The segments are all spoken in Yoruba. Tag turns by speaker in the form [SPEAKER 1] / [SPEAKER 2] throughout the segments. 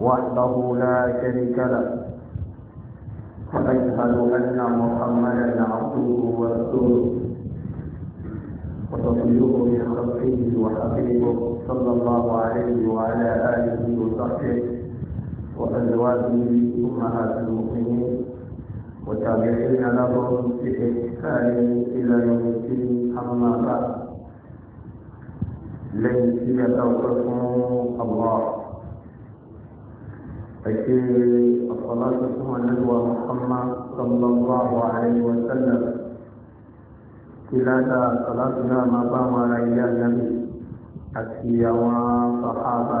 [SPEAKER 1] وحده لا شريك له وأشهد أن محمدا عبده ورسوله وصفيه من خلقه وحبيبه صلى الله عليه وعلى آله وصحبه وأزواجه أمهات المؤمنين وتابعين لهم بإحسان إلى يوم الدين أما بعد لن يتوقفهم الله أكيد الصلاة ثم ندوى محمد صلى الله عليه وسلم كلاتا صلاتنا ما قام على النبي أكيا وصحابة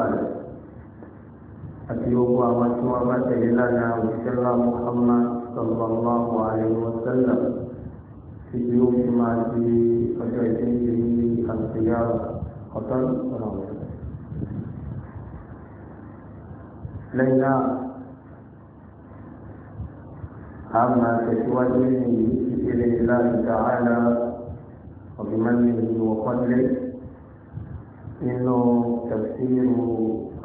[SPEAKER 1] أكيد ومسوى إلينا وسلم محمد صلى الله عليه وسلم في يوم ما في أجل القيامة قتل ونوم lẹ́yìn náà a máa tẹ̀síwájú ní ìdílé láti ta'ala ọ̀gbìnmọ́lẹ̀ ìwọ̀kọ́lẹ̀ nínú tafsiru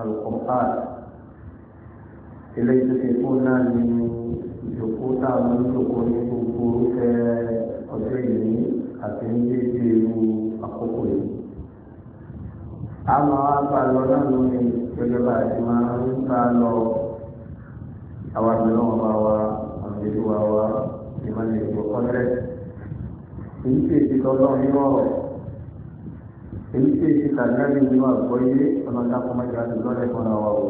[SPEAKER 1] al-Qur'an ilé ìtòkè fún náà ní ìjòkó táwọn olùdókòó ní gbogbo ẹ ọjọ́ ìní àti ní déédéé irú àkókò yìí. a máa bá lọ náà gẹ́gẹ́ bá a ti máa ń bá a lọ àwa mìíràn bá wa àmì wa wa ìmọ̀lẹ̀ ìgbò kọ́lẹ̀. èyí tí èsì lọ́lọ́ nínú ọ̀rọ̀ èyí tí èsì kàdínàbí nínú àgbọ́yé ọ̀nà dákọ́mọ́jà ti lọ́lẹ̀ fúnra wa o.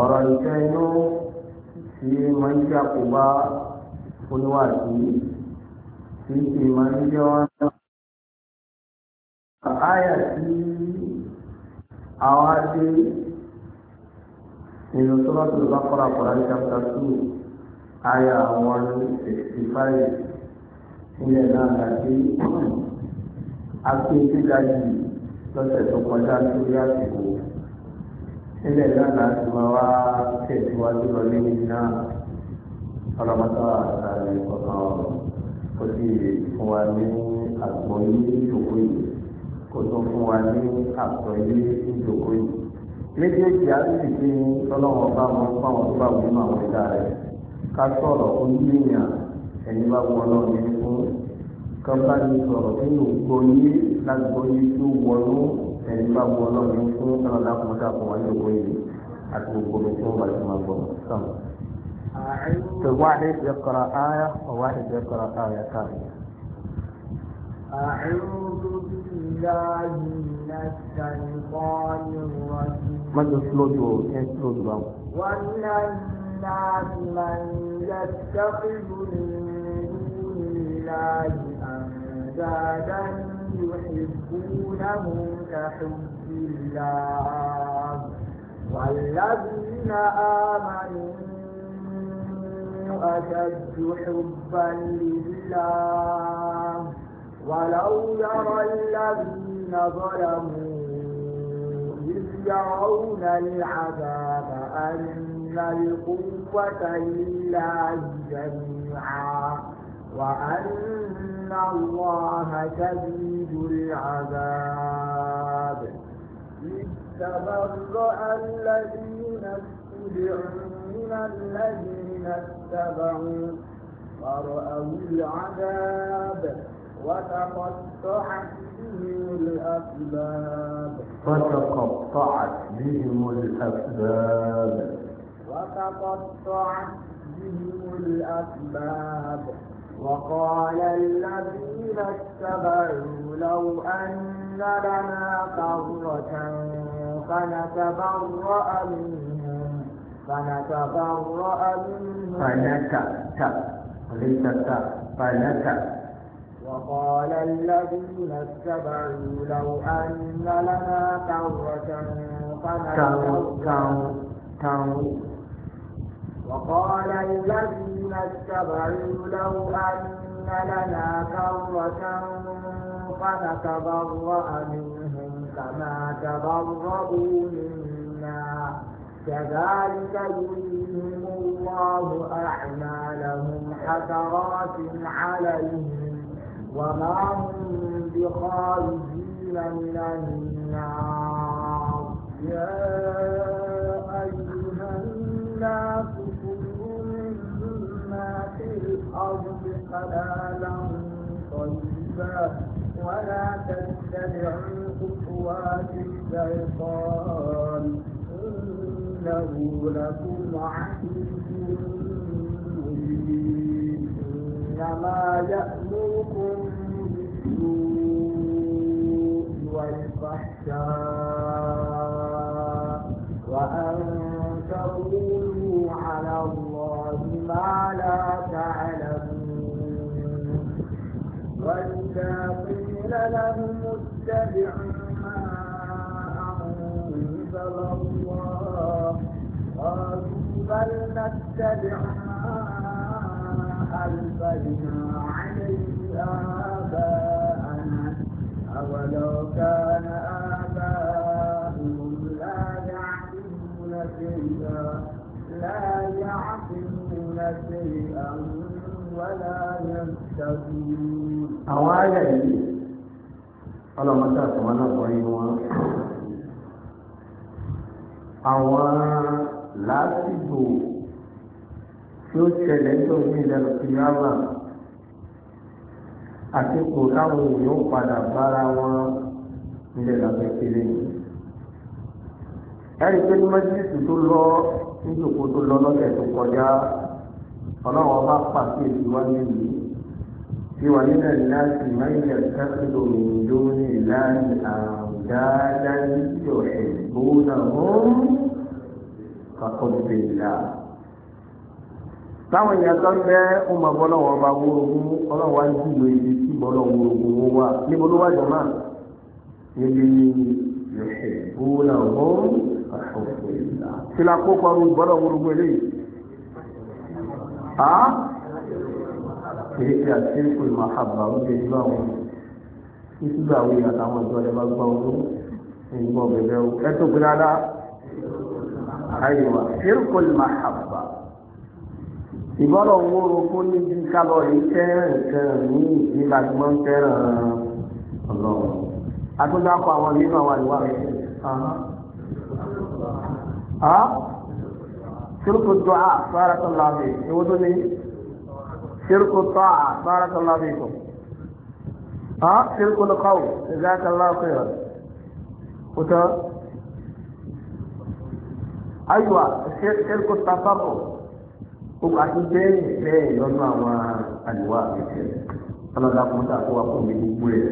[SPEAKER 1] ọ̀rọ̀ ìfẹ́ inú tí máa ń jẹ́ àkóbá oníwàásí tí sì máa ń jẹ́ wọn. àyà tí àwọn àti nínú tó bá tó bá kọ́ra kọ́ra ní chapter two àyà one sixty five nílẹ̀ náà láti àti gíga yìí lọ́sẹ̀ tó kọjá lórí àsìkò nílẹ̀ náà láti máa wá tẹ̀síwájú lọ nínú náà ọlọ́mọtò àtàlẹ́ kọ̀ọ̀kan kò sì fún wa ní àgbọ̀yé ìjókòó yìí kó tó fún wa ní àsọyé ìjòkó yìí méjèèjì àti ìdí ọlọ́wọ́n bá wọn fáwọn tó bá wọn nínú àwọn ẹ̀dá rẹ̀ ká sọ̀rọ̀ oníyàn ẹni bá wọn náà ní fún kan ní sọ̀rọ̀ nínú gbóyé lágbóyé tó wọnú ẹni bá wọn náà ní fún ọlọ́dà kọ́mọ́dà fún wọn ìjòkó yìí àti gbogbo omi tó wà lọ́wọ́ bọ̀ sàn. الواحد يقرأ آية وواحد يقرأ آيتان. أعوذ بالله من الناس من يتخذ من دون الله أندادا يحبونهم كحب الله والذين آمنوا أشد حبا لله ولو يرى الذين ظلموا إذ يرون العذاب أن القوة لله جميعا وأن الله شديد العذاب إذ تبرأ الذين استبعوا من الذين اتبعوا ورأوا العذاب وتقطعت بهم الأسباب وتقطعت بهم الأسباب وتقطعت بهم الأسباب وقال الذين اتبعوا لو أن لنا قرة فنتبرأ منهم فنتبرأ منهم فنتبرأ ليس فنتبرأ وقال الذين اتبعوا لو أن لنا كرة
[SPEAKER 2] فنرجو
[SPEAKER 1] وقال الذين اتبعوا لو أن لنا كرة فنتبرأ منهم كما تبرأوا منا كذلك يريهم الله أعمالهم حسرات عليهم وما هم بخارجين من النار يا أيها الناس كلوا مما في الأرض حلالا طيبا ولا تتبعوا خطوات الشيطان إنه لكم عهد مبين إنما يأمركم بالسوء والفحشاء وأن تقولوا على الله ما لا تعلمون وإذا قيل لهم اتبعوا ما أنزل الله قالوا بل نتبع ما ألفينا عليه آباءنا أولو كان آباؤهم لا يعقلون شيئا لا يعقلون شيئا ولا يهتدون أوعي ọlọ́mọdé àtọ̀wọ́nà ọ̀rẹ́ wọn àwọn làásìgbò yóò ṣẹlẹ̀ tó ní ìlànà kìláàmà àti kò táwọn èèyàn padà bára wọn nílẹ̀ lábẹ́ kéré yìí. ẹ̀rí pé ní mọ́jísì tó lọ níjòkó tó lọ lọ́sẹ̀ tó kọjá ọlọ́run ọba pàṣẹ ìwádìí yìí tí wà nínú ẹ̀dá sì máa ń yẹ káfíńdò òyìnbó ní ìlànà àdáadáa ní ìjọ náà ó ń kakọ́ bèèrè táwọn èèyàn tó ń bẹ ọmọ bọ́lọ́wọ́ ọba wórogún ọlọ́wọ́ á jùlọ ibi tí bọ́lọ́wọ́ wórogún wọn wà níbo ló wà jọ̀mọ́ níbi ìbúra ọ̀hún kí la kó kọrú bọ́lọ́wọ́ wórogún eléyìí a kìí ṣe àṣírìkù ìmọ̀hábà ó lè gbà wọn ìtúgbà àwọn èèyàn àtàwọn ìjọ ẹ bá gbà wọn ìgbọ̀ bẹ̀rẹ̀ ẹ tó gbé ìgbọ́dọ̀ ń wóró kó níbi kábọ̀ yìí fẹ́ràn nǹkan ní ìdílé àgbọ̀n fẹ́ràn ọlọ́run àtúndàkọ àwọn nínú àwọn àríwá rẹ̀ ṣírùkù dùá sára tó lábẹ́ ìwé tó ní ṣírùkù dùá sára tó lábẹ́ ìkọ̀ ṣírùkù lọ́kọ̀ọ́ ìzáàkà láàfin rẹ̀ kùtà ayùwà ṣírùkù tàfàkọ̀ ó kà sí bẹ́ẹ̀ bẹ́ẹ̀ lọ́nà àwọn àdìwá àgbẹ̀tẹ̀ ọlọ́dà kún tà kó wa kó mi gbogbo rẹ̀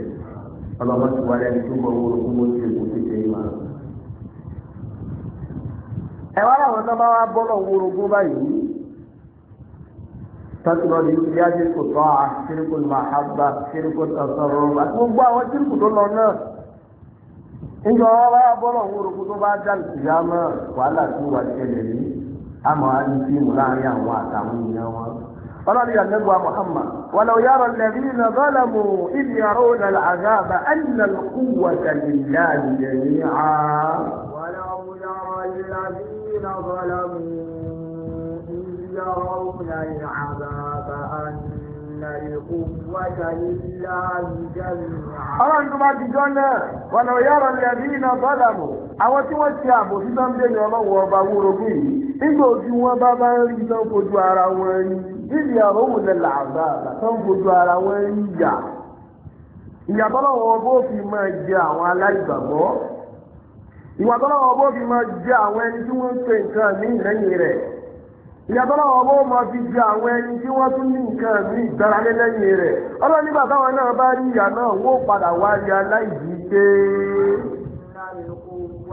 [SPEAKER 1] ọlọ́mọ ti wá lẹ́nu tó gbọ́ wọ́n kún mọ́ sí èkó tètè yìí máa. ẹ wá láwọn tó bá wá bọ́lọ̀ wóró gbó báyìí tọ́tùrọ̀ ní ibi ajé kò tọ́ a ṣírìkò màhábà ṣírìkò tọ̀sọ̀rọ̀ àti gbogbo àwọn ṣírìkò tó lọ náà níjọ́ wá bọ́lọ̀ wóró gbó tó bá dá ìyá wàhálà tó wà ṣẹlẹ̀ yìí àmọ́ àti fíìmù láàrin àwọn àtàwọn èèyàn wọn. ọlọ́run yà lẹ́gbàá Muhammad walau yara alladhina zalamu idh yarawna al'azaba anna al-quwwata lillahi jami'a. walau yara alladhina zalamu idh yarawna al'azaba anna al-quwwata lillahi jami'a. ọlọ́run tó bá ti jọ́ náà walau yara alladhina zalamu àwọn tí wọ́n ti àbòsí tó ń bẹ̀rẹ̀ ọlọ́wọ́ ọba wúrogún yìí nígbà ojú wọn bá bá ń rí tán fojú ara wọn rí níbi àròwò lẹ làbà tán fojú ara wọn rí ìyà ìyà tọ́lọ́wọ́ bó fi máa jẹ àwọn aláìgbàgbọ́ ìwà tọ́lọ́wọ́ bó fi máa jẹ àwọn ẹni tí wọ́n ń pe nǹkan ní rẹ̀ ìyà tọ́lọ́wọ́ bó máa fi jẹ àwọn ẹni tí wọ́n tún ní nǹkan ní ìgbáralé rẹ̀ nígbà táwọn náà bá rí ìyà náà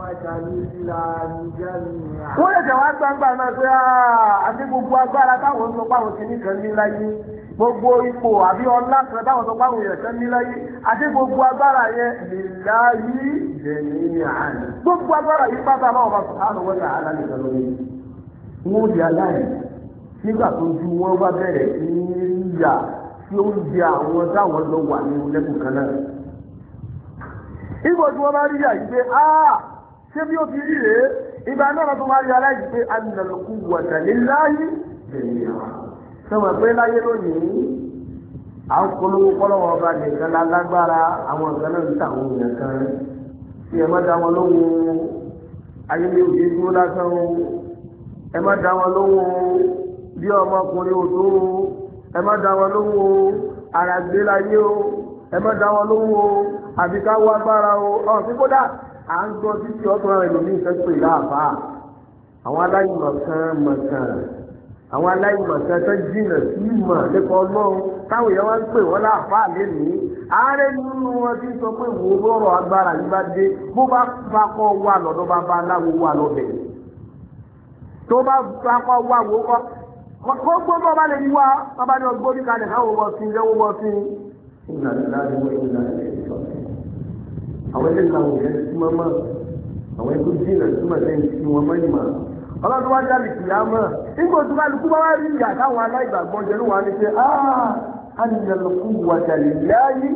[SPEAKER 1] wọ́n lè tẹ̀wá gbangba náà pé ah, àti gbogbo agbára táwọn sọ ti ní gbogbo ipò àbí ọlá kan táwọn sọ páwọn kan ní láyé gbogbo agbára yẹn lèláyé lèmi àná gbogbo agbára yìí pátá bá lórí di nígbà tó ju bá di àwọn táwọn lọ wà ní kan náà. tí wọ́n bá ah, ṣé bí ó ti rí rèé ìgbà náà tó máa rí aláìsí pé anàlùkù wàtà níláyé sọ̀rọ̀ pé láyé lónìí à ń polówó pọ́lọ́wọ́ ọba nìkan lálágbára àwọn nǹkan náà àwọn èèyàn kan tí ẹ má da wọn lóhùn ayélujára òde dúró lásán o ẹ má da wọn lóhùn bí ọmọkùnrin òdó o ẹ má da wọn lóhùn o àràgbé láyé o ẹ má da wọn lóhùn o àbíká wá gbára o ọ̀sìn kódà à ń gbọ́ títí ọ̀tún àwọn ẹlòmíì fẹ́ pè láàbá àwọn aláìmọ̀kan mọ̀kan àwọn aláìmọ̀kan tó jìnà sí ìmọ̀ nípa ọlọ́run táwọn èèyàn wá ń pè wọ́n láàbá lénìí ààrẹ nínú wọn ti sọ pé wò lọ́rọ̀ agbára yìí bá dé bó bá bá kọ́ wà lọ́dọ̀ bá bá aláwo wà lọ́bẹ̀ tó bá bá kọ́ wà wò kọ́ kó gbogbo ọba lè yí wa ọba ní ọgbọ́n níkalẹ̀ káwọn ọmọ sí ilé owó ọtí àwọn ẹgbẹ́ ìlànà òyìn ẹni tí wọ́n mọ̀ àwọn ẹgbẹ́ jìnnà tí wọ́n mọ̀ tí wọ́n mọ̀ ìmọ̀ ọlọ́dún wájú àlùkù yá mọ̀ nígbà tó kálukú bá wá rí ìyá táwọn aláìgbàgbọ́ jẹ wà ní pé ah, á yí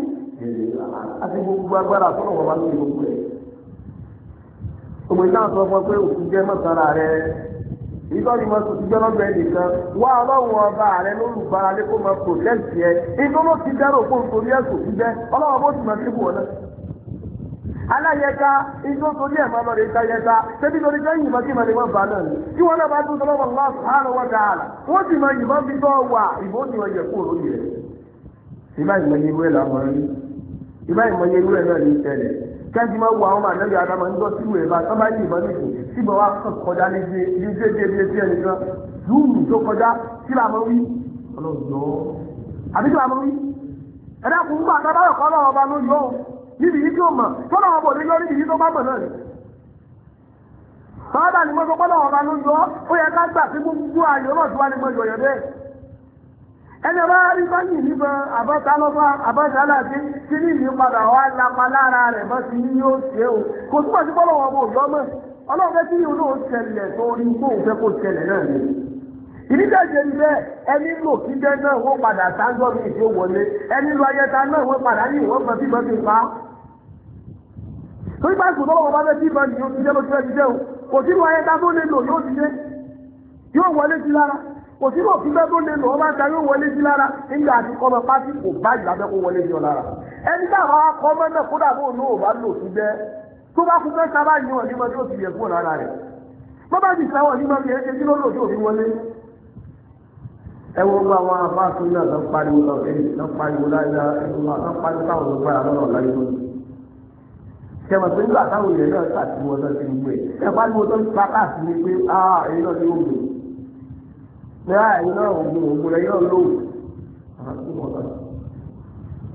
[SPEAKER 1] àti gbogbo agbára tó lọ́wọ́ bá gbogbo ẹ̀. ọmọ sọ fún ọ pé òkú ti gbẹ́ nìkan wá ọlọ́run ọba rẹ pòtẹ́ǹtì ẹ ìdúró aláyẹta igbó torí ẹ̀ máa lọ rí káyẹta tẹ́bí lórí jẹ́ yìnbọn kí màdé wọn bá náà ni kí wọn náà bá tún sọ lọ́wọ́ Allah subhanahu wa ta'ala wọ́n sì máa yìnbọn fi tọ́ wà ni yẹ kó ìbá ìbá ewúrẹ́ náà ní kẹ́ńtì máa wọ àwọn adama bá yìnbọn níbi yìí tí ó mọ̀ tọ́lọ̀ ọmọ òní lórí ìyí tó bá mọ̀ náà ni. ni ọba ó yẹ ká gbà sí gbogbo ààyè ọlọ́ tí wá mo yọ bẹ́ẹ̀. Ẹni ọba rí àbọ̀tá lọ́fà àbọ̀tá láti ní ìlú padà lára rẹ̀ bọ́ sí ní ṣe o. Kò túbọ̀ sí ọmọ Ọlọ́run fẹ́ ìdíjàjẹ ni bẹ́ẹ̀ ẹni lò kíjẹ náà wọ́n padà sáńjọ́ mi ìṣó wọlé ẹni lọ ayẹta náà wọ́n padà ní ìwọ́n pa. torí báyìí kò lọ́wọ́ bá ni yóò ti jẹ́ bó jẹ́ o kò sínú ayẹta tó lè lò yóò ti yóò wọlé sí lára kò sínú tó lè lò wọ́n ta yóò wọlé sí lára nígbà àti kọ́mọ pátí kò bá ìlàbẹ́ kó wọlé sí ọ lára ẹni ẹ wo gba àwọn afáàtú náà lọ pariwo lọ ẹ lọ pariwo láyà ẹnu lọ pariwo táwọn ló gbára lọ́rọ̀ láyé wọn. sẹ̀wọ̀n pé nígbà táwọn èèyàn náà ṣàtìwọ́ náà ti gbé ẹ pariwo tó ń pa káàsì ni pé ah èyí náà ni ó ní ah èyí náà ògùn ògùn rẹ̀ yóò lò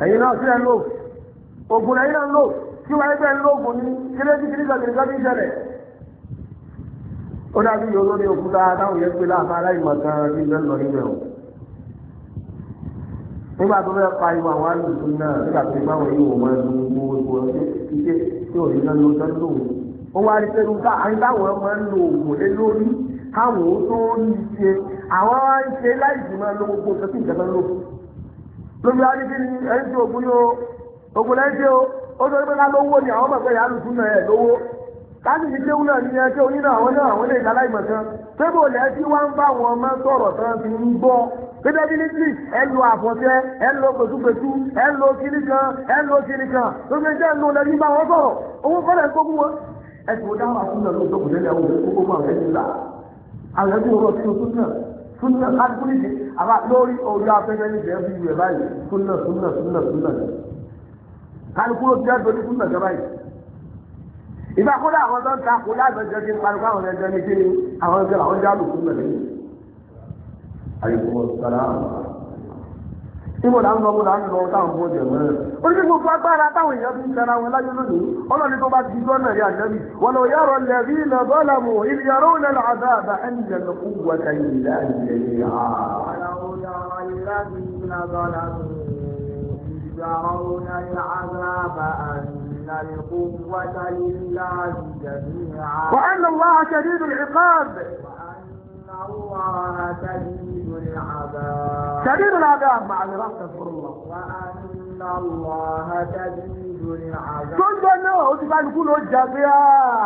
[SPEAKER 1] ẹ̀yin náà sílẹ̀ lò ògùn rẹ̀ yóò lò tí wọ́n ẹgbẹ́ ń lò ògùn ní kílé tí kìlí kan kìlí kan ó dàbí yòó lórí òkúta táwọn yẹn pé láàfin aláìmọ̀ kan ní ìgbẹ́ lọ níbẹ̀ o nígbà tó fẹ́ pa ìwà wà lùdú náà nígbà tó bá wọn yóò máa lu gbogbo ìbò ṣíṣe tí ò ní lọ́nà ọjọ́ lò wọ́n. ó wá rí pẹ̀lú bá àyè báwọn máa ń lo oògùn lé lórí káwọn ó tó rí ṣe àwọn wá ń ṣe láìsí máa lo gbogbo nǹkan tí ìjọba ń lò. lórí wá rí kí ni ẹni tí oògùn yóò oògùn lẹ́ńdé o ó sọ pé ká lówó ni àwọn mọ̀ pé ìyá lùdú náà ẹ̀ lówó láti fi kéwú náà ní ẹjọ́ onínà àwọn náà àwọn eléyìí aláìmọ̀ kan pébò lẹ́tí wá ń bá wọn ọmọ sọ̀rọ̀ tán fi ń gbọ́ pédébílítì ẹ lo àfọ̀tẹ́ ẹ lo gbẹ̀túgbẹ̀tú ẹ lo kiri kan ẹ lo kiri kan gbogbo ẹjẹ́ ń lo lẹ́yìn bá wọn sọ̀rọ̀ owó kọ́lẹ̀ ń gbógun wọn. ẹ ti wo dáhùn àwọn ọmọ náà lóṣù lẹ́yìn àwọn òṣèlú gbogbo àwọn ẹni là àwọn ẹbí wọn ti oṣù náà súnà kálífúnìtì àbá lórí ọjọ́ afẹ́fẹ́ ní ìjẹ́ fi ìwẹ̀ báyìí súnà súnà súnà súnà kálífúnìtì ìgbà kó dà àwọn tó ń takò lábẹjọ ti parí káwọn ẹjọ ní kí ni àwọn ẹjọ àwọn jáàlù fún mẹlẹ àyùkọ sara ìmọ̀lá ń lọ mọ̀lá ń lọ táwọn bó jẹ̀ mẹ́rin ó ní gbogbo agbára táwọn èèyàn fi ń tẹra wọn láyé lónìí ọlọ́ni tó bá ti lọ́nà rí àjẹ́bí wọn lọ yàrá lẹ́rí ilẹ̀ bọ́ọ̀lá mu ilẹ̀ yàrá òun lẹ́nu àdá àbá ẹni yẹn lọ fún wa ká yìí láàyè yẹn yà. يرون العذاب أن القوة لله جميعا وأن الله شديد العقاب وأن الله شديد العذاب شديد العذاب معذرة استغفر الله وأن الله شديد العذاب tó ń gbọ́ náà ó ti bá ní kú ló jẹ́ pé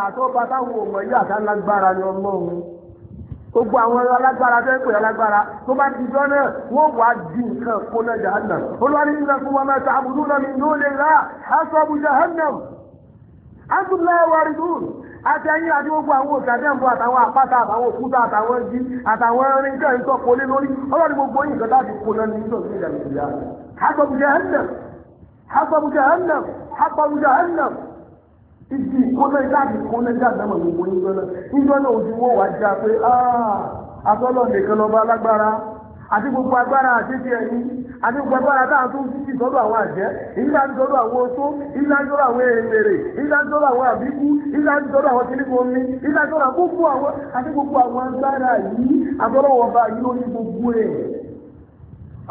[SPEAKER 1] àtọ́ba táwọn òmò yìí àtàlágbára ni ọmọ omo gbogbo àwọn ẹ̀rọ alágbára fẹ́ pè alágbára tó bá ti jọ́ náà wọ́n wá di nǹkan kó náà jahannam olùwárí nígbà fún wọn mẹ́ta àbùdú náà mi ló lè rà aṣọ́bù jahannam asùnláyà wà rí dùn àti ẹ̀yìn àti gbogbo àwọn òṣàdẹ́ǹbọ̀ àtàwọn àpáta àtàwọn òkúta àtàwọn igi àtàwọn ẹrin jẹ́ ìtọ́ kò lórí ọlọ́run gbogbo yìí nǹkan láti kó náà ní ìtọ́jú ìdàgbàsíyà aṣọ́bù jahannam aṣọ́bù jahannam aṣọ́bù jahannam ibi ìkólẹ́jáde gbogbo níjọ́ náà níjọ́ náà ojú wọ́n wá já pé àtọ́lọ́ ah, nìkan lọ́ba alágbára àti gbogbo agbára àti ti ẹni àti gbogbo agbára táà tó ń fi ìtọ́jú àwọn àjẹ́ ìlà ń tọ́jú àwọn oṣó ìlà ń àwọn ìlà ń àwọn àbíkú ìlà ń àwọn omi ìlà ń gbogbo àwọn àti gbogbo àwọn agbára yìí bá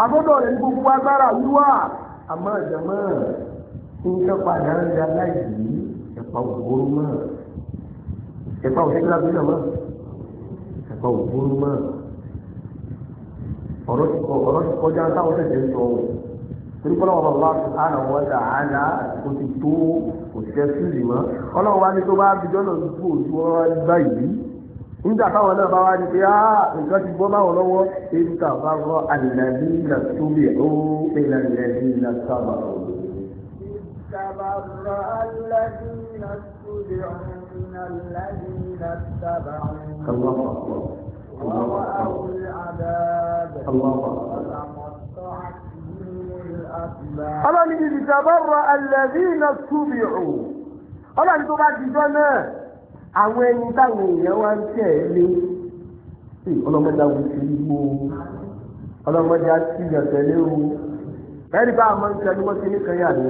[SPEAKER 1] gbogbo ẹ̀ rẹ̀ gbogbo agbára àmọ́ ẹ̀pà òbóró mọ́ ẹ̀pà òṣèlú abínà mọ́ ẹ̀pà òbóró mọ́ ọ̀rọ̀ ti kọjá táwọn ṣẹ̀ṣẹ̀ ń sọ ọ́ torí kọ́lọ́ wọn bá àná wọn dà á dá o ti tó òṣìṣẹ́ sílì mọ́ ọlọ́run wá ní tó bá bíjọ́ náà ti kú òjú wọn wá báyìí nígbà táwọn náà bá wá ní pé á nǹkan ti bọ́ báwọn lọ́wọ́ èyí tà bá rọ àlìlàdí ìlà tó bẹ̀ ó ìlànà ìlà sábà. استدعون الذين اتبعوا
[SPEAKER 2] ورأوا العذاب
[SPEAKER 1] وتقطعت بهم الأسباب ألا إذ تبرأ الذين اتبعوا ألا أنتم بعد àwọn ẹni táwọn èèyàn wá ń tẹ̀lé ọlọ́mọdé àwọn ìṣèlú wo ọlọ́mọdé àti ìyàtẹ̀lé wo ẹ̀rí bá a máa ń tẹ̀lé wọ́n ti ní kan yà ní.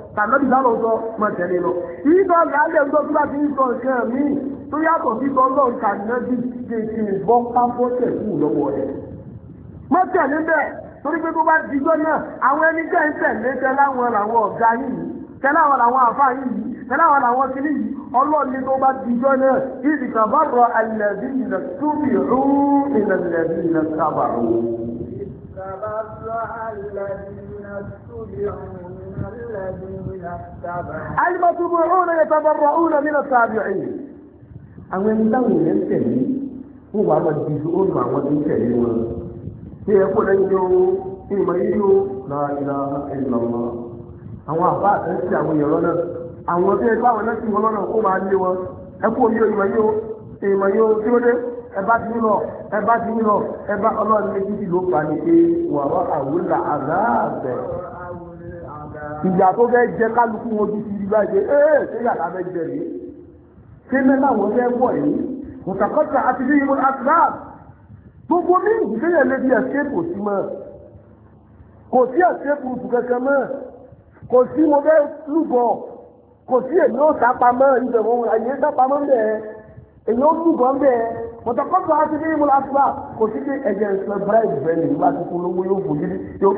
[SPEAKER 1] tàbí ìdálọ́ sọ mọ̀ tẹ̀lé lọ. Ìyíkọ́ ìyáálé ńlọ tó bá ti ń sọ nǹkan mí tó yàtọ̀ sí sọ lọ́n kànáàbí kéèké bọ́ pápọ́ tẹ̀kù lọ́wọ́ rẹ̀. Mọ̀ tẹ̀lé bẹ́ẹ̀ torí pé tó bá dijọ́ náà àwọn ẹni tẹ̀ ń tẹ̀lé tẹ́ láwọn làwọn ọ̀gá yìí tẹ́ láwọn làwọn àfa yìí tẹ́ láwọn làwọn kiri yìí ọlọ́ọ̀ni tó bá dijọ́ náà ìdí kàbárọ̀ àlẹ́bí ìlà túbì rú ìlà lẹ́bí ìlà sábà rú. ìdí kàbárọ̀ àlẹ́bí ìlà túbì rú. alimọ̀tòmọ̀rún yatabarra'una min ya àwọn ẹni táwọn èèyàn tẹ̀lé wọ́n wà á lọ di oòrùn àwọn tó ń tẹ̀lé wọn. ṣé ẹ kó lẹ́yìn o ìmọ̀ yìí o náà ìlà ìlà wọn. àwọn àbá àtẹ̀sí àwọn èèyàn lọ́nà àwọn tó yẹ kó àwọn wọn lọ́nà kó máa lé wọn. ẹ kó yóò ìmọ̀ yóò ìmọ̀ yóò ìyà tó fẹ́ jẹ kálukú wọn ti fi ibà ṣe ee ṣé yàrá fẹ́ jẹ rèé ṣé mẹ́ta wọn fẹ́ wọ̀ yìí mùsàkọ́tà àti bí ibùdó àtìláà gbogbo ní ìdíléyà lè di ẹ̀ṣẹ́ kò sí mọ́ kò sí ẹ̀ṣẹ́ burúkú kankan mọ́ kò sí mo fẹ́ lúgọ kò sí èmi ò sápamọ́ ibẹ̀ wọn àyè sápamọ́ bẹ́ẹ̀ èyí ó dùn gan bẹ́ẹ̀ pọ̀tàkọ́tà á ti ní ìmúlá àtúbà kò sí pé ẹ̀jẹ̀ ìṣẹ̀lẹ̀ bíráìdì bẹ́ẹ̀ ni ìgbà tó polówó yóò bójú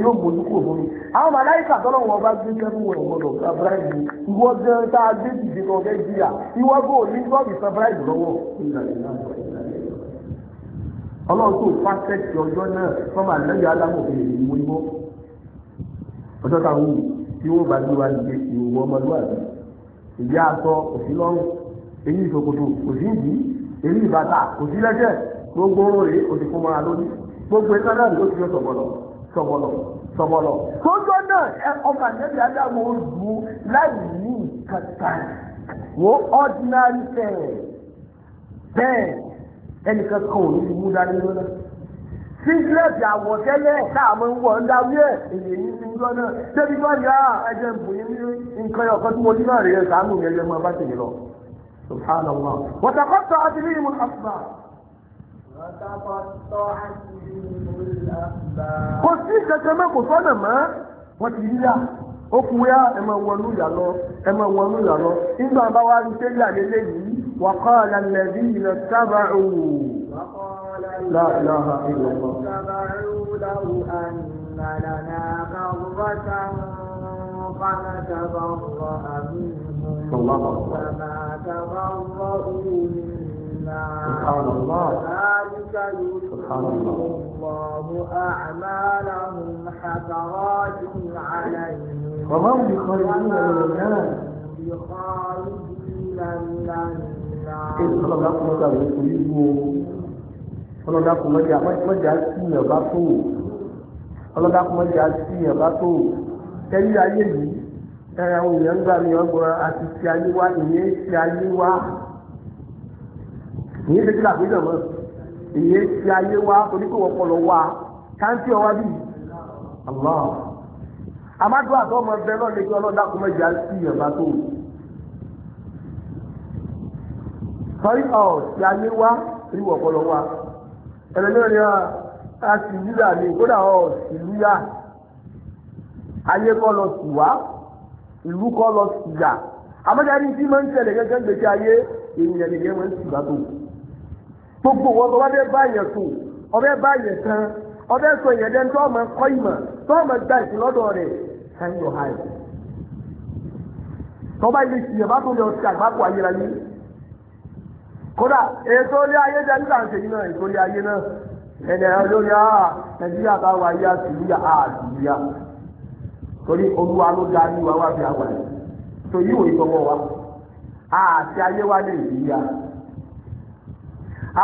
[SPEAKER 1] yóò bójú kò lórí. àwọn màláìkà tọ́lọ̀ wọn bá gbé kẹ́kọ̀ọ́ wọn gbọdọ̀ gba bíráìdì ìwọ gan tá a gbé dìde kan fẹ́ jìyà ìwọ bò ní sọ́ọ̀bì sọ bíráìdì lọ́wọ́. ọlọ́run tó fásẹ́tì ọjọ́ náà fọ́mà lẹ́yìn alámọ̀fẹ́ ìmú ibọ́ ọjọ́ táwọn tí wọ́n bá gbé wa ìgbé ìwọ ọmọlúwàbí ìyá aṣọ òfin lọ́rùn èyí ìṣòkòtò kò sí ìdí èyí ìbàtà kò sí lẹ́sẹ̀ gbogbo rèé òsì fún mọ́ra lórí gbogbo ìtọ́jà ni ó ti yọ sọ̀bọ̀lọ̀ sọ̀bọ̀lọ̀ sọ̀bọ̀lọ̀. tójọ́ náà ọkà nẹ́bí adáwọ̀ olùdú láì ní kàtà wo ordinary fair bẹ́ẹ̀ ẹnìkan kan ò ní mú dání lọ́nà sígírẹ́tì àwọ̀tẹ́lẹ̀ táàmù ń wọ̀ ń dáwí ẹ̀ èyí ní ti ń lọ náà débi tó ní à ah, ẹ̀jẹ̀ ń bù ní nǹkan ọ̀kan tí mo ní náà rèé sàánù mi ẹ̀jẹ̀ máa bá tèmi lọ. سبحان الله وتقطعت بهم الأسباب وتقطعت بهم الأسباب kò sí kankan mọ́ kò sọ́nà mọ́ wọ́n ti yí yá ó kú yá ẹ máa wọnú ìyà lọ ẹ máa wọnú ìyà lọ nígbà ṣe yà lélẹ̀ yìí wà kọ́ ọ̀la lẹ́bí ilẹ̀ sábà òwò láàláha ìlọ́kọ̀. لنا مرة فنتبرأ منها وما تفرقوا منا وذلك يريهم الله أعمالهم حسرات عليهم ومن بخارجين من الناس بخارجين من الناس إن خلقنا من ọlọ́dàkùn mọ́jà sí ìyàn bá tó ọlọ́dàkùn mọ́jà sí ìyàn bá tó tẹ́lẹ̀ ayé yìí ẹ̀rọ àwọn èèyàn gbà mí ọgbọ̀n àti ti ayé wá ìyẹn ti ayé wá ìyẹn ti kí làbídàn mọ́ ìyẹn ti ayé wá oníkòwò ọpọlọ wá káńtì ọwá bí Allah amadu àti ọmọ ẹgbẹ́ náà lè kí ọlọ́dà kó mẹ́jọ sí ìyàmbá tó sọrí ọ ti ayé wá oníkòwò ọpọlọ wá ẹlẹ́mìíràn yẹn a sì yíyà ní kódà ọ sì yíyà ayé kọ́ lọ sí wá ìlú kọ́ lọ sìgá àmọ́jáde tí máa ń tẹ̀lé gẹ́gẹ́ gbèsè ayé ènìyàn nìyẹn máa ń sìgá tó gbogbo wọn tó wá bẹ́ẹ̀ bá yẹn tó ọbẹ̀ bá yẹn tán ọbẹ̀ sọ yẹn dẹ́n tó ọmọ kọ́ ìmọ̀ tó ọmọ gba ìsìn lọ́dọ̀ rẹ̀ hang your high tọ́ba ilé ìsìyẹ̀ bá tó lọ sí àgbákò ayérayé kódà ètò ilé ayé jẹ́ nígbà ń sèyí náà ètò ilé ayé náà ẹ̀dẹ̀ olórí àà ah, nàìjíríà táwọn ayé àtìlúyà àtìlúyà torí olúwa ló dá ní wa wá fi àwọn ẹ̀ tó yí wò ìtọ́wọ́ wa àti ayé wa Nàìjíríà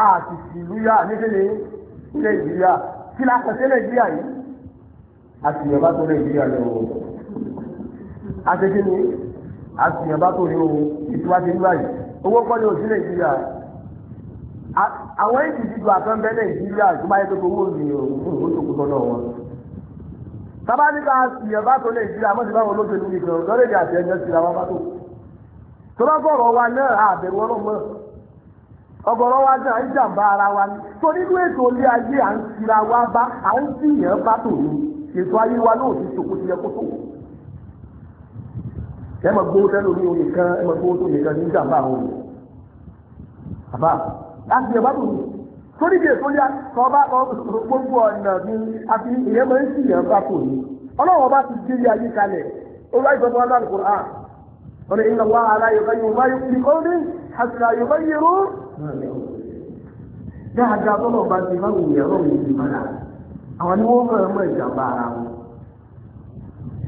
[SPEAKER 1] àti ìlúyà nídìrí Nàìjíríà kí la kọ̀ sí Nàìjíríà yìí àti ìyẹ̀bá tó Nàìjíríà lọ wò àti kí ni àti ìyẹ̀bá tó ní o ìtura ti ní báyìí owó kọ́ni ò sí Nàìjíríà àwọn èdè ìdìbò àtọ́ńbẹ́ Nàìjíríà tó bá yẹ kó owó òní òun kò tó kó tọ́ náà wọn bàbá nípa ìyẹn bá tó lè jí àmọ́ ti báwọn olóṣèlú nìkan lọ́rẹ́ ìdí àti ẹ̀yẹ sí làwọn bá tó tó bá fọ̀rọ̀ wa náà àbẹ̀wò ọlọ́mọ ọ̀gọ̀rọ̀ wa náà ń jàǹbá ara wa ni tó nínú ètò ilé ayé à ń tira wa bá à ń sí ìyẹn bá tò ní ètò ayé wa náà ti ṣòkò ti yẹ kó tó ẹ mọ̀ gbówó tẹ́lẹ̀ omi òye kan ẹ mọ̀ gbówó tó yẹ kan ní jàǹbá àwọn òye torí kè tó a kọ gbogbo ọ̀nà ìyẹn máa ń sì yàn bá kò ní ọlọ́run ọba ti gbé ayé kalẹ̀ olúwa ọ̀nà ìlànà yorùbá ní tọ́lọ̀ bá ti máa ń ti máa àwọn mọ ìjàmbá ara wọn.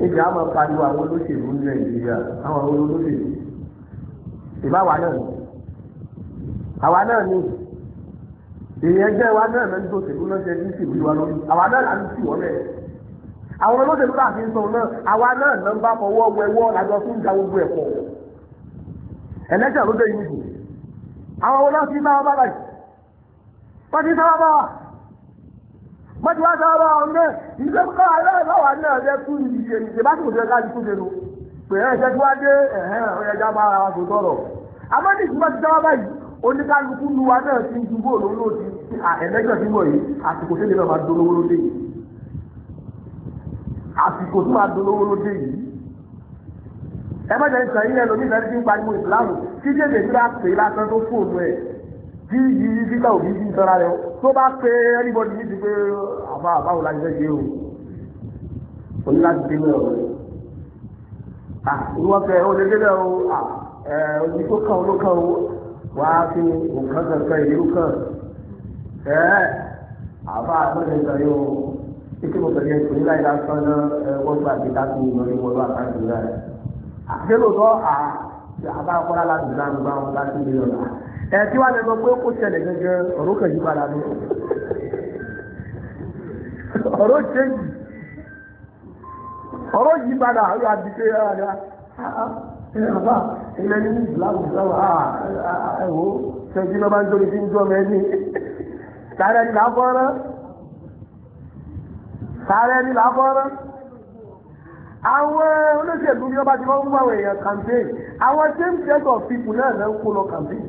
[SPEAKER 1] ìjà máa pariwo àwọn olóṣèlú ní nàìjíríà àwọn olóṣèlú ìbáwa náà ni àwa náà èèyàn jẹ́ wa náà mẹ́rin tó ṣèlú náà ṣe ní ṣèlú wa lórí àwa náà là ń tì wọ́n bẹ́ẹ̀. àwọn olóṣèlú náà fi ń sọ náà àwa náà náà ń bá fọwọ́ wẹwọ́ lájọ fún ìjà gbogbo ẹ̀ pọ̀. ẹlẹ́sẹ̀ ló dé yìí nìkú. àwọn olóṣèlú ti sábà bá báyìí. wọ́n sábà bá wa. wọ́n wá sábà bá wa náà ìgbẹ́ kọ́ aláìláwa náà jẹ́ fún ìṣe ìṣe bá tó oníkálukú lu wa náà ti ń ju bóòlù olóòtú sí ẹ̀lẹ́gbẹ̀ tí mọ̀ yìí àsìkò tó lè máa dolówó lóde yìí àsìkò tó máa dolówó lóde yìí ẹ bá jẹ́ ìtàn yín ẹlòmíì náà ti ń pariwo ìsìláàmù kí jẹ́ lèmi bá pè é lásán tó fóònù ẹ̀ kí yìí fíkà òbí yìí sọ́ra rẹ̀ tó bá pé ẹnibọ́dì yìí ti pé àbá àbáwò láti fẹ́ ṣe o òní láti dé mẹ́rọ rẹ̀ ah ìwọ́fẹ́ ó lé lé lẹ́rọ ah ẹ̀ òní tó kàn ó ló kàn ó wá sí nǹkan kankan ìlú kan ẹ àbá àtúnṣe nǹkan yóò títí mo tẹ̀lé ẹ̀kọ́ nígbà yìí lásán náà ẹ̀kọ́ gbà tí ká tún ìlú ìwọ̀n lọ́wọ́ àkáǹtì náà àti lóòótọ́ àbá akọ́lá láti dùn láti bá wọn láti mílíọ̀n náà ẹ̀ tí wàá lẹ́gbẹ́ pé kó ṣẹlẹ̀ gẹ́gẹ́ ọ̀rọ̀ kan yìí padà ní ọ̀rọ̀ ṣẹ́yìn yìí padà ó yà á di pé Eh, àbá ilẹ̀ ní ìsìláàmù ìsìláàmù ẹ̀wọ́ ṣẹ́jú lọ́ba ń torí sí ń jọ́ mẹ́ni sáré ní láfọ́rọ́ sáré ní láfọ́rọ́ àwọn olóṣèlú ní ọba tí wọ́n ń wá àwọn èèyàn campaign àwọn same set of people náà náà ń kó lọ campaign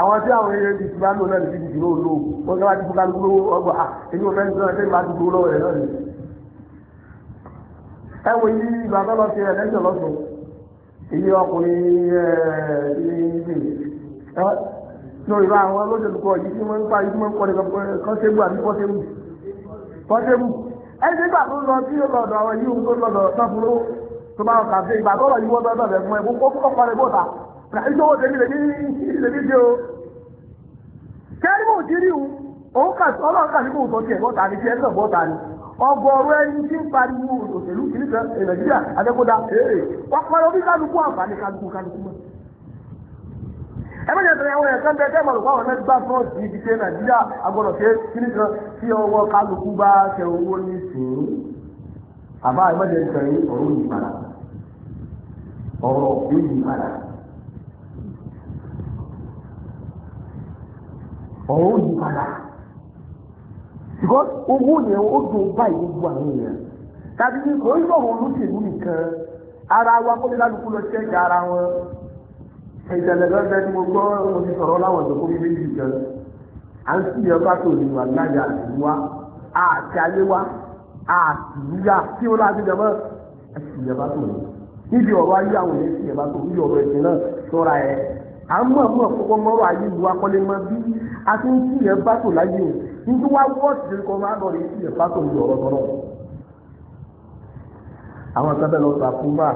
[SPEAKER 1] àwọn tí àwọn èèyàn ti ti bá lò náà ti ti dúró lò wọ́n sábà ti fún kálukú lówó ọgbà à ah, èmi ò fẹ́ẹ́ sọ́nà tẹ́lẹ̀ bá ti dúró lọ́wọ́ rẹ̀ náà ni. ẹ wo yí bàbá lọ sí ẹ̀ lẹ́sẹ̀ lọ́sọ̀ọ́ èyí ọkùnrin ẹ̀ẹ́dínlẹ́gbẹ̀ lórí bá àwọn olóṣèlúkọ yìí tí wọ́n ń pa ìdí mọ́kọ́ kọ́sẹ́gbù àbí kọ́sẹ́gbù kọ́sẹ́gbù ẹni nígbà tó lọ sí ọlọ́dọ̀ àwọn yìí tó lọ́dọ̀ sáfúró tó bá ọkà sí ìgbà tó lọ yìí wọ́n bá bẹ̀rẹ̀ ti rí òun kà ọlọ́run kà bọ́ta ni tiẹ̀ ń sọ bọ́ta ni. ọgọ́rùn ẹni tí ń pariwo òṣèlú kìíní kan nàìjíríà adékòdá èèrè wọn pariwo bí kálukú àǹfààní kálukú kálukú mọ. ẹ bẹ́ẹ̀ yẹn tẹ̀lé àwọn ẹ̀ka tẹ́ àwọn ibi nàìjíríà agbọ́dọ̀ ṣe kìíní kan tí ọwọ́ kálukú bá tẹ owó ní sìn àbá ọ̀rọ̀ yìí because owó yẹn ó dùn báyìí gbogbo àwọn èèyàn tàbí ní kò ń sọ̀rọ̀ olóṣèlú nìkan ara wa kó lè lálùkù lọ ṣẹ́ẹ̀kì ara wọn ìṣẹ̀lẹ̀ lọ́dẹ tí mo gbọ́ mo ti sọ̀rọ̀ láwọn ìjọba orí méjì gan à ń sì yọ pátó ìlú àgbáyà ìlú wa àti ayé wa àti ìyá tí ó láti jẹmọ́ àti ìyá pátó ìlú níbi ọ̀rọ̀ ayé àwọn èèyàn sì yẹ pátó níbi ọ̀rọ̀ ẹ̀sìn náà sọ́ra ẹ̀ à ń mọ̀ mọ̀ kókó mọ́rọ̀ ayé ìlú akọ́lé mọ́ bí a ti ń sì yẹ pátó láyé òsì nítorí wá wọ́ọ̀sì lórí kọ́ máa ń lọ rí sí ẹ̀fá tó ń lọ ọ̀rọ̀ àwọn sábẹ́ lọ sọ àkúbà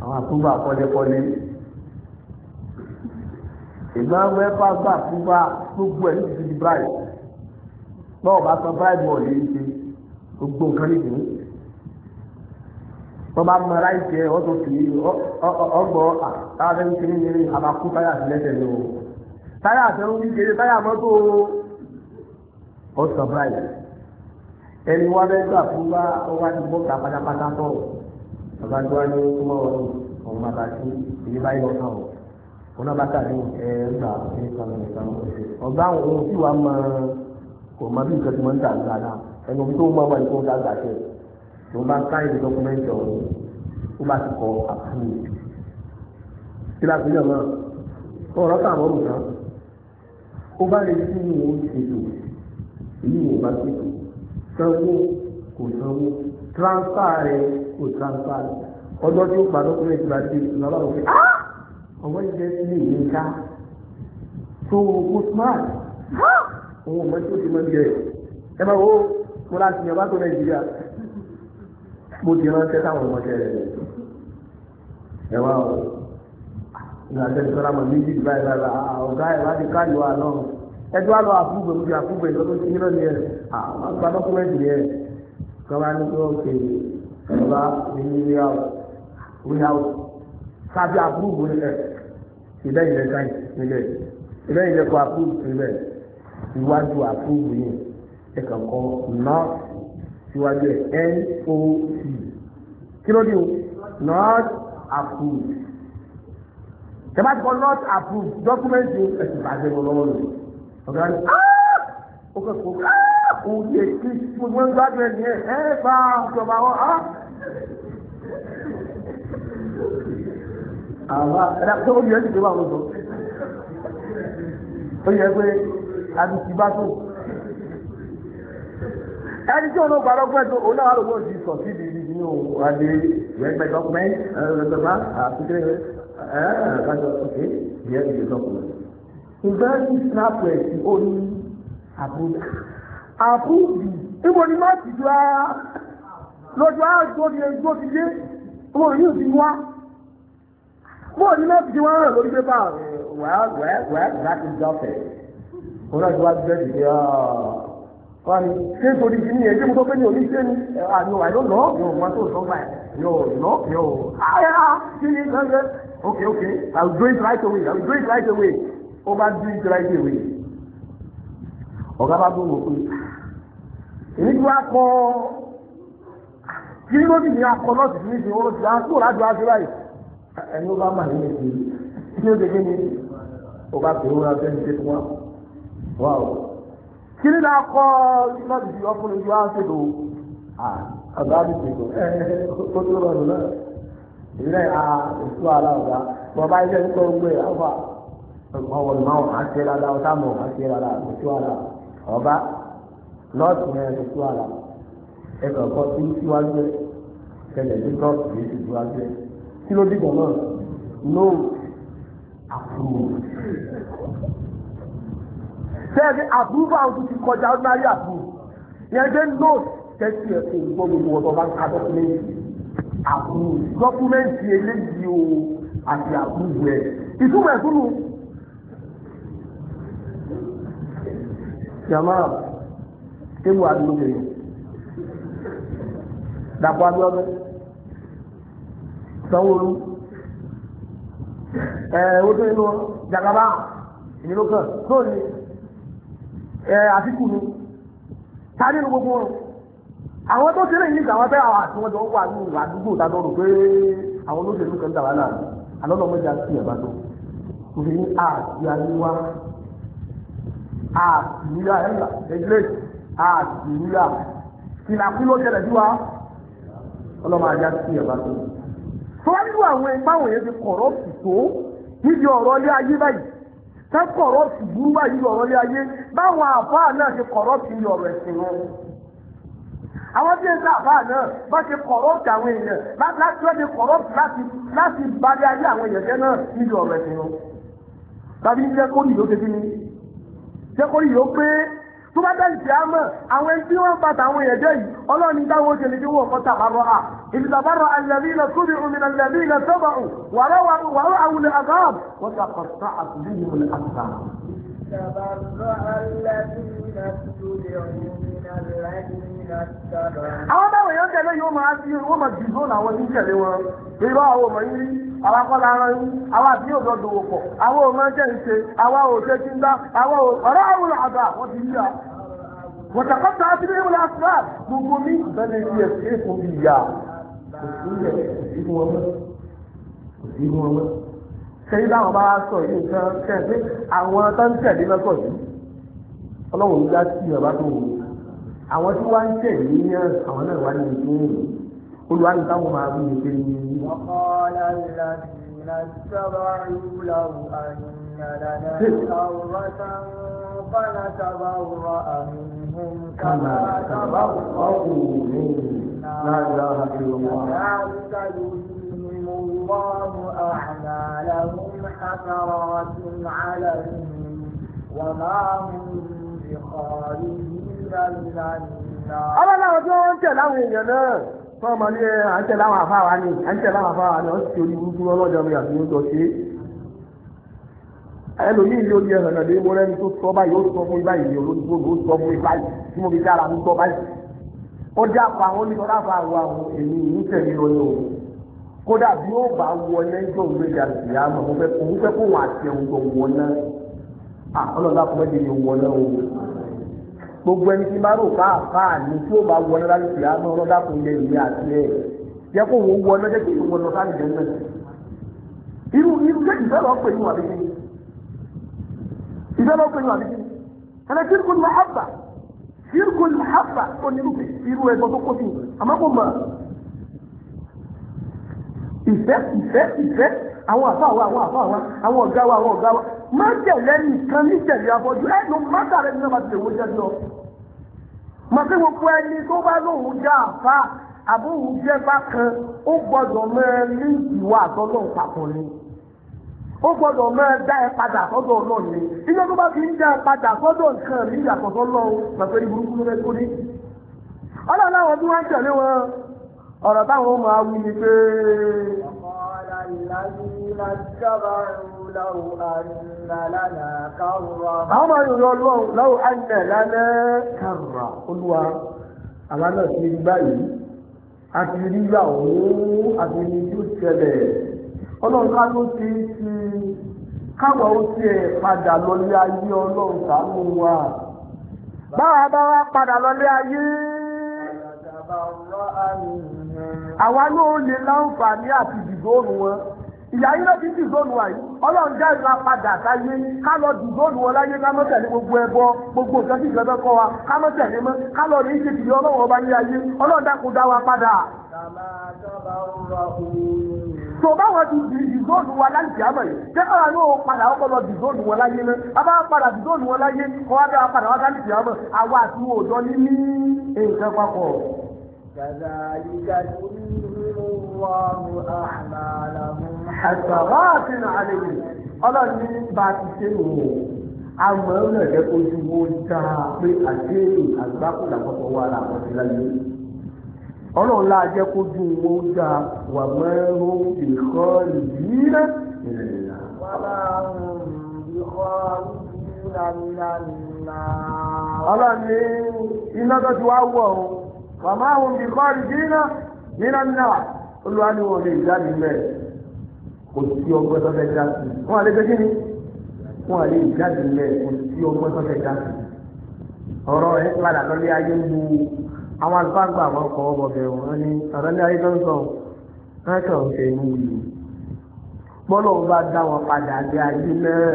[SPEAKER 1] àwọn àkúbà kọ́lẹ́kọ́lẹ́ ìgbà wẹ́fà gbà àkúbà gbogbo ẹ̀ níbi ti bíráì bọ́ọ̀ bá sọ bíráì bọ̀ lè ṣe gbogbo nǹkan nìkan wọ́n bá mọ aláìsí ẹ̀ wọ́n tó fi ọgbọ́n àtàwọn ẹni kiri ní àbákú táyà sílẹ̀ tẹ̀lé o táyà àtẹ̀wọ́n kékeré táyà mọ́tò o ó sọ báyìí ẹni wá bẹ́ẹ̀ gbà fún bá wá ti bọ́ ká pátápátá tọ̀ bàbá tó wá ní kúmọ̀ ọ̀run ọ̀hún bàbá tí ìdí báyìí lọ́kàn ọ̀ wọn náà bá tàbí ẹ gbà ní sọ̀rọ̀ nìkan ọ̀gá àwọn ohun tí wàá mọ kò mọ bí nǹkan tí wọ́n ń tà nígbà náà ẹnu tó mọ wọn kó dá gbà tẹ̀ tó bá ká ìdí dọ́kúmẹ́ntì ọ̀hún ó bá ti kọ àkúrò kí ó bá lè sí ìwọ̀n ètò èyí wò bá tètè sanwó kò sanwó transfer rẹ kò transfer rẹ ọjọ́ tí ó gbà lọ́kùnrin ìgbà tí ìgbà bá wọ̀ pé ah ọwọ́ ìjẹ́ sílé yìí ká tó kó smart ah! òun mọ̀ tí ó ti mọ̀ bí ẹ̀ ẹ máa wo mo láti yàn bá tó nàìjíríà mo ti ránṣẹ́ táwọn ọmọdé rẹ̀ ẹ wá o ìgbà tẹ̀síọ́ra mọ̀ méjì báyìí báyìí ah, ọ̀gá ẹ̀ wá ti káyọ̀ àná ẹjọ́ àlọ́ àfúgbè mú di àfúgbè lọ́dún tí yín lọ́nà yẹn àwọn gba dọ́kúmẹ́ntì yẹn gbọ́dọ̀ ní kí wọ́n ṣe ìjọba ní wíyáwó sábì àfúgbè nílẹ̀ ìdẹ́yìn lẹ́ka nílẹ̀ ìdẹ́yìn lẹ́kọ̀ àfúgbè nílẹ̀ ìwájú àfúgbè yẹn ẹ̀kọ́ kọ́ north síwájú ẹ̀ NOC kí ló dé o north approved tẹ̀bá ti kọ́ north approved dọ́kúmẹ́ntì ẹ̀sìn bàjẹ́ lọ́wọ́ lọ́wọ́ lọ́wọ́ ọ̀gá rẹ̀ ó kẹ́kọ̀ọ́ òun yẹ kí gbogbo ń gbádùn ẹni ẹ̀ ẹ́ bá ìjọba wọn á. àwa ẹ̀dá tó ó yẹ kí ìjọba wọn sọ ó yẹ pé àbùkù bá tó ẹni tí wọn gbàdọ fún ẹjọ òun náà lọ́wọ́ ti sọ sí ibi ibi ní òun adé ìyẹgbẹ dọkùmẹ ẹ ẹ ẹ ẹ kájọ ọkẹ ìyẹgbẹ dọkùmẹ ìgbẹ́ ní snapu ẹ̀sìn ó ní àbúdà àbúdì níbo ni má ti dúrà lọ́jọ́ àjọdì ẹjọ́dìdé wọn ò ní òbí wá wọn ò ní má ti di wọn rẹ̀ lórí pépà eh, wẹ́ẹ́wẹ́ẹ́ láti dọ́fẹ̀ òun náà ti wá gbẹ́ dìde wọ́n ní ṣé torí ti ní ẹjẹ́ mo tó fẹ́ ní òní ṣé ni àmì wà ló lọ́ yóò wọ́n tó sọ́gbà ẹ̀ yóò lọ́ yóò ayá kí ni eh, ah, ah, ah, kí ni okay okay I will do it right away I will do it right away over drink right away ọ̀gá bá gbóhùn òkú èyí tí wá kọ́ kí ló dì ní akọ náà tìtì níṣẹ́ oró ti láti òrà jù ájú láì ẹni ó bá mà ní ẹ̀sìn kí ló dé kí ni ó bá pè ó ra fẹ́ni ṣe fún wa wà ó kí ni náà kọ́ náà tìtì ọkùnrin ju áṣẹ lò àgbà á ti tìkọ̀ ẹ̀ ẹ̀ tó tó rọrùn náà ìrẹ́ àà èso àlà ọ̀gá bàbá ń kọ́ gbé àwọn ọwọ́ ìmọ̀ ọ̀hún àti ẹ̀rọ aláwọ̀ táwọn ọ̀hún àti ẹ̀rọ aláwọ̀ kò sí wàhálà ọba lọ́ọ̀tì yẹn kò sí wàhálà ẹ̀kọ́ kọ́ sí síwájú ẹ̀ tẹ̀lẹ̀ ní lọ́ọ̀tì yìí sì síwájú ẹ̀ kí ló dìbò náà no approve sẹ́ẹ̀dì approve àwọn tó ti kọjá ordinary approve yẹn dé no tẹ́sí ẹ̀ fún gbọ́ gbogbo ọ̀dọ́ bá ń ká dọ́kúmẹ́ntì approve o àti jama ibu adúlóbìnrin dàpọ̀ abíọ́dún sanwóolu ẹ wótó inú jagaba ìnínú kan tóòlì ẹ àtìkù ni gbogbo àwọn tó ṣẹlẹ̀ yìí àwọn àwọn jọ wà ní àdúgbò tá a pé àwọn olóṣèlú kan dà náà àti ìyàbá tó àtìníyà ẹ̀yà ẹgbẹ́ àtìníyà ìlàkú ló ṣẹlẹ̀ sí wa ọlọ́mọ ajá sí ẹ̀ bá tó. fọwọ́nìlú àwọn ẹgbẹ́ àwọn yẹn ti tó níbi ọ̀rọ̀ ilé ayé báyìí tẹ́ kọ̀rọ̀pù burú báyìí ọ̀rọ̀ ilé ayé báwọn náà ṣe ní ọ̀rọ̀ ẹ̀sìn wọn àwọn tí ń sá àbá náà bá ṣe àwọn èèyàn láti láti ayé jẹ́kọ́rí yóò pé tó bá dẹ́yìn tí a mọ̀ àwọn ẹni tí wọ́n bá tàwọn èèyàn jẹ́ yìí ọlọ́run ní táwọn oṣèlú tí wọ́n kọ́ tàbárọ̀ à ìdìtàbárọ̀ alẹ́bílẹ̀ tóbi òmìnira alẹ́bílẹ̀ sọ́bà ò wàrọ̀ àwùlẹ̀ àgáàb wọ́n ta kọ̀tà àtúndì yìí wọlé àtúntà. àwọn báwọn èèyàn tẹ̀lé yóò máa di wọ́n máa dìbò àwa kọ́ la rán yín àwa àbí òdò dòwò pọ̀ àwa ò máa jẹ́ ìṣe àwa ò ṣe kí n bá àwa ò ọ̀rọ̀ àwọn àbá wọ́n ti yíra wọ̀tàkọ́tà àti ní ìwòlá àṣírà gbogbo mi bẹ́ẹ̀ ni ẹ̀ ṣe fún ìyá kò sí ilẹ̀ kò sí fún ọmọ kò sí fún ọmọ sẹ́yìn láwọn bá sọ yìí nǹkan kẹ́ẹ̀ pé àwọn tó ń tẹ̀lé lọ́sọ̀ yìí ọlọ́run ń dá sí ìyàbá tó wù àwọn tí wọ́n ń tẹ̀lé ní àwọn náà wá ní ìdúró olùwárí táwọn máa rí ìpè ní. وقال الذين اتبعوا لو أن لنا كرة فنتبرأ منهم كما تبرأوا منا لا إله إلا الله كذلك يريهم الله أعمالهم حسرات عليهم وما هم بخارجين من النار. أنا لا أجوز أنت لا fọ́ọ̀mọ́ ní àńtẹ̀ láwọn àfáwà ni àńtẹ̀ láwọn àfáwà ni wọ́n ti orí burúkú ọlọ́jọ́ mi àti oúnjẹ ṣe é ẹlòmíì ní orí ẹ̀hàn náà lè mọ lẹ́nu tó sọ báyìí ó sọ fún ibà yìí olódùgbò ló sọ fún ibà yìí tí mo fi dára mi sọ báyìí ó dá pa àwọn oníṣọ́lá fa àwọn àwọn èmi ìlú tẹ̀lé lọ yóò kódà bí ó bá wọ lẹ́jọ́ òun gbéjà ìyá mọ̀ òun fẹ́ kó tó wọ náà gbogbo ẹni tí bá rò káàkáà ni tí ó bá wọ ní láti fi àánú ọlọ́dà kò lè rí àti ẹ̀ jẹ́ kó wọ́n wọ lọ́jọ́ kí wọ́n lọ sáré jẹ́ náà irú irú jẹ́ ìfẹ́ lọ́ọ́ pẹ̀lú àbíkí ìfẹ́ lọ́ọ́ pẹ̀lú àbíkí ẹ̀rẹ́ kírkù ní àbà kírkù ní àbà ó ní irú irú ẹ̀gbọ́ tó kó sí àmọ́ kò mọ̀ ìfẹ́ ìfẹ́ ìfẹ́ àwọn àfáà wa àwọn àfáà wa àwọn ọ̀gá wa àwọn ọ̀gá wa má tẹ̀lé nìkan ní tẹ̀lé afọ́jú ẹ̀ ló má tààrẹ ní ọba tẹ̀lé owó jẹ́ lọ. mà sí gbogbo ẹni tó bá lóun já àfa àbóhun jẹ́ bákan ó gbọ́dọ̀ máa ní ìwà àtọ́lọ́ papọ̀ ni ó gbọ́dọ̀ máa dá ẹ padà sọ́dọ̀ náà ni iná tó bá fi ń dá ẹ padà sọ́dọ̀ nǹkan mi yàtọ̀ sọ́dọ̀ pẹ̀pẹ́ ní burúkú ló fẹ́ kó ní. ọlọ́run àwọn tí wọ́n ń tẹ̀lé wọn ọ̀rọ̀ táwọn máa wí ni pé àwọn máa yọ̀ lọ́wọ́ láwọ̀ àìnà lánà kàrà olúwa àwọn náà ti rí báyìí a ti rí àti ní tó ṣẹlẹ̀ ọlọ́run ká ló ti ti káwọ̀ ó tiẹ̀ padà lọlé ayé ọlọ́run ṣàánú wa báwa bá wá padà lọlé ayé. àwa náà lè láǹfààní àti dìgbòòrùn wọn ìyá yín lọ́ọ́ ti dìgbòòrùn wa yìí ọlọ́run jẹ́ ìlà padà sáyé ká lọ dìgbòòrùn wọn láyé ká gbogbo ẹbọ gbogbo nǹkan tí ìjọba kọ́ wa ká mọ́ mọ́ ká lọ rí ìṣe tìlú ọlọ́run ọba ní ayé ọlọ́run dákun dá wa padà. tó báwọn ti dìgbòòrùn wa láǹtì àmọ̀ yìí ṣé padà lọ wọn láyé náà a bá padà dìgbòòrùn wọn láyé kọ́ كذلك يريهم الله أعمالهم حسرات عليهم ọlọ́run ní bá a ti ṣe wò ó àmọ́ ọ̀nà rẹ̀ ojú wo dáa pé àdéhùn àgbákò làkọ́tọ̀ wà láwọn ti láyé ọlọ́run láà jẹ́ kójú wo dáa wà mẹ́rún ìkọ́ ìdílé
[SPEAKER 2] ìrìnà. wàhálà ìkọ́
[SPEAKER 1] ìdílé ìrìnà. ọlọ́run ní iná tó ti wá wọ̀ ọ́ wà هم wọn من kọ́ọ̀rì jìnnà nínà náà olúwa ni wọn lè jáde mẹ́ẹ̀ kò sí ọgbẹ́ tó fẹ́ já sí wọn àlẹ́ fẹ́ kíni wọn àlẹ́ ìjáde mẹ́ẹ̀ kò sí ọgbẹ́ tó fẹ́ já sí ọ̀rọ̀ ẹ̀ padà lọ́lé ayé ń bu àwọn alùpàgbà wọn kọ́ ọ bọ̀bẹ̀ wọn ni àlọ́lé ayé tó ń sọ wọn kàn ń fẹ́ mú yìí dá wọn padà dé ayé náà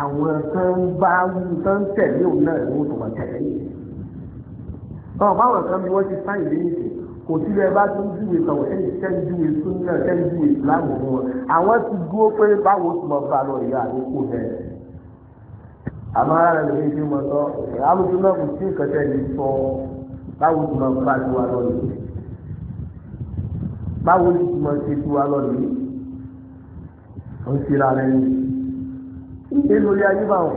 [SPEAKER 1] àwọn tó ń bá wù tó ń tẹ̀lé òun náà ló ń tó wọn yìí báwọn báwọn kan bí wọ́n ti sáyìn lẹ́yìn sí kò sí bẹ́ẹ̀ bá tún júwe sọ̀rọ̀ ẹni tẹ́ ń júwe tún náà tẹ́ ń júwe láàmú wọn àwọn ti dúró pé báwo ti mọ̀ bá lọ ìyá àdókò bẹ́ẹ̀. àmọ́ ara rẹ̀ lóye fi mọ̀ sọ àlùkò náà kò sí nǹkan tẹ́ lè sọ báwo ti mọ̀ bá ti wà lọ yìí báwo ti mọ̀ ṣe ti wà lọ yìí ó ń ṣe ra rẹ̀ ní. ìdílé lórí ayé báwọn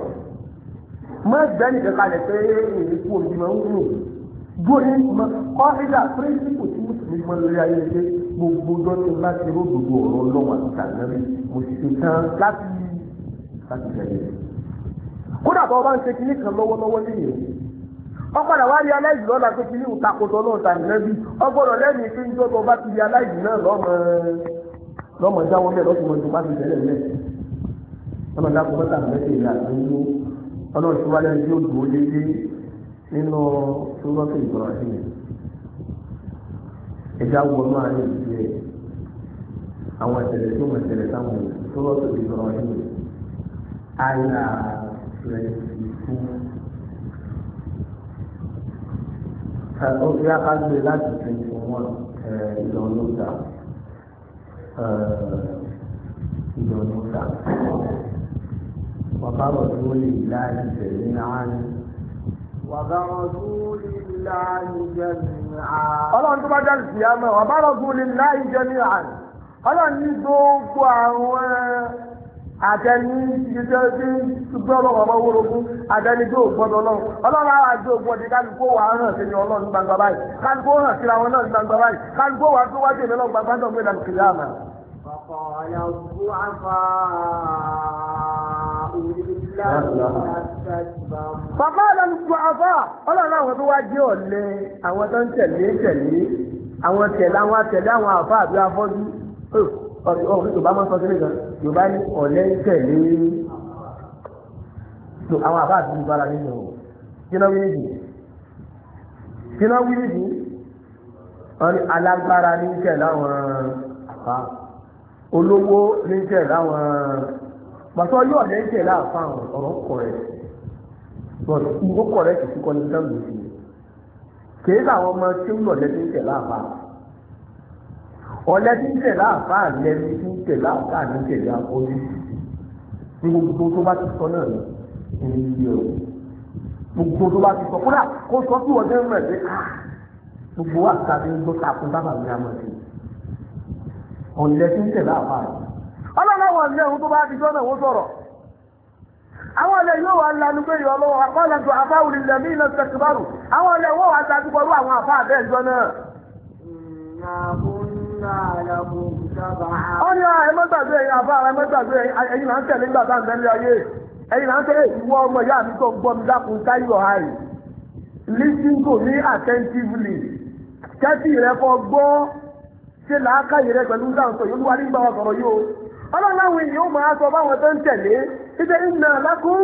[SPEAKER 1] mọ̀ gbẹ́ni kankan lẹ̀ pé èyí kú òbí máa ń wù. bóyá kọ́ ẹ̀dá píríncípù tí mùsùlùmí mọ́ lórí ayé ṣe gbogbo dọ́tí bá ti ró gbogbo ọ̀rọ̀ lọ́wọ́ àti kàlẹ́rì mo sì ṣe tán láti láti kódà bá ọba ń ṣe kinní kan lọ́wọ́lọ́wọ́ nìyẹn rí aláìsí lọ́la pé kinní náà ọgbọ́dọ̀ lẹ́nu bá ti aláìsí náà lọ́mọ nínú túbọ̀tì ìbọ̀rọ̀sìn ẹ̀dá wọnú àárín ìdílé àwọn ìṣẹ̀lẹ̀ tó mọ̀ ìṣẹ̀lẹ̀ táwọn túbọ̀tì ìbọ̀rọ̀sìn àyà rẹ̀ ìfún. ó fi ákágbé láti twenty one ìlọ́lọ́dà ìlọ́lọ́dà wàbá rọ̀ tó lè láì tẹ̀lé àárín. ọlọ́run tó bá jáde sí àmọ́ ọba rọ̀gùn lè láì jẹ́ ní àná ọlọ́run ní gbogbo àwọn àtẹni tí gbọ́ ọlọ́run ọmọ àtẹni tó gbọ́dọ̀ ọlọ́run ọlọ́run ni ọlọ́run gbangba báyìí kálukó hàn وقال الضعفاء للذين استكبروا فقال الضعفاء ọlọ́run láwọn tó wá jẹ́ ọ̀lẹ àwọn tó ń tẹ̀lé tẹ̀lé àwọn tẹ̀lé àwọn àtẹ̀lé àwọn àfa àbí afọ́jú oh, ọ̀rọ̀ yorùbá máa sọ sílẹ̀ gan yorùbá ní ọ̀lẹ ń tẹ̀lé àwọn àfa àbí ìbára nínú ọ̀rọ̀ kí wí nìyí kí wí nìyí wọ́n alágbára ní tẹ̀lé àwọn àfa olówó ní jẹ́ láwọn pàtó yóò ní jẹ́ láàfáà ọ̀rọ̀ kọ̀rẹ́ but ìwó kọ̀rẹ́ kìí kọ́ ní sẹ́ńdù sí i kìí láwọn ọmọ tí ó lọ lẹ́ni jẹ́ láàfáà ọ̀lẹ́ni jẹ́ láàfáà lẹ́ni tí ń jẹ́ láàfáà ní jẹ́ láàfọ́jú ní gbogbo tó bá ti sọ náà lọ ní ilé ọ̀rọ̀ gbogbo tó bá ti sọ kódà kó sọ sí wọ́n jẹ́ mẹ́rin pé ah, gbogbo wa kàdé ń gbọ́ sàkún bábà mi àmọ̀ sí i. ọ̀lẹ́ tí ń tẹ̀lé àpá rẹ̀ ọlọ́run àwọn ọ̀lẹ́ òun tó bá ti jọ́nà òun sọ̀rọ̀ àwọn ọ̀lẹ́ yóò wá lanu pé ìyọ̀ lọ́wọ́ àpáàlà tó àfáwù lílẹ̀ ní ilẹ̀ sẹ́kìbárù àwọn ọ̀lẹ́ wọ́n wá ta dúpọ̀ rú àwọn àfá àbẹ́ ìjọ náà. ó ní ah, ẹ má ṣe làákàyè rẹ pẹ̀lú dáńtọ̀ yóò wá nígbà wọn sọ̀rọ̀ yóò ọlọ́run láwọn èèyàn ó máa sọ báwọn tó ń tẹ̀lé ṣíṣe ìnà lákùn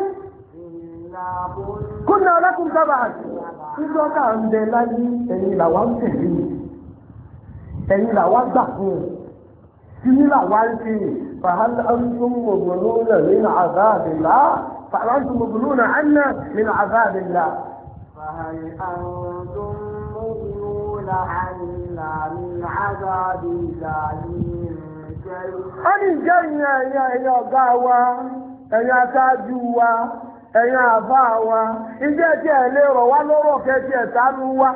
[SPEAKER 1] kúnà lákùn sábà nígbà tá à ń bẹ láyé ẹ̀yìn làwa ń tẹ̀lé ẹ̀yìn làwa gbà fún un síní làwa ń ṣe fàhálà ń tún mọ̀gbọ̀nú náà nínú àzáàbìlá fàhálà ń tún mọ̀gbọ̀nú náà nínú àzáàbìlá.
[SPEAKER 2] fàhálà ń tún mọ̀gbọ̀nú
[SPEAKER 1] ó ní ìjẹ́ ìyẹn ẹ̀yìn ọ̀gá wa ẹ̀yìn aṣáájú wa. ẹ̀yin àbá wa ibi ẹ̀jẹ̀ ẹ̀ rọ̀ wá lọ́rọ̀ kẹ́jì ẹ̀sánú wa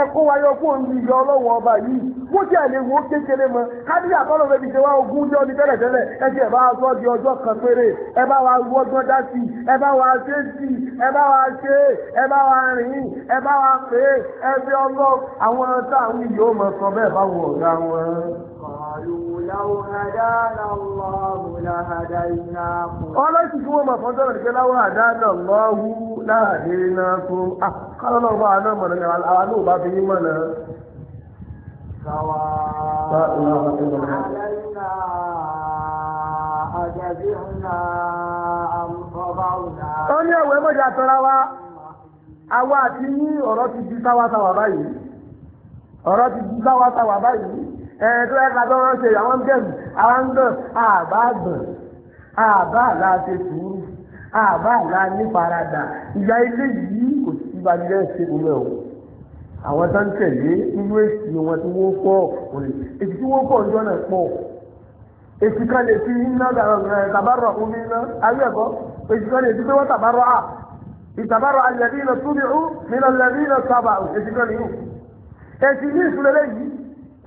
[SPEAKER 1] ẹ̀kọ́ wa yọ fún ìyọ ọlọ́wọ́ ọba yìí wọ́n ti ẹ̀lẹ́ wọ́n kékeré mọ́ káníyà tọ́lọ̀ bẹ́ẹ̀ fi ṣe wá ogún jọ ní tẹ́lẹ̀ tẹ́lẹ̀ bá wa sọ́ di ọjọ́ kan péré ẹ bá wa ọjọ́ dá sí ẹ bá wa ṣe sí ẹ bá wa ṣe ẹ bá wa rìn ẹ bá ọlọ́sìn tí wọ́n mọ̀ fọ́jọ́ rẹ̀ pé láwọn àdáná lọ́wọ́ láàdé náà fún ó ní tọ́ra wa awa àti ní ọ̀rọ̀ ti sáwásáwà báyìí ọ̀rọ̀ ti sáwásáwà báyìí. ẹ̀ẹ́n tó ẹ̀ka tó wọ́n ṣe àwọn gẹ̀mù àwọn gẹ̀mù àbá gbọ̀n àbá àlá ṣe sùúrù àbá àlá nífaradà ìyá ilé yìí kò sí ìbànújẹ́ ṣe omi ọ̀ àwọn tó ń tẹ̀lé inú èsì wọn tí wọ́n pọ̀ òní èsì tí wọ́n pọ̀ ọjọ́ náà pọ̀ èsì kan lè fi iná tàbárọ̀ omi iná ayé ẹ̀kọ́ èsì kan lè fi pé wọ́n tàbárọ̀ à ìtàbárọ̀ alẹ́bí iná túbí ú nínú alẹ́bí iná sábà èsì kan ní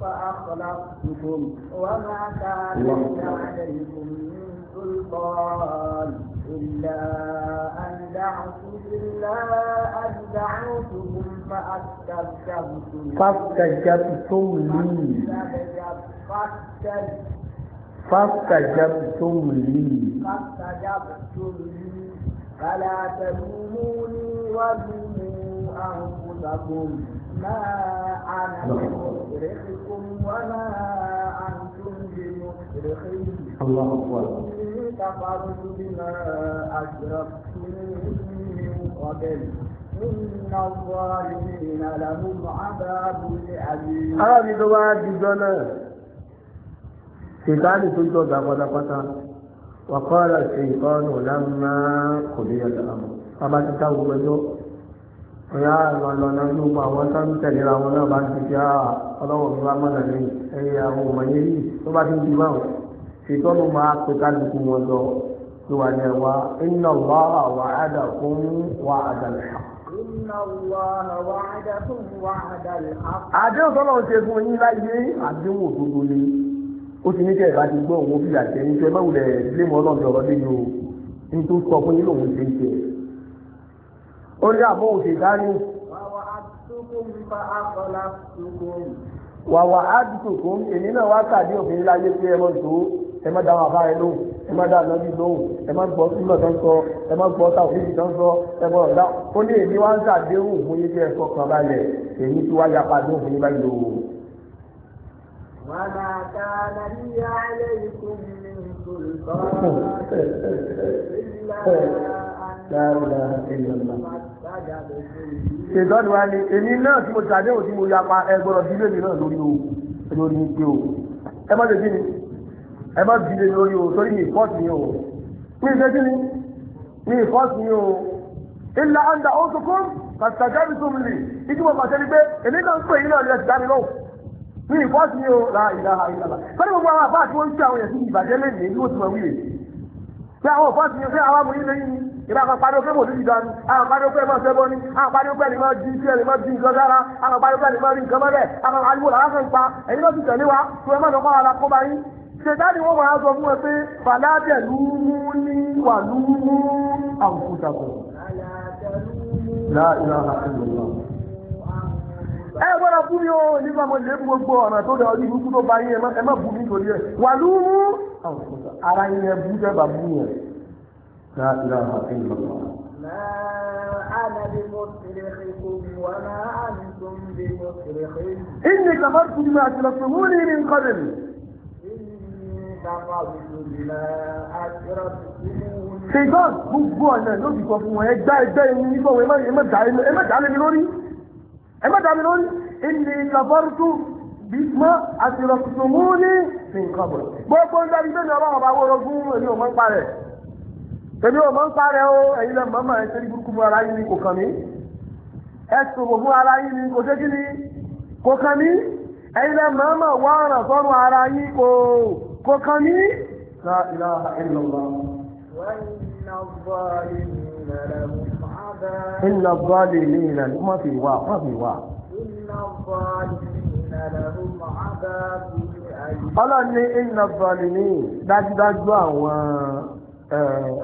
[SPEAKER 1] فأخلفتكم وما كان عليكم من سلطان إلا أن دعوتكم إلا أن دعوتكم فاستجبتم فاستجبتم لي فاستجبتم لي فاستجبتم لي فلا تلوموني ولوموا أنفسكم ما أنا بمصرخكم وما أنتم بمصرخي الله أكبر كفرت بما أشركتم من قبل إن الظالمين لهم عذاب أليم هذه دواعي جنة شيطان تجد دغدغة وقال الشيطان لما قضي الأمر فما تتوب ọ̀yá lọ́nà gbogbo àwọn tó ń tẹ̀léra wọn náà bá ń ti já ah, ọlọ́wọ́ mi wá mọ̀nà ní ẹ̀yẹ àwọn òmòye yìí tó bá ti ń di báwọn ṣètò ló máa pe kálukú wọn lọ ló wà ní ẹ̀wá iná wà wà ádà fún wà àdàlẹ̀ àdéhùn ṣe fún yín láyé àdéhùn òdodo ni ó ti ní kẹ́ ẹ̀ bá ti gbọ́ òun ó ní àbọ̀ òsè dání. wàwà àdìsòkò èmi náà wá kàdé òfin láyé pé ẹ mọ̀ tó ẹ má dáhùn àbá rẹ lóhùn ẹ má dáhùn lọ́bí lóhùn ẹ má gbọ́ sílọ̀ tó ń sọ ẹ má gbọ́ táwọn fífi tó ń sọ ẹ ọ̀dá ó ní èmi wá ń ṣàdéhùn fún yín kí ẹ fọkàn balẹ̀ èmi tí wàá yapa déhùn fún yín lóhùn. wàlá kàlà ní alẹ́ ikú mi kò lọ́ọ́ láàrínlá ìlànà. ṣètọ́ni wa ni èmi náà tí mo tàdé òtí mo yapa ẹgbọ́rọ̀ sílé mi náà lórí o lórí pé o ẹ má ṣe kí ni ẹ má bí lé lórí o torí mi ìfọ́sì ni o mi ìfẹ́ kí ni mi ìfọ́sì ni o ilà àǹdà ó tó kún kàtàkàbí tó mi lè ìdí mo pàṣẹ ni pé èmi náà ń pè yín náà lè ti dá mi lọ́wọ́ mi ìfọ́sì ni o láà ìlà àìlàlà fẹ́ẹ́ gbogbo àwọn àbá àti wọ́n ń pè àwọn èèyàn sí ìbàjẹ́ lẹ́yìn èyí ó ti mọ̀ wíyè pé àwọn ọ̀fọ́ ti yàn pé àwọn amòyí lẹ́yìn ni ìbá kan pariwo pé mòdúdì dání àwọn pariwo pé máa sẹ́bọ́ ni àwọn pariwo pé lè máa di iṣẹ́ lè máa di nǹkan sára àwọn pariwo pé lè máa rí nǹkan mọ́lẹ̀ àwọn ariwo làwọn fẹ́ pa ẹ̀yin ló ti tẹ̀lé wa tó ẹ má lọ kọ́ra kó bá yín. ṣètàní wọn máa sọ fún ẹ pé fàlàjẹ lúmú ní wà lúmú àwùkù tàkùn.
[SPEAKER 2] láìláha ìlú náà
[SPEAKER 1] ẹ gbọ́dọ̀ fún mi nígbà mo lè fún gbogbo ọ̀nà tó dọ̀ ọdún ikú tó bá yín ẹ má bù mí torí ẹ wà lúwú ara yín ẹ bú jẹ́ bàbú yẹn. لا إله إلا الله ما أنا بمصرخكم وما أنتم بمصرخين إني كفرت بما أشركتموني من قبل Ṣèjọ́ gbogbo ọ̀nà ló ti sọ fún wọn, ẹ gbá ẹgbẹ́ ẹni nígbà wọn, ẹ má dà lórí ẹ má dàbí lórí ìní ìlàbọ́rùtù bí mọ́ àti ìrọ̀kùtùmú ní nǹkan bọ̀. gbogbo ń dábí bẹ́ẹ̀ ni ọlọ́run bá wọ́rọ̀ fún èmi ò mọ́ ń parẹ́ èmi ò mọ́ ń parẹ́ o ẹ̀yin lẹ́ mọ́ máa ń ṣe ní burúkú ara yín ni kò kàn mí ẹ sòwò fún ara yín ni kò la iná bọ́ọ̀lì ní ilẹ̀ ló má fi wà má fi wà. ọlọ́run ní iná bọ́ọ̀lì ní dájúdájú àwọn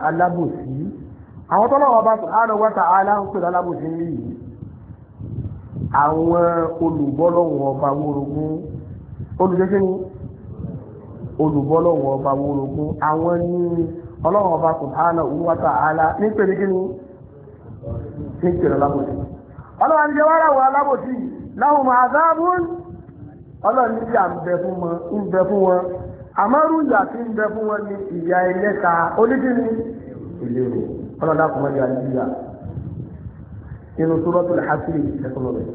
[SPEAKER 1] alábòsí àwọn tọ́lọ́wọ́ bá sọ̀rọ̀ wa ta'ala ń pè lálábòsí ní yìí àwọn olùbọ́lọ́wọ́ ọba wórogún olùjẹ́jẹ́ ni olùbọ́lọ́wọ́ ọba wórogún àwọn ní ọlọ́wọ́ ọba subhanahu wa ta'ala ní ni ṣe ń kìrọ lábòsí ọlọ́run ní jẹ́wọ́ aráwọ̀ alábòsí láwọn máa dáàbò ọlọ́run níbi à ń bẹ fún wọn ń bẹ fún wọn àmọ́rú ìyà tí ń bẹ fún wọn ní ìyà ẹlẹ́ta onídìní ìlérò ọlọ́run dákun mọ́ ìyà ìyà inú suratul hasri ẹ̀kọ́ lọ́rẹ̀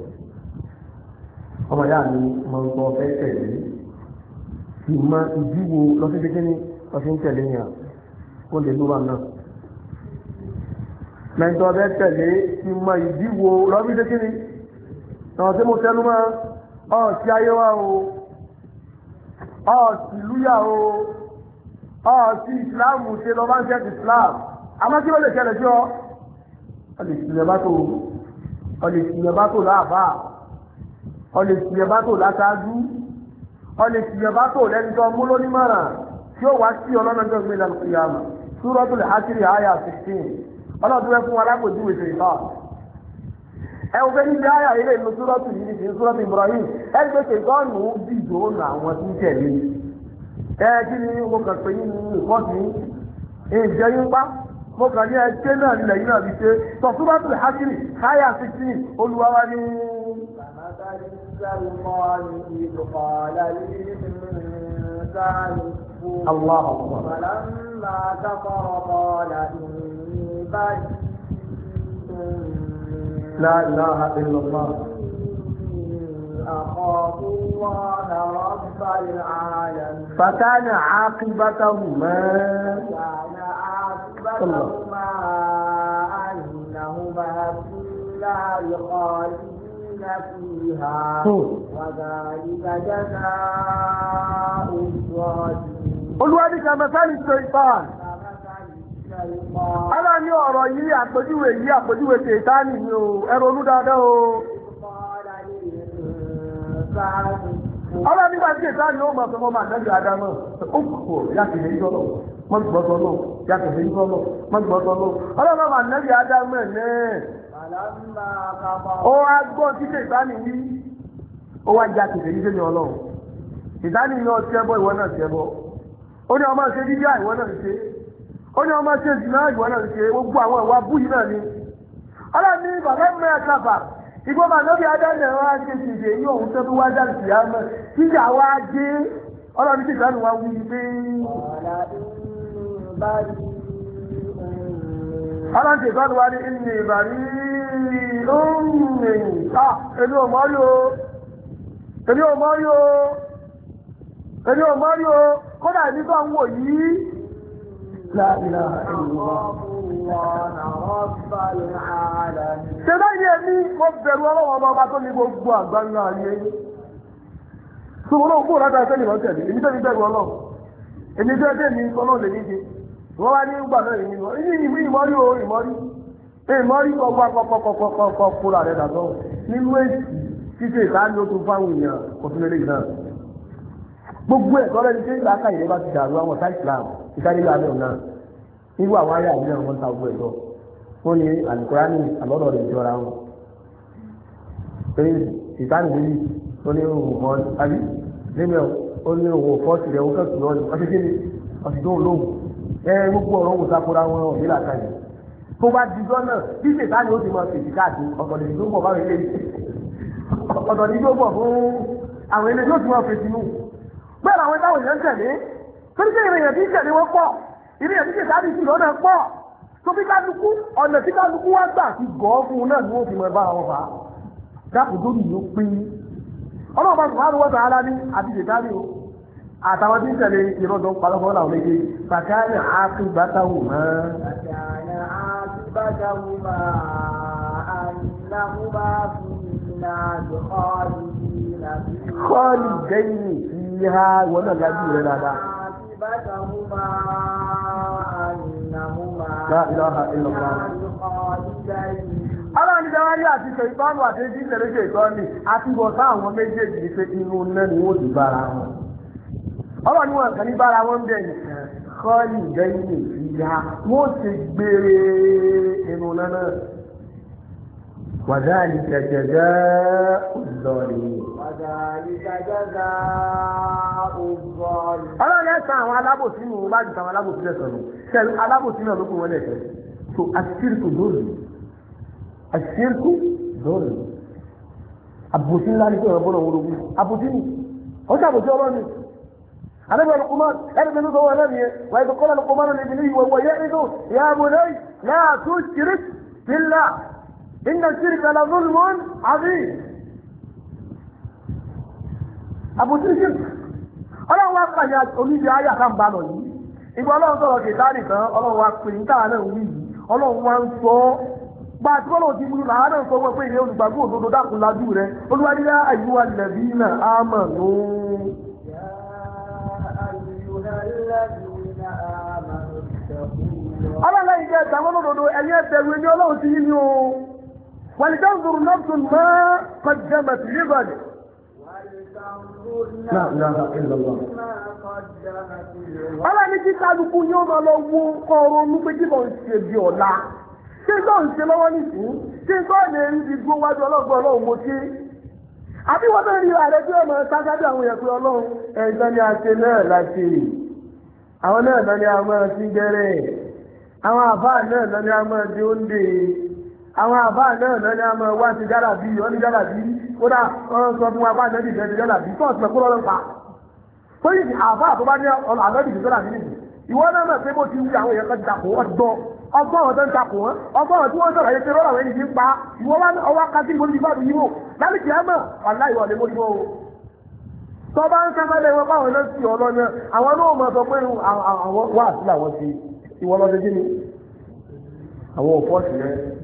[SPEAKER 1] ọmọ yáà ni mo ń gbọ́ fẹ́ tẹ̀lé ìmọ̀ ìdíwo lọ́sí kékeré lọ́sí ń kó lè lóra náà mẹ́ntọ́ bẹ́ tẹ̀lé ti mọ ìdíwo rọ́bí tó kíni náà tí mo tẹnu mọ́ ọ̀ọ̀tí ayé wa o ọ̀ọ̀tí lúyà o ọ̀ọ̀tí ìsìláàmù ṣe lọ bá ń ṣẹ́ẹ̀tì ìsìláàmù àmọ́ kí ló lè ṣẹlẹ̀ sí ọ ọ̀lẹ̀ ìsìnyẹ̀ bá tó ọ̀lẹ̀ ìsìnyẹ̀ bá tó láàbà ọ̀lẹ̀ ìsìnyẹ̀ bá tó láṣáájú ọ̀lẹ̀ ìsìnyẹ̀ bá tó lẹ́ni tó mú lónímọ̀ràn tí ó wá sí ọlọ́nà tó gbé lálùkù 16 ọlọ́dún rẹ fún wa lápòjú ìwé ṣèǹtọ́ ẹ wo fẹ́ni bí àyà ilé ìlú súrọ́tù yìí ní súrọ́tù Ibrahim ẹ gbé ṣèǹtọ́ àwọn ń tẹ̀lé ẹ kí ni mo kàn pé yín ìjẹ́ yín pa mo kàn ní ẹgbẹ́ náà nílẹ̀ yín náà fi ṣe sixteen Allah. لا إله إلا الله أخاف الله رب العالمين فكان عاقبتهما كان الله. عاقبتهما أنهما في النار خالدين فيها وذلك جزاء الظالمين. قل وذلك مثال الشيطان Ọlọ́run ní ọ̀rọ̀ yìí àpèjúwe yìí àpèjúwe Sèétánì ni o, ẹrọ onú dáadáa o. Ọlọ́run nígbà tí Sèétánì ó mọ̀ fún ọmọ àtẹ́jú Adámọ̀, ó kò yàtì lè jọ́lọ̀, mọ́ ti gbọ́dọ̀ lọ, yàtì lè jọ́lọ̀, mọ́ ti gbọ́dọ̀ lọ. Ọlọ́run ọmọ àtẹ́jú Adámọ̀ náà. Ó wá gbọ́ sí Sèétánì wí, ó wá yàtì lè jẹ́ Sèétánì náà ṣẹbọ ìwọ náà ṣẹbọ. Ó ní ọmọ dídí àìwọ náà ṣe. onye ọma ọmọ ṣe jù náà ìwọ náà ṣe gbogbo bụ ìwà búyì ọla ni ọlọ́run ní bàbá mẹ́rin kàbà ma bàbá bí adáná wa ṣe ṣe ṣe yí òun tó fi wá dà sí àmọ́ kíjà wa dé ọlọ́run ti sànù لا إله إلا الله Ṣẹ́dá ilé ẹni wọ́n bẹ̀rù ọlọ́wọ́ ọba tó ní gbogbo àgbáńlá ayé. Ṣùgbọ́n náà gbóòrò látàrí sẹ́lẹ̀ wọ́n tẹ̀lé, èmi tẹ́lẹ̀ bẹ̀rù ọlọ́wọ́. Èmi tẹ́lẹ̀ tẹ́lẹ̀ ọlọ́wọ́ lè níje. Wọ́n wá ní gbà náà èmi lọ. Ìyí ìwé ìmọ̀rí o ìmọ̀rí. Ìmọ̀rí kọ wá kọ́kọ́kọ́kọ́ kóra rẹ̀ dàgbọ́. Nínú èsì gbogbo ẹ̀tọ́ lẹ́ni tí ìgbà ká ìrẹ́bà ti dàrú àwọn ọ̀tá Islam ìkárìlá náà náà irú àwọn ará ìlú náà wọ́n ta gbogbo ẹ̀tọ́ wọ́n ní alukurani àlọ́dọ̀ rẹ̀ jọra wọn pé ìtànìlélì ó ní òun mọ́ àbí nínú ó ní òun fọ́ọ̀tì rẹ̀ ó kẹ́sùn lọ́ọ̀dù ọ̀sẹ̀ kí ni ọ̀sẹ̀ tó lóhùn ẹ gbogbo ọ̀rọ̀ òun sakura wọn ò nílà kan yìí tó bá dijọ́ náà bí sèkánì ó ti mọ fèsì bẹ́ẹ̀ làwọn táwọn èèyàn tẹ̀lé torí pé ìrìnyàn tí ń wọn pọ̀ ìrìnyàn tí kìí sábì sí lọ́nà pọ̀ tó fi kálukú ọ̀nà tí kálukú wá gbà ti gọ́ fún un náà ni wọ́n fi mọ̀ bá wọn fà á dákùn tó nìyó pé ọlọ́ọ̀bá sùhánù wọ́n sàálà ní àti ìdèkárí o àtàwọn tí ń tẹ̀lé ìrọ̀dọ̀ pàlọ́fọ́ làwọn méje bàkàrẹ̀ àtúbátàwò mọ́. bàkàrẹ̀ àtúbátàwò
[SPEAKER 2] ha ìwọ náà lajú rẹ dáadáa.
[SPEAKER 1] La ilaha illallah. Ọlọ́run ní Dáwárí àti Ṣèyítọ́nù àti Ẹjí ìṣẹ̀lẹ̀ Ṣèyítọ́nù àti ìwọ̀sá àwọn méjèèjì ní pé inú náà ni wọ́n ti bára wọn. Ọlọ́run ní wọn kàn ní bára wọn bẹ̀ nìkan. Kọ́ọ̀lì ìgbẹ́yìn ìyá wọ́n ti gbére inú náà náà. وذلك جزاء الظالمين ọlọ́run yẹn san àwọn alábòsí ni wọ́n bá ju àwọn alábòsí lẹ̀ sọ̀rọ̀ sẹ́nu alábòsí náà ló kún wọn lẹ́sẹ̀ so àṣírkù lórí àṣírkù lórí àbòsí ńlá ní sọ̀rọ̀ bọ́lọ̀ wọ́lọ́wọ́ àbòsí ni wọ́n ṣàbòsí ọlọ́run ni àdébọ̀ lukuman ẹni tó ń sọ wọn lẹ́nu yẹn wàá ìdókòlá lukuman ní ibi ní ìwọ̀wọ̀ yẹn ní tó yà á mú lẹ́yìn náà tó ṣírí sílá إن الشرك لظلم عظيم àbòsí ṣírk ọlọ́run wá ya oníṣẹ́ ayé àkàǹbá lọ yìí ìgbà ọlọ́run sọ̀rọ̀ kìí sáré tán ọlọ́run wá pè ní náà wí yìí ń sọ ọ́ a ti ti mú làá náà sọ wọ́n pé ìrẹ́ olùgbàgbọ́ òdodo dákun lajú rẹ olúwadíyá àyíwá lẹ̀bí náà á mọ̀ yìí jẹ́ olódodo ni ni o. ولتنظر نفس ما قدمت لغد لا لا إلا الله ọlá ní kí kálukú yóò máa lọ wo ọrọ̀ olúgbé tí kò ń ṣe bí ọ̀la tí kò ń ṣe lọ́wọ́ nìkú tí kò lè rí igbó wájú ọlọ́gbọ́n ọlọ́run mo ṣe àbí wọ́n fẹ́ẹ́ rí ààrẹ tí ọmọ ságájú àwọn èèyàn ọlọ́run ẹ̀gbọ́n ni a ṣe náà la ṣe àwọn náà lọ ni a máa ṣí gẹ́rẹ́ àwọn àbá náà lọ ni a máa di oúnjẹ àwọn àbá náà lọ́nà a máa wá ti dára bí wọ́n ní dára bí kódà wọ́n sọ fún wa bá àná ìdíjẹ́ ti dára bí kọ́ọ̀sì pẹ̀kú lọ́lọ́ pa tóyì ní àbá àbúbá ní àná ìdíjẹ́ dára bí nìyí ìwọ náà mọ̀ pé bó ti wí àwọn èèyàn kan ti takò wọ́n gbọ́ ọgbọ́n àwọn tó ń takò wọ́n ọgbọ́n àwọn tí wọ́n sọ̀rọ̀ yẹn ti rọ́ọ̀rọ̀ ẹni ti ń pa ìwọ wá ọwọ́ kájí mo ti fọ́ọ̀mù yíwò lálùkì á mọ̀ ọ̀la ìwọ lè mójú o. tó bá ń sẹ́fẹ́ lé wọn báwọn náà sì ọlọ́ náà àwọn náà mọ̀ sọ pé àwọn wà sí làwọn ti ìwọ lọ sí kí ni àwọn ò fọ́ọ̀sì yẹn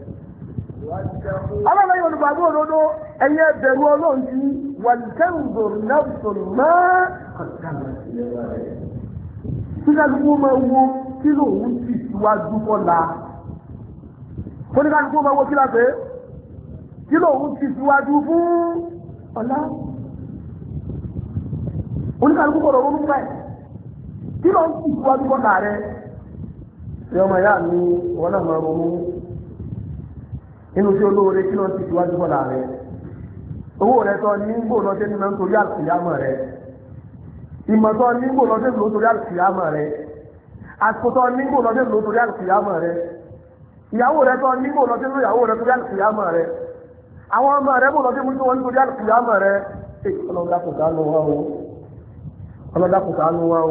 [SPEAKER 1] ọlọ́run yóò lùgbàdú òdodo ẹ̀yẹ bẹ̀rù ọlọ́run ti wàlùkẹ́rùndò lẹ́bùsùn náà kíkálukú máa wo kí lòun ti síwájú kọ́la oníkálukú máa wo kí lápẹ́ kí lòun ti síwájú fún ọ̀la oníkálukú kọ̀ọ̀rọ̀ ronú báyìí kí lòun ti síwájú kọ́la rẹ̀ ṣé ọmọ ìyá mi náà máa ronú nínú tí olóore kí ló ń ti tiwájú fọ́lá rẹ owó rẹ tọ́ ní gbò lọ́sẹ̀ nínú nítorí àlùkìyàmọ̀ rẹ ìmọ̀ tọ́ ní gbò lọ́sẹ̀ nínú nítorí àlùkìyàmọ̀ rẹ àsìkò tọ́ ní gbò lọ́sẹ̀ nínú nítorí àlùkìyàmọ̀ rẹ ìyàwó rẹ tọ́ ní gbò lọ́sẹ̀ nínú ìyàwó rẹ nítorí àlùkìyàmọ̀ rẹ àwọn ọmọ rẹ gbò lọ́sẹ̀ nínú wọn nítorí àlùkìyàmọ̀ rẹ ọlọ́dàkùnkà ló wá o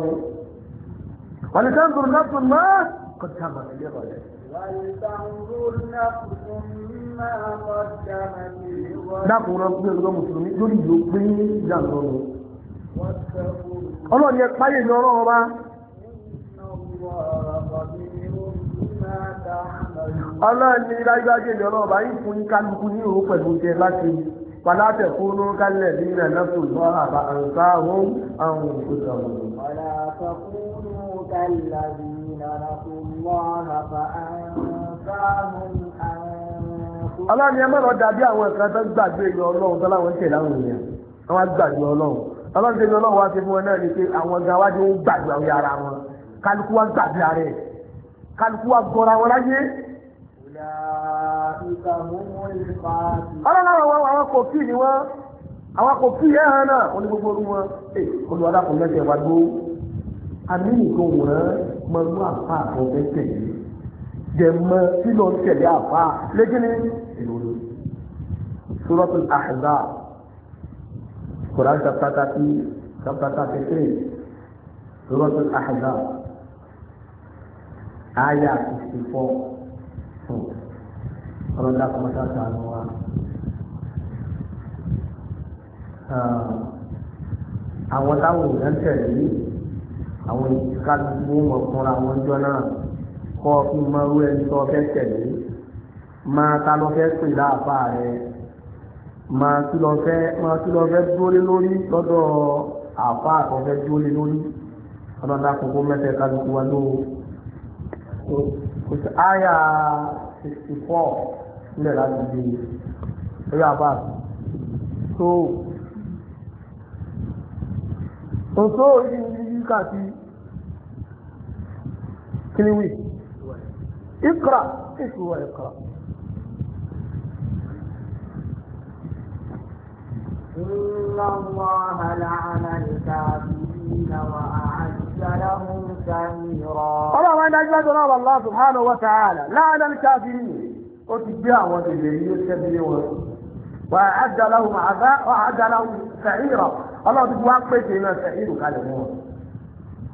[SPEAKER 1] wọ́n lè sẹ́ńtùrù náà tún náà kọjá màlẹ́lẹ́ rọ̀ dákùn rán pé olùgbọ́ mùsùlùmí lórí ìlú pé ìjàǹdọ̀ lọ ọlọ́ni ẹ páyé ní ọlọ́run ọba ọlọ́ni lágbájé ní ọlọ́run ọba yìí fún kálukú ní òun pẹ̀lú jẹ láti pàdátẹ̀ fún un kálẹ̀ ní ilẹ̀ náà tó lọ àbá àǹká òun àwọn ọlọ́run yẹn mọ̀rọ̀ dàbí àwọn nǹkan tó gbàgbé ìyọ ọlọ́run tó láwọn ń tẹ̀lé àwọn èèyàn àwọn gbàgbé ọlọ́run ọlọ́run tẹ̀lé ọlọ́run wá sí fún wọn ni pé àwọn gan wájú ń gbàgbé àwọn yàrá wọn kálukú wá gbàgbé ààrẹ kálukú wá gọra wọn láyé. ọlọ́run àwọn àwọn kò kí ni wọ́n àwọn kò kí yẹn hàn náà wọ́n ní gbogbo orú jẹmọ tí ló ń tẹ̀lé àfá lẹ́gìnì ìlúlu suratul ahzab quran chapter thirty chapter thirty three suratul ahzab aya sixty four ọlọ́dà kọ́mọ́tà sànù wa. àwọn táwọn èèyàn tẹ̀lé àwọn ìkàlùkù wọn fúnra wọn jọ náà kọ́ kí n máa rú ẹni tó fẹ́ tẹ̀lé máa ta lọ fẹ́ pè láàfà rẹ máa kí lọ fẹ́ máa kí lọ fẹ́ dúró lé lórí lọ́dọ̀ àfà tó fẹ́ dúró lé lórí ọlọ́dà kókó mẹ́tẹ̀ẹ́ kálukú wa ló kò sí àyà sixty four nílẹ̀ láti di orí àfà tó tó tó yí yí kàti kíníwì. اقرأ ايش هو اقرأ إن الله لعن الكافرين وأعد لهم سعيرا طبعا أنا أجمد رب الله سبحانه وتعالى لعن الكافرين وتبيع وتبيع يتبيع وأعد لهم عذاب وأعد لهم سعيرا الله تبوا أكبر سعير قال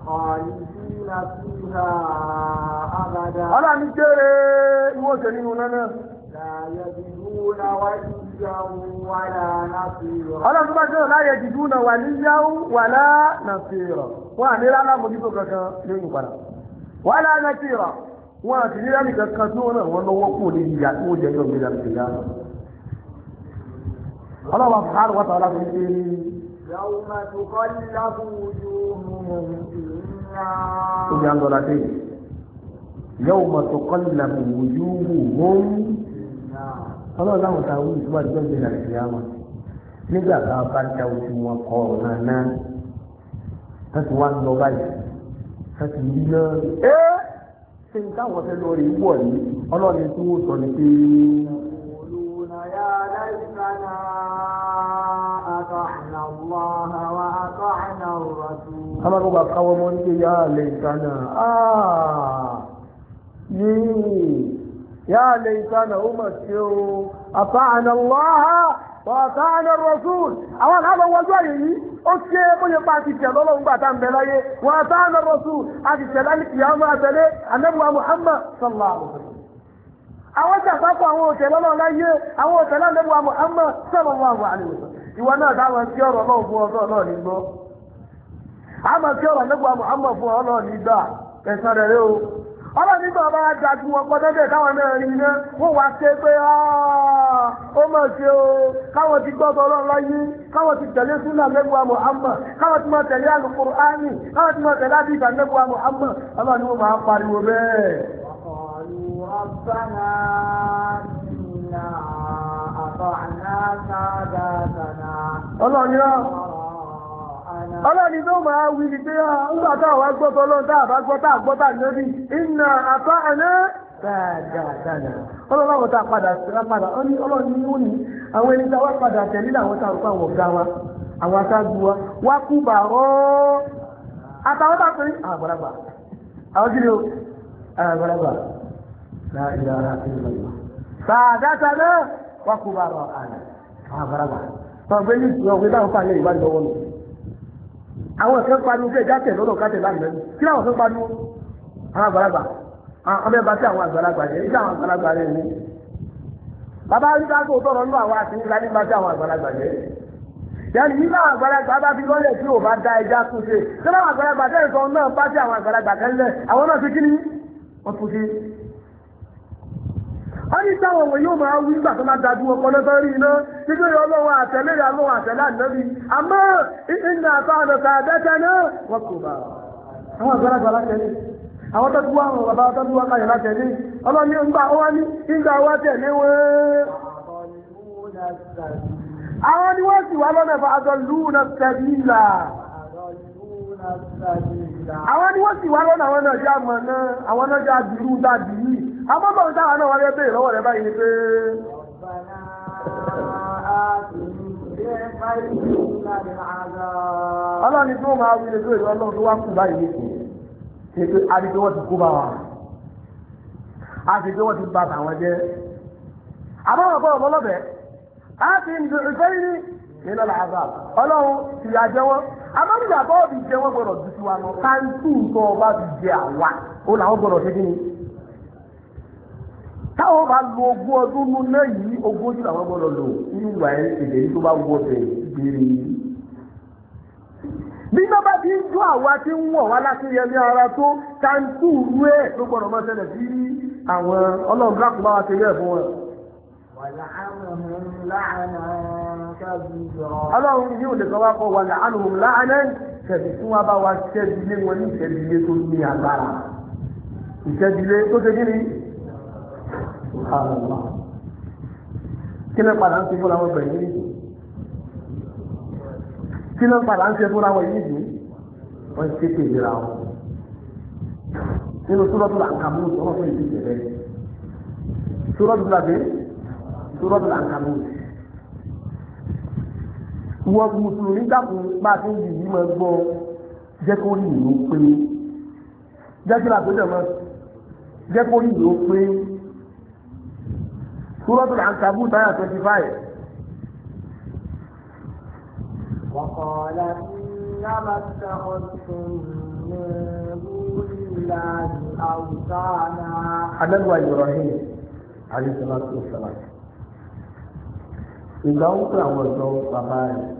[SPEAKER 1] خالدين ọlọ́ni jẹ́rẹ̀ ìwọ́ òṣè nínú náà ọlọ́ni bá jẹ́rẹ̀ láyé jìdú na wà ní yáwó wà láàrín fèrọ wọ́n àní rárá mojútó kankan lẹ́yìn padà wà láàrín fèrọ wọ́n àti nílẹ̀ nìkan kan tí wọ́n náà wọ́n lọ́wọ́ kò ní ìyá tí wọ́n jẹ́ jọ gbé láti ìyá ọlọ́wọ́ fàárọ̀ wọ́n tàwọn láti ń ṣe ní. yàwó máa tó kọ́ ní lábúwò yóò mú un وجان دولاتي يوم تقلب وجوههم ọlọ́run láwọn ta wí ìṣúwà ìjọ ìgbé náà ti yáma nígbà tá a bá ń ta ojú wọn kọ ọ̀nà náà wọ́n ti wá ń lọ báyìí wọ́n ti yí náà ẹ́ ṣe ń táwọn fẹ́ lọ rí wọ̀ yìí ọlọ́run tí wọ́n sọ ni pé ليتنا أطعنا الله وأطعنا الرسول أما بقى قوم يا ليتنا آه يا ليتنا أمسيو أطعنا الله ọ̀tàánà rọ̀súùl àwọn àwọn ọjọ́ yìí ó ṣe bóyẹ pa ti tẹ̀lọ́ lọ́wọ́ gbà tá ń bẹ láyé wọ́n ọ̀tàánà rọ̀súùl a ti tẹ̀lá ní kìyàmọ́ àtẹ̀lé anẹ́bùwà Muhammad sallallahu alaihi wasallam àwọn jàǹdàkọ̀ àwọn òtẹ̀ lọ́nà láyé àwọn òtẹ̀ lọ́nà lẹ́wọ̀ àmọ́ àmọ́ sọ̀rọ̀ wọn àwọn àlè ìwọ náà dáwọn sí ọ̀rọ̀ náà fún ọ̀rọ̀ náà ní gbọ́ àmọ́ sí ọ̀rọ̀ lẹ́wọ̀ àmọ́ àmọ́ fún ọ̀rọ̀ náà ní gbà ẹ̀sán rẹ̀ o ọlọ́run nígbà ọba dájú wọn náà rí iná wọ́n wá ṣe pé o káwọn ti gbọ́dọ̀ ọlọ́run láyé káwọn ti tẹ̀lé súnà káwọn ti tẹ̀lé káwọn ti tẹ̀lé ọlọ́run ربنا إنا أطعنا ساداتنا ọlọ́ni tó máa wí ní pé agbọ́tọ̀ àgbọ́tà lórí iná àpá
[SPEAKER 2] dáadáa
[SPEAKER 1] padà ní ní àwọn ẹni wá padà tẹ̀lé àwọn ọ̀gá wa àwọn wá kú àtàwọn àgbàlagbà àwọn kí ni ó àgbàlagbà. لا إله إلا الله kan ni yẹn àgbàlagbà bá fi lọ́lẹ̀ tí ò bá da ẹja ṣe tí àgbàlagbà náà bá àwọn àgbàlagbà tẹ́lẹ̀ àwọn náà kí ni wọ́n tún ṣe wọ́n ní sáwọn òwe yóò máa wí nígbà tó máa dájú ọpọlọ tó rí iná nígbà yóò lọ́wọ́ àtẹ̀lé rẹ̀ lọ́wọ́ àtẹ̀lé ànábì àmọ́ ìgbà àtàwọn ọ̀sà àbẹ́tẹ̀ náà wọ́n kò bá àwọn àgbàlagbà látẹ̀lé àwọn tó wá àwọn bàbá tó wá káyọ̀ látẹ̀lé ọlọ́ni ńgbà wá ní ńgbà wá tẹ̀lé wọ́n. àwọn ni wọ́n sì wá lọ́nà àwọn ni mọ̀ náà àwọn dùrú dá dùrú abọ́bọ̀ táwa náà wáyé bèèrè lọ́wọ́ rẹ̀ báyìí ni pé ọlọ́ni tó máa wí lè bèèrè ọlọ́run tó wá kù báyìí ní pé adìgbé wọ́n ti kó bá wa adìgbé wọ́n ti bá tàwọn jẹ́ abọ́bọ̀ bọ́ táwọn bá lo ogún ọdún nú náà yìí ogún ojú làwọn gbọ́dọ̀ lò nínú ìwà èdè yìí tó bá wọ ọbẹ̀ gbére yìí. bí bá bá ti ń tó àwa tí ń wọ̀ wá láti yẹmí ara tó táǹtù rú ẹ̀ ló gbọ́dọ̀ mọ́ ṣẹlẹ̀ sí àwọn ọlọ́run bíláàkù bá wa ṣe yẹ̀ fún wọn. ọlọ́run yìí lè sọ wá kọ́ wà láàánú láàánú ṣẹ̀bi fún wa bá wa ṣẹ́bi wọn ní ìṣẹ́bi tó ní agbára ìṣẹ́bi tó ṣe kí ni subhanallah kí ló padà ń ṣe fúnra wọn bẹ̀rẹ̀ yìí kí ló padà ń ṣe fúnra wọn yìí yìí wọ́n ń ṣe pèlè ra wọn nínú suratul ankabut wọ́n fún ìdí ìjẹ̀lẹ̀ suratul àbí suratul ankabut wọ́n mùsùlùmí dàkún bá a ti ń yìí yìí máa gbọ́ jẹ́ kó rí ìlú pé jẹ́ kí làbẹ́jọ́ máa jẹ́ kó rí ìlú pé. Suratul Ankabut ayà 25. وقال إنما اتخذتم من دون الله أوثانا حلال وإبراهيم عليه الصلاة والسلام ìgbà ń pè àwọn ọ̀dọ́ bàbá rẹ̀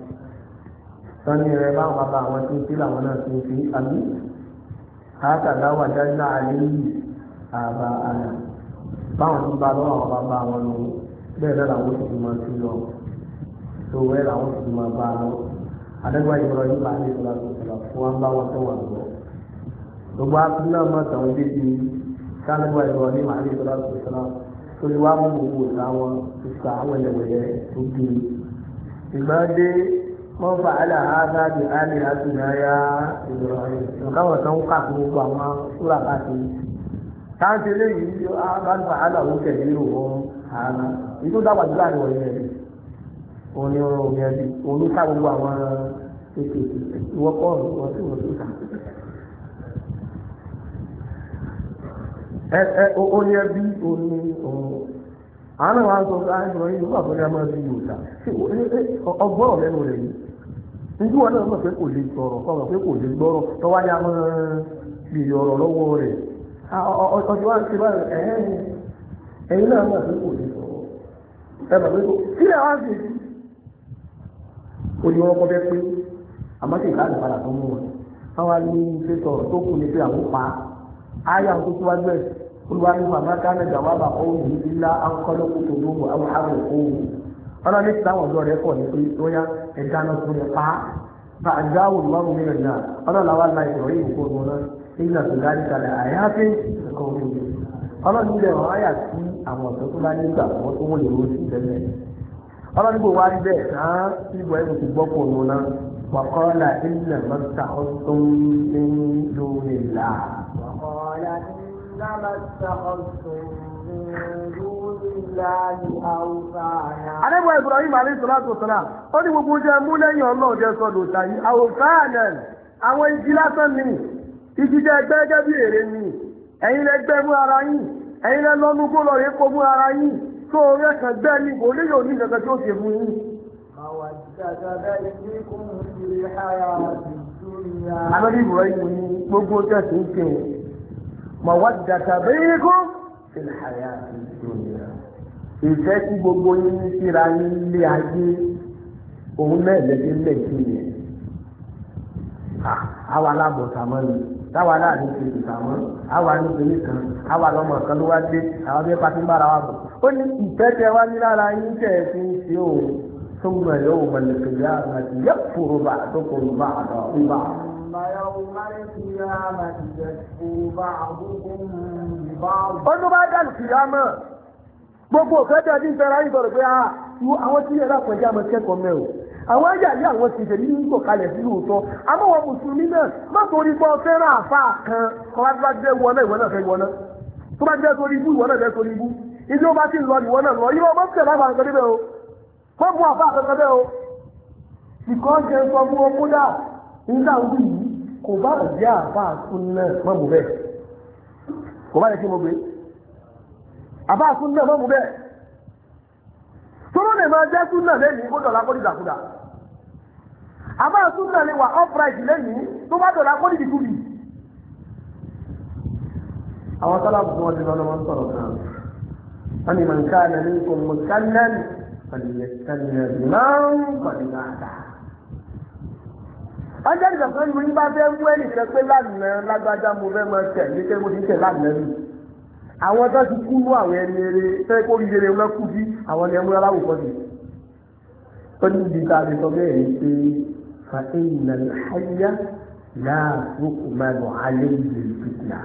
[SPEAKER 1] sani rẹ̀ bá bàbá àwọn tó ń fi làwọn náà tó ń fi àmì àkàdáwà dáná àlẹ́ yìí àbá àná báwọn tó bá lọ́wọ́ àwọn bàbá wọn lò bẹ́ẹ̀ náà làwọn sì máa ti lọ tó wẹ́ làwọn sì máa bá lọ adẹ́gbà ìrọ̀ yìí máa lè lọ sọ̀rọ̀ fún wa bá wọn tó wà lọ. gbogbo akúnlẹ̀ máa tàwọn débi kálẹ́gbà ìrọ̀ yìí máa lè lọ sọ̀rọ̀ tó lè wá mú gbogbo táwọn ìfà wẹ̀lẹ̀wẹ̀lẹ̀ tó gbé. ìgbàdé wọ́n fà á là á bá di alẹ́ àtúnyáyá ìrọ̀ yìí nǹkan káńtì eléyìí abáni wàhálà òun kẹ̀ nínú òun àná ìlú dáwà jù wọ̀nyí ẹ̀rí òun ni òun yẹn bí ká gbogbo àwọn ètò ìwọ́pọ̀ ìwọ́n tí wọ́n tó ẹ ẹ ah, ta ọjọ́ wa ń ṣe báyìí ẹ̀hẹ́n ẹ̀yin náà mọ̀ sí kò ní sọ ẹ̀ bàbá ètò kí lè wá sí i ó ní wọn kọ́ bẹ́ẹ̀ pé àmọ́ sì ká àgbàlá tó mú wọn táwa ní ṣe sọ̀rọ̀ tó kù ní pé àwọn pa áyà tó tó wá gbẹ̀ rẹ̀ pọ̀ ní pé lóyá ẹ̀dá náà tó lè pa bàjá òlùwàwù mìíràn náà náà nígbà tó dá níkalẹ̀ àyàfẹ́ ẹ̀kọ́ omi ọlọ́run ilẹ̀ wọn àyà sí àwọn ọ̀dọ́ tó bá nígbà wọn tó wọ́n lè wọ́n sí tẹ́lẹ̀ ọlọ́run gbò wá rí bẹ́ẹ̀ náà ibò ẹ̀rù ti gbọ́ pọ̀ nù náà wàkọ́ọ́lá ilẹ̀ mọ́ta ọ̀tún ní lórí ìlà. wàkọ́ọ́lá ilẹ̀ mọ́ta ọ̀tún Adébọ̀ Ibrahim Alayhi Salatu Wasalam, ó ní gbogbo jẹ́ mú lẹ́yìn ọlọ́ọ̀jẹ́ sọ́dọ̀ tàyí, àwọn igi lásán nìyí, iji ẹgbẹ́ gẹ́gẹ́ bí èrè ni ẹ̀yin lẹ gbẹ́ mú ara yìí ẹ̀yin lẹ lọ́nu kó lọ kó mú ara yìí tó orí ẹ̀kan gbẹ́ ni kò ní yóò ní tí ó ṣe fún yìí ni gbogbo tẹ̀sí ń bẹ́ẹ̀ kó ìfẹ́ tí gbogbo ń ayé òun náà yẹn táwa náà ní ṣe ìsàmọ́ àwa ní ṣe nìkan àwa lọ́mọ kan ló wá dé àwọn bí pati ń bára wa bọ̀. ó ní ìfẹ́ tẹ wá ní lára yín tẹ̀ fi ń ṣe o tó mọ̀ ẹ̀ o mọ̀ lẹ́sẹ̀ yá àti yẹ fòrò bá tó kòrò bá àdọ̀ ń bá. ó ló bá dànù kìlá mọ́ gbogbo òkè tẹ̀ ní ìfẹ́ ráyìn sọ̀rọ̀ pé ah, àwọn tí yẹn lápẹ̀já mọ̀ kẹ́kọ̀ọ́ mẹ́ o àwọn ayé ayé àwọn ti tẹ̀lé ní kò kalẹ̀ sí lóòótọ́ àmọ́wọ̀n mùsùlùmí náà má torí pé ọ̀fẹ́ràn àfa kan kọ́ bá bá jẹ́ wọná ìwọ náà fẹ́ wọná tó bá jẹ́ torí ibú ìwọ náà fẹ́ torí ibú ìdí ó bá ti lọ ìwọ náà lọ ìwọ má tẹ̀lé àfa kankan bẹ́ẹ̀ o má bu àfa kankan bẹ́ẹ̀ o ìkọ́ jẹ́ sọ fún ọkú dà nígbà wù yìí kò bá jẹ́ àfa sún náà má bù bẹ́ẹ̀ kò bá yẹ kí mo gbé àfa sún náà má bù bẹ́ẹ̀ tó ló lè máa jẹ́ sún náà lẹ́yìn ó àmọ́ àtúntò lè wà upright lẹ́yìn tó bá dọ̀la kó níbi kúbi. àwọn sálábù tí wọ́n ti lọ́nà wọn sọ̀rọ̀ kan wọ́n ní mànká nàní kò mú sálẹ́n pàdé sálẹ́n máa ń pàdé dáadáa. wọ́n jẹ́ ìgbàgbọ́ ni mo ní bá fẹ́ wú ẹnìkan pé lánàá lágbájá mo fẹ́ máa tẹ̀ ní kẹ́kọ̀ọ́ ti tẹ̀ lánàá rí àwọn tó ti kú mú àwọn ẹni eré fẹ́ kó rí eré wọn kú sí àwọn ẹni ẹmúra láwùjọ فإن الحي لا تقبل عليه الفتنة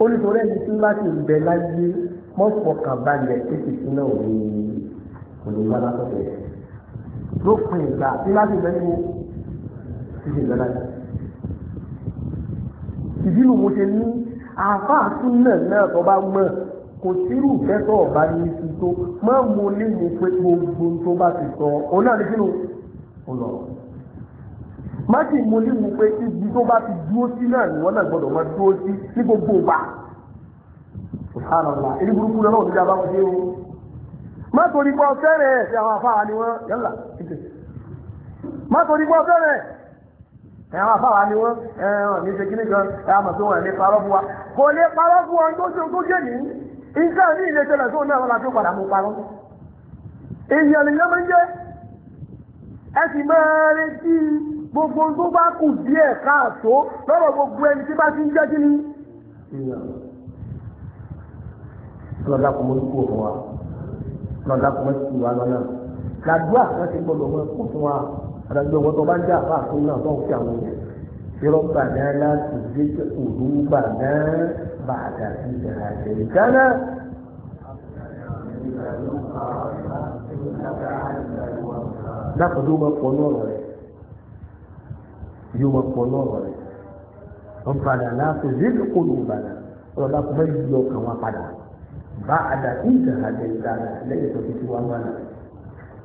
[SPEAKER 1] olùsọ̀rọ̀ ẹni tí láti bẹ láyé mọ́fọ̀kànbalẹ̀ títí síná òní òní wá látọ̀tẹ̀ lópin ìgbà tí láti bẹ ní títí bẹ láyé. ìdí nu mo ṣe ní àáfàá tún náà náà tó bá mọ̀ kò sírù ìfẹ́ tó ọ̀bá ní ti tó mọ́ mo lé ní pé gbogbo tó bá ti sọ òun náà ní kí ló ó lọ. májì mo ní mu pé ibi tó bá ti dúró sí náà ni wọ́n náà gbọ́dọ̀ máa dúró sí ní gbogbo ìgbà. Subhanallah èyí burúkú náà ò ní dábàá wọn o. má torí pé ọfẹ́ rẹ̀ ṣe àwọn afáwa ni wọ́n yálà ìdè. má torí pé ọfẹ́ rẹ̀ ẹ̀wọ̀n afáwa ni wọ́n ẹ̀wọ̀n ní ṣe kíní kan ẹ̀wọ̀n àmọ̀ pé wọ́n lè parọ́ fún wa. kò lè parọ́ fún wa tó ṣe tó jẹ́ nìyí. iṣẹ́ mi ìlẹ̀ ṣẹlẹ̀ tó náà wọn la tó padà mú parọ́. èèyàn lè yẹ́ máa ń jẹ́ ẹ sì máa retí gbogbo tó bá kù díẹ̀ káàtó lọ́rọ̀ gbogbo ẹni tí bá ti ń jẹ́ kí ni. lọ́dà kò mọ ikú ọ̀rọ̀ wa lọ́dà kò mọ ikú wa lọ́nà làdúrà kan ti gbọdọ̀ mọ ikú fún wa àdàgbé wọn tó bá ń jà fún àtúntò náà tó ń fi àwọn yẹn yọrọ gbàdá láti dé òru gbàdá bàdà ìgbà àjẹjánná. Thank you. dákọ̀ ló máa pọ̀ lọ́rọ̀ rẹ̀ yóò máa pọ̀ lọ́rọ̀ rẹ̀ wọ́n padà láàpọ̀ zéèdì kò ló padà ọ̀rọ̀ dákọ̀ bá yí ọkàn wa padà bá àdá ìjà àjẹ ìjà lẹ́yìn tó fi ti wá mọ́nà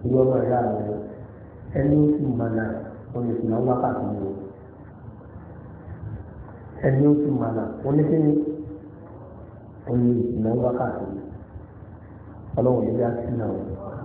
[SPEAKER 1] ìwé ọmọ ìyá ẹni ó sì wá o ẹni ó sì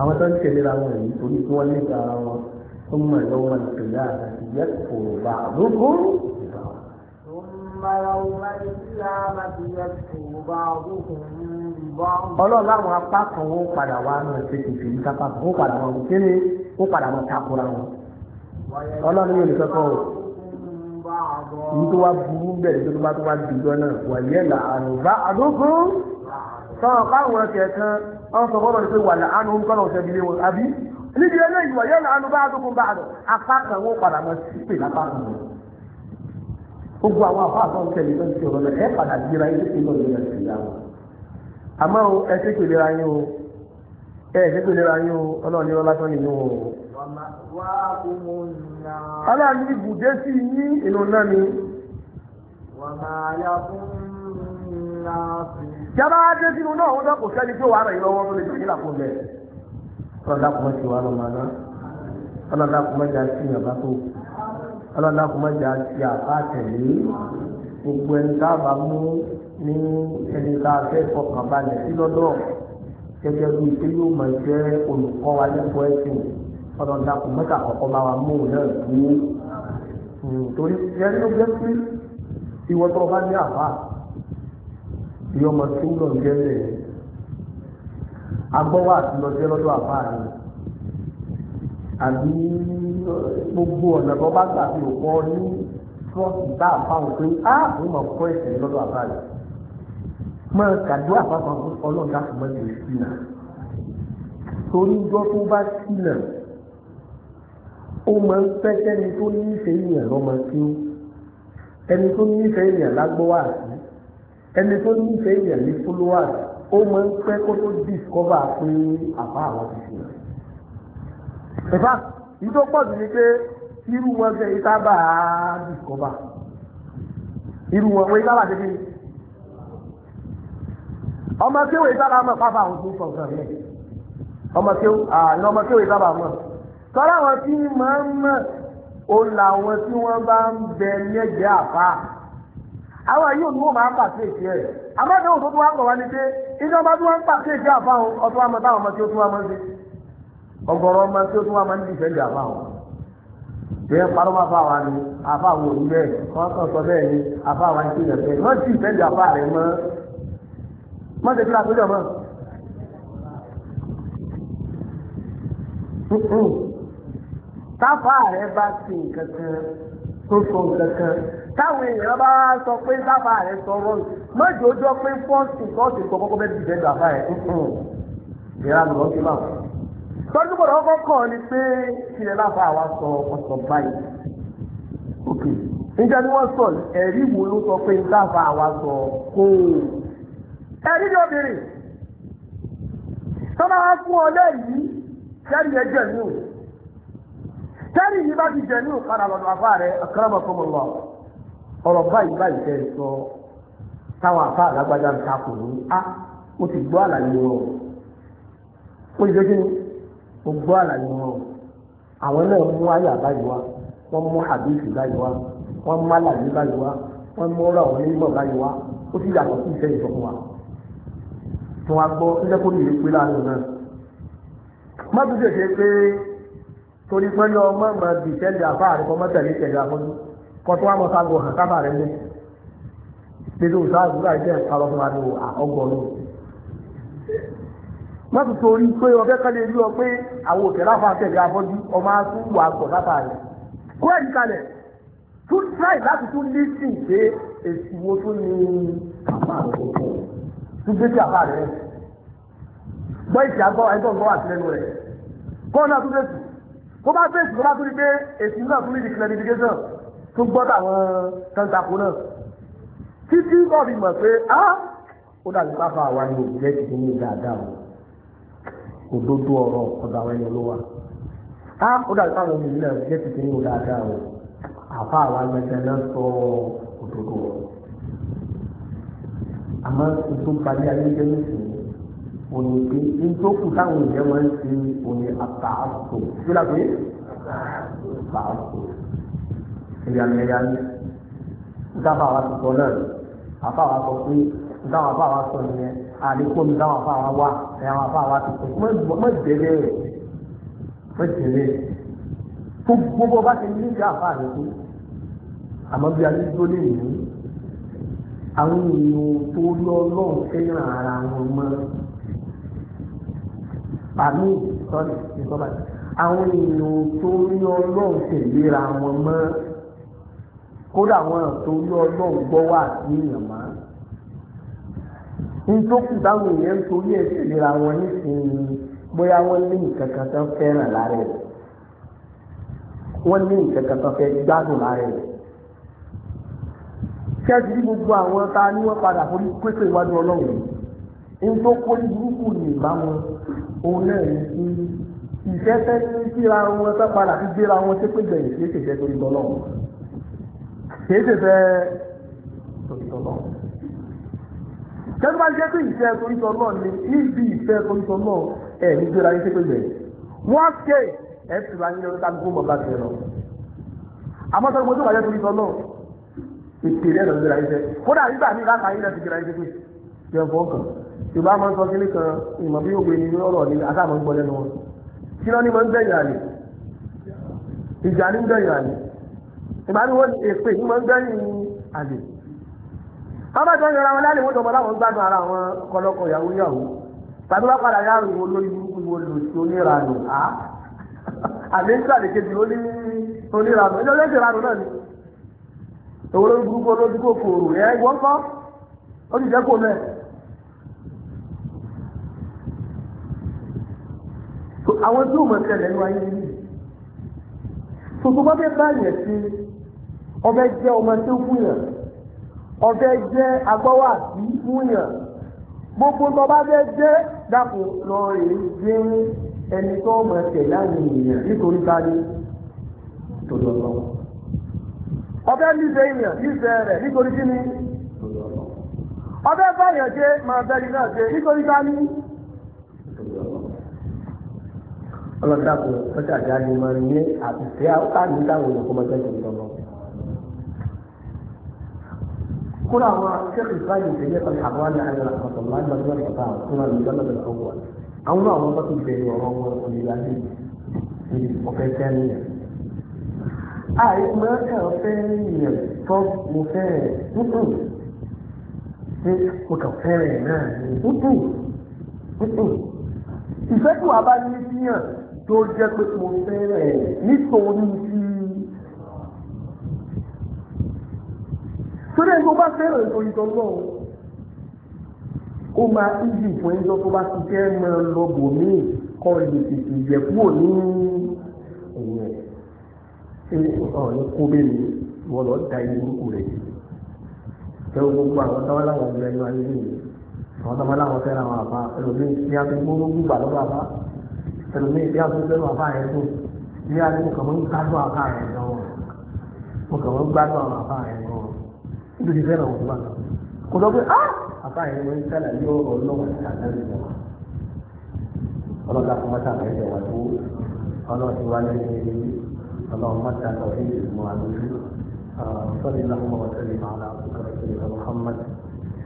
[SPEAKER 1] àwọn tó ń tẹ̀léra wọn yìí torí kí wọ́n nípa ara wọn tó mọ̀ lọ́wọ́ ìpìlẹ̀ àti yẹ́pùrù bá lóko ìbá. ọlọ́run láwọn apá kan ó padà wá náà ṣe kìkì ní kápá kan ó padà wọn kí ni ó padà wọn takora wọn
[SPEAKER 2] ọlọ́run yóò nìkan kọ́ ọ́
[SPEAKER 1] ní tó wá burú bẹ̀rẹ̀ tó bá tó wá dùn lọ́nà wàyẹ̀ là àrùn bá àdókòó sọ̀rọ̀ káwọn ọ̀sẹ̀ kan àwọn sọ̀rọ̀ ní pé wà láàánú ń kọ́nà ọ̀sẹ̀ ìdílé àbí níbi eléyìí wà yóò láàánú bá dókun bá àdọ̀ apá kan ó padà mọ sí lápá kan wọn. gbogbo àwọn àfa àtọ́ ń tẹ̀lé lọ́sí ọ̀rọ̀ náà ẹ padà yíra yín tètè lọ́dún yẹn sí ìyá wọn. àmọ́ o ẹ ṣe pèlè yín o ẹ ṣe pèlè yín o ọlọ́ọ̀ni ọlá tán nínú o. aláàánú ibùdé sí yín ìnú náà ni. wàmà jábá dé sínú náà wọn dọ́kọ̀ sẹ́ni tí ó wà rẹ̀ yìí lọ́wọ́ lórí ìjọba kò lẹ̀ ọlọ́dà kò má ti wà lọ́mọ náà ọlọ́dà kò má jà sí ìyàbá tó ọlọ́dà kò má jà sí àbá tẹ̀lé gbogbo ẹni tá a bá mú ní ẹni tá a fẹ́ fọkàn balẹ̀ sí lọ́dọ̀ gẹ́gẹ́ bí pé yóò máa jẹ́ olùkọ́ wa lẹ́kọ̀ọ́ ẹ̀sìn ọlọ́dà kò mẹ́ta kọ̀ọ̀kan bá wa mú òun náà dúró torí ẹni ló gbé sí ìwọ́tọ̀ bá ní àbá ìyọ́ ọmọ tí ń lọ gẹ́lẹ̀ agbọ́wọ́ àti lọ́jọ́ lọ́dọ̀ àbáyé àbí gbogbo ọ̀nà tó bá gbà fi òpó ní trọ́ọ̀tì tá a fáwọn pé á ò mọ̀ kọ́ ẹ̀sẹ̀ lọ́dọ̀ àbáyé máa kàdó àpapọ̀ ọlọ́run láti mọ́ ìlú sínà torí jọ tó bá sínà ó máa ń fẹ́ sẹ́ni tó ní ìfẹ́ ìyẹn lọ́mọ tí ó ẹni tó ní ìfẹ́ ìyẹn lágbọ́wọ́ àti ẹni tó nífẹ̀ẹ́ èèyàn ní followers ó máa ń pẹ́ kó tó discover pé àbá àwọn ti fi hàn. in fact yìí tó pọ̀ jù ni pé irú wọn fẹ́ yìí sábà discover irú wọn wọ́n yìí sábà tẹ́lẹ̀ ọmọ kéwèé sábà mọ̀ pápá àwọn tó sọ̀rọ̀ rẹ̀ ọmọ kéwèé àná ọmọ kéwèé sábà mọ̀ tọ́lá àwọn tí máa mọ̀ ó làwọn tí wọ́n bá ń bẹ lẹ́gbẹ̀ẹ́ àbá àwọn yóò ní wọ́n máa ń pàṣẹ ìṣe ẹ̀ àmọ́dé òtún tó wá ń bọ̀ wá ní pé iná bá tún wá ń pàṣẹ ìṣe àfáhùn ọtún àmọ́ táwọn ọmọ tí ó tún wá máa ń ṣe ọgọ̀rọ̀ ọmọ tí ó tún wá máa ń ṣe ìṣẹ́lẹ̀ àfáhùn bẹ́ẹ̀ parọ́ máa fà wá ní àfáhùn òní bẹ́ẹ̀ wọ́n kàn sọ bẹ́ẹ̀ ni àfáhùn àti ìṣẹ̀lẹ̀ bẹ́ẹ̀ wọ́n ti ìṣẹ́lẹ̀ àfáhùn rẹ̀ mọ́ mọ́ ṣe kíra péjọ mọ́ táfà rẹ̀ bá ti nǹkan kan tó sọ nǹkan kan táwọn èèyàn bá sọ pé sábà rẹ sọ̀rọ̀ mọ́jọ́jọ́ pé fọ́ọ̀sì fọ́ọ̀sì tó kọ́kọ́ bẹ́ẹ̀ dìbẹ́ gbà fáyẹ̀ ìyá lọ sí máa tọ́jú bọ̀dọ̀ ọkọ̀ kọ̀ ni pé kílẹ̀ láfa àwa sọ ọ̀sọ̀ báyìí ok níjẹ́ ni wọ́n sọ ẹ̀rí wo ló sọ pé láfa àwa sọ kóò ẹ̀rí ni obìnrin tọ́ba wá fún ọ lẹ́yìn sẹ́rí yẹn jẹ̀ ní o sẹ́rí yìí bá ti jẹ̀ ní o padà lọ́dọ̀ àfa rẹ̀ akérèmọ́kọ́mọ́ ọ̀rọ̀ báyìí báyìí fẹ́ sọ táwọn afá àlágbájá ń takò ní á ah, mo ti gbọ́ àlàyé wọn o mo ti dókè ní mo gbọ́ àlàyé wọn o àwọn náà mú àyà báyìí wá wọ́n mú àdéhùn báyìí wá wọ́n mú àlàyé báyìí wá wọ́n mú ọ̀rọ̀ àwọn onímọ̀ báyìí wá ó sì yàtọ̀ sí ìfẹ́ ìfọ̀kùn wa tí wọ́n á gbọ́ ń dẹ́kun ní ìrèpé láàrin náà má tún ṣe ṣe pé torí pé ọmọ mọ̀ bìtẹ́lì àfáà rẹ̀ mọ́tẹ̀lẹ́ tẹ̀lé afọ́jú kọ́tọ́ wa mọ̀ sáàgùn hàn sábà rẹ̀ lé nínú sáàgùn láì jẹ́ ìta lọ́sùn àti ọgbọ̀n lò. má tún torí pé ọbẹ̀ kan lè lú ọ pé àwọn òkè láfa tẹ̀lé afọ́jú ọmọ asún wà gbọ̀ sábà rẹ̀ kó ẹ̀yìn kalẹ̀ tún tíráì láti tún lé sí ìgbé èsì wo tún ní àbá rẹ̀ tó tó tún gbé sí àbá rẹ̀ gbọ́ ìsì àgbọ̀ ẹgbọ́n gbọ́ àtìlẹ́nu rẹ̀ kọ́ ọ náà tún lè sùn bá fèsì tó bá tún tó gbọ́ táwọn tẹ́ntàkù náà títí bọ́ fi mọ̀ pé á ó dàbí pápá àwa ni òjẹ́ ti ní dáadáa o òdodo ọ̀rọ̀ ọ̀dà àwọn ẹni ló wà á ó dàbí pápá àwọn ènìyàn òjẹ́ ti ní dáadáa o àfa àwa mẹ́tẹ́ náà sọ òdodo ọ̀rọ̀ àmọ́ tuntun parí ayélujára nìyí òní pé nítòkù táwọn ènìyàn máa ń ṣe òní àtàkù sílá pé àtàkù ẹ̀yàmẹ̀yà ni dábà wa ti sọ náà àfa wa sọ pé dáwọn àfa wa sọ nìyẹn àdínkù mi dáwọn àfa wa wà ẹ̀yàwọn àfa wa ti sọ mọ́ ìdẹ́lẹ́ rẹ̀ mọ́ ìdẹ́lẹ́ gbogbo bá ti ní ìdí àfa rẹ̀ tó àmọ́ bí alẹ́ tó lè ní àwọn èèyàn tó lọ lọ́hùn fẹ́ràn ara wọn mọ́ àmì sọ́ọ̀lì ìsọ́bàtì àwọn èèyàn tó lọ lọ́hùn tẹ̀léra wọn mọ́ kódà àwọn torí ọlọ́run gbọ́ wà sí èèyàn mọ́ nítòkù táwọn èèyàn ń torí ẹ̀sìn ìlera wọn nísìnyí bóyá wọ́n ní nǹkan kan tó fẹ́ràn lára rẹ̀ wọ́n ní nǹkan kan tó fẹ́ gbádùn lára rẹ̀ kẹ́ẹ̀sì bí gbogbo àwọn ta ni wọ́n padà forí pépè iwájú ọlọ́run nítòkù burúkú ní ìbámu òun náà ní sí ìfẹ́fẹ́ ní síra wọn tó padà fi gbéra wọn ṣépè gbẹ̀yìn sí ìṣẹ̀ṣẹ̀ torí ọlọ́run kìí ṣe fẹ́ torítọ́lọ́ kẹ́ńtà jẹ́ pé ìfẹ́ torítọ́lọ́ ni níbi ìfẹ́ torítọ́lọ́ ẹ̀ ní gbéra yín ṣépè bẹ̀rẹ̀ wọ́n ké ẹ̀ ti ra yín lọ́dún tàbí kó mọ̀ bá ti rọ àmọ́ sọ́dún gbọ́dọ̀ wáyé torítọ́lọ́ ètè rẹ̀ lọ́dún gbéra yín ṣe kódà nígbà míì láta yín lẹ́ti gbéra yín ṣépè jẹ́ fọ́ kan yorùbá máa ń sọ kíní kan ìmọ̀ bí ògbé ni ọ̀rọ̀ ni asáàmọ̀ ń gbọ́ lẹ́nu wọn kí lọ́ ní máa ń gbẹ̀yìn àlè ìjà ní ń gbẹ̀yìn àlè ìgbàlú wọn èpè ní wọn gbẹ́yìn àlè bàbá tó ń yọra wọn lálẹ́ wọn tó mọ láwọn gbádùn ara wọn kọlọkọ ìyàwó yàwó tàbí wọn padà yá ìwò lórí burúkú ìwò lòsì oníranù á àmì ń sàlẹ̀ kejì ó ní oníranù ẹjọ́ lẹ́sẹ̀ ranù náà ni ìwò lórí burúkú olójú kò fòrò ẹ ìwọ ńkọ́ ó sì jẹ́ kó mẹ́. àwọn tí ò mọ̀ ṣẹlẹ̀ ní wáyé yìí tuntun bá fẹ́ bá ọbẹ̀ jẹ́ ọmọ tó fún yàn ọbẹ̀ jẹ́ agbọ́wà sí fún yàn gbogbo tó bá fẹ́ jẹ́ dàpọ̀ lọ rèé jẹ́ ẹni tó ọmọ ẹsẹ̀ láàrin èèyàn nítorí ká ní tòdò ọlọ́wọ́ ọbẹ̀ èèyàn nífẹ̀ẹ́ rẹ̀ nítorí kí ni tòdò báyàn jẹ́ máa bẹ́ni náà jẹ́ nítorí ká ní tòdò ọlọ́wọ́ ọjà àjáde máa ń ní àbùsẹ́ àwọn káàdì táwọn olùkọ́ máa jẹ́ tòdò كل هو شيخ الإسلام في تيمية الحضراني عليه رحمة الله بن ورد أطاعه كما المجلد الأول أو ما هو بطل بين وروه ولله وفي ثانية آه ما كان ثانيا صوت مثال نطول مكفرين نطول nìkan ìfẹ́ tó wà bá ní síyàn tó jẹ́ pé mo fẹ́rẹ̀ torí ẹni tó bá fẹ́ràn ètò ìtọ́lọ́ ó máa ìjì fún ẹjọ́ tó bá ti fẹ́ máa lọ bò mí kọ́ lè tètè yẹ kúrò ní ẹ̀yẹ ṣé ọ̀rẹ́ kó bẹ́ẹ̀ ni wọ́n lọ da ilé orúkọ rẹ̀ ẹ wo gbogbo àwọn táwọn láwọn ọmọ ẹni wáyé nìyí àwọn táwọn láwọn fẹ́ràn àwọn àbá ẹlòmíì bí a ti gbóró gbùgbà lọ́wọ́ àbá ẹlòmíì bí a ti fẹ́ràn àbá yẹn tó bí a ti mọ̀ kàn mọ́ gbádùn àbá yẹn lọ́wọ́ ló ti fẹ́ràn òkú máa kò lọ pé á àbá yẹn mo ń sálàyé ọ̀rọ̀ ọlọ́wọ́ àtàlẹ́ wọn ọlọ́dà fún mọ́tà rẹ̀ wà tó ọlọ́ọ̀tí wà lẹ́yìn ọlọ́wọ́ mọ́tà lọ sí ìgbìmọ̀ àlójú صلى اللهم وسلم على عبدك ورسولك محمد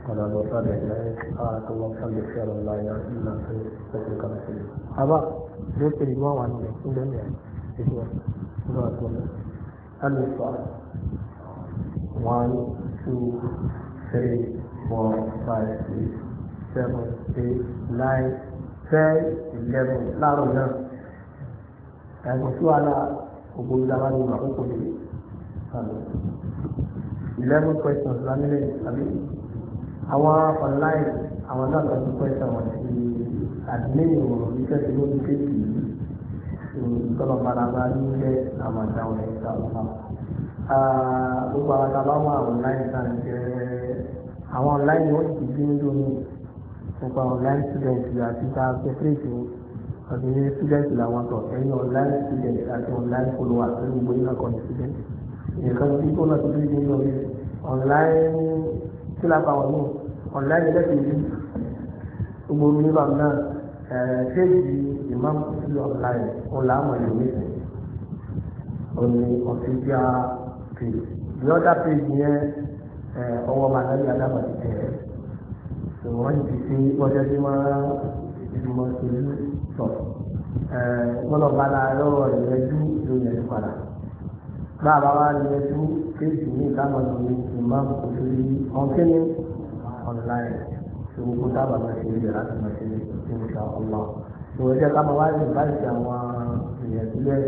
[SPEAKER 1] وعلى اله وصحبه اجمعين سبحانك اللهم وبحمدك اشهد ان لا اله الا انت استغفرك واتوب اليك هذا ليس الامام عن الاسلام يعني ايش هو؟ الله اكبر هل يصح؟ 1 two, three, four, five, six, seven, eight, nine, ten, eleven láàárọ̀ náà ẹ̀kọ́ sí wàhálà ògbó ìdáwà ní ìgbà àkókò yìí eleven questions lámílẹ̀ àbí àwọn online àwọn náà lọ sí question wọn ti admin ìwòrán iṣẹ́ tí ló ń ké sí ìtọ́nà balabala ní ilé àwọn àdáwọn ẹ̀ka ọ̀sán gbogbo àwọn tàbá wà online tàn jẹ́ àwọn online wọ́n ti bí ń lómi nípa online student àti ta separate àti student làwọn tọ̀ ẹ̀yìn online student àti online follower tó gbogbo yìí náà kọ́ ní student nǹkan tí kò náà tó bí ń lómi online kí lápá wọn nù online lẹ́sìn yìí gbogbo oníbàm náà ṣéèjì ìmáàmù sí online ọ̀la àmọ̀ ìlú mi òní ọ̀sìn bíi page the other page yẹn ọwọ́ máa náà yàrá máa ti tẹ̀ so wọ́n ti ṣe wọ́jọ́ tí wọ́n ìdúmọ̀ ṣe ń sọ gbọ́dọ̀gbà náà lọ́wọ́ ìrẹ́jú lórí ẹ̀jú padà bàbá wa ìrẹ́jú kéèsì ní ìdáhùn ní ìmáàmù òṣèré ọ̀nkẹ́ni online so gbogbo sábà máa ṣe ìrẹ́ láti máa ṣe ìrìnṣà ọlọ́ so ẹ̀jẹ̀ ká máa wá ní ìbáṣẹ̀ àwọn ìrẹ́jú lẹ́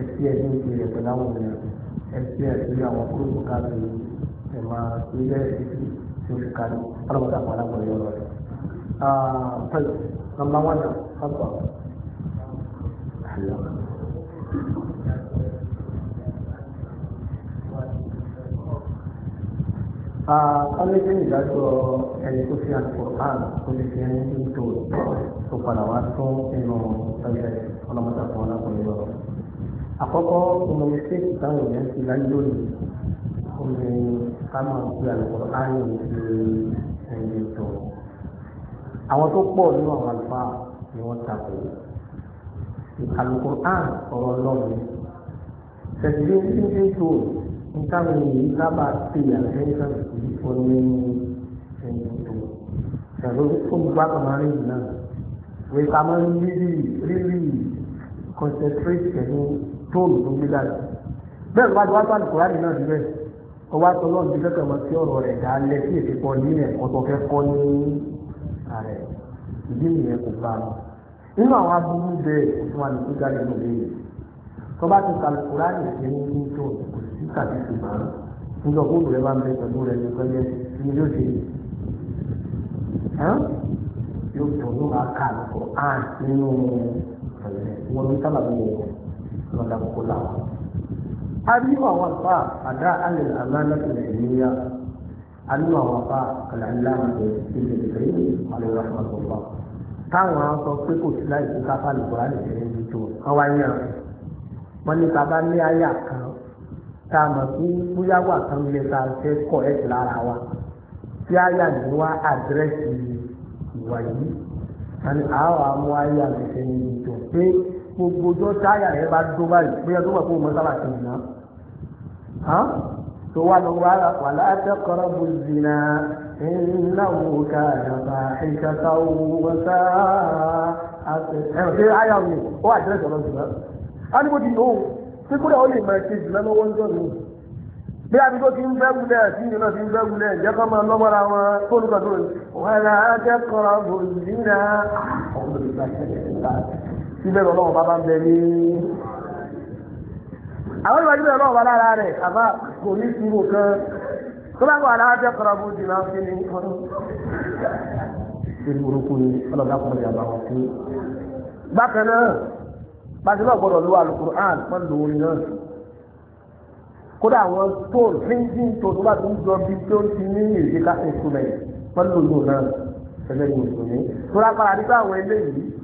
[SPEAKER 1] ẹ̀sí ẹ̀jú ìrẹ́ pẹ̀lú àwọn ìrẹ́jú ẹgbẹ́ ẹgbẹ́ àwọn kúròtù káàkiri ẹ máa gbélé ìdí tí ó fi kárí ọlọ́mọdé àwọn alágbọ̀n yọ lọ rẹ̀. pẹ̀lú nọ́mbà wọn náà ọgbà. Kọ́lé ní ìdájọ́ ẹni tó fi àlùkòrán tó lè fi ẹni tó tó padà wá tún inú ẹgbẹ́ ọlọ́mọdé àwọn alágbọ̀n yọ àkọ́kọ́ ọmọ ìṣe ìtàwọn èèyàn ti láyé lónìí ọmọ ká máa fi àlùkò áyàn ti ẹni tó àwọn tó pọ̀ nínú àwọn àlùfáà ni wọ́n tako àlùkò áyàn ọ̀rọ̀ lọ́wọ́ tẹ̀síwé ní ètò nǹkan yìí sábà ti àlẹ́ńtà sí oní ẹni tó ẹ̀rọ tó gbá kan máa náà wípé a máa ń rírì rírì concentrate pẹ̀lú tóòlù tó gbé dání bẹ́ẹ̀ ló bá ti wá sọ àlùkùránì náà síbẹ̀ ọwọ́ aṣọ náà ti fẹ́kẹ̀ mọ́ sí ọ̀rọ̀ rẹ̀ dá lẹ sí èsì kan ní ẹ̀kọ́ tó fẹ́ kọ́ ní ààrẹ ìdí nìyẹn kò bá lọ nínú àwọn aburú bẹ́ẹ̀ kò tún wà ní gbígbá nínú tó bá ti ka àlùkùránì ṣe ní ní tó kò sí kàbí ṣùgbọ́n nígbà tó rẹ̀ bá ń bẹ pẹ̀lú rẹ̀ ní pẹ́lẹ́ ní yóò ṣe yóò tó ló máa ka àlùkò á nínú ẹ̀rẹ̀ wọn ní sábà bí wọn lọ́dà kó là wá. a ní àwọn àfa àdá alẹ́ àmàlà ilẹ̀ ìníyà a ní àwọn àfa kàlà ńlá àti ìṣẹ̀lẹ̀ ìṣẹ̀lẹ̀ àlẹ́ ìrọ̀lọ́wọ́ táwọn á sọ pé kò sí láì sí káfá lùkúrá lè tẹ̀lé ní tó wọn wá yàn wọn ní bàbá ní àyà kan tá a mọ̀ kan lè ta ṣe kọ̀ ẹ́ sí lára wa tí àyà ní wá àdírẹ́sì ìwà yìí àni àwọn amú àyà lè tẹ̀lé ní tó pé gbogbo ọjọ́ táyà rẹ̀ bá dó báyìí bóyá tó wà fún ọmọ sábà tó nà án tó wà lọ wà á wà látẹ́kọ̀rọ̀ bó zina iná wò ká yàtọ̀ ìṣàtà owó sá ẹ̀rọ ṣe àyà mi ó wà jẹ́rẹ̀ sọ̀rọ̀ zina á ní bó ti kúrẹ́ ó lè máa ṣe zina lọ́wọ́ ńjọ́ mi bí a ti ń fẹ́ wulẹ̀ sí ìyẹn náà ti ń fẹ́ wulẹ̀ jẹ́ kọ́ máa lọ́mọ́ra wọn kó lùkà tó wà látẹ́kọ̀rọ̀ bó zina ọmọ ìgbà síbẹ̀ lọ́wọ́ bá bá ń bẹ ní. àwọn ìwà ìbẹ̀rẹ̀ lọ́wọ́ bá lára rẹ̀ àbá kò ní sí ibò kan tó bá wà láàájẹ́ kọ́ra bó di náà fi ní ọdún. ìrìn orúkú ni ọlọ́dà kan lè àbáwọn fún. bákan náà pàṣẹ náà gbọ́dọ̀ lo alukur'an wọ́n lò ó náà. kódà àwọn stone fíńtìn tó tó bá tó ń jọ bí tó ń ti ní ìrìkà instrument wọ́n lò ó náà ẹgbẹ́ ìmùsùlùmí. tó lápára nígbà àwọn eléyìí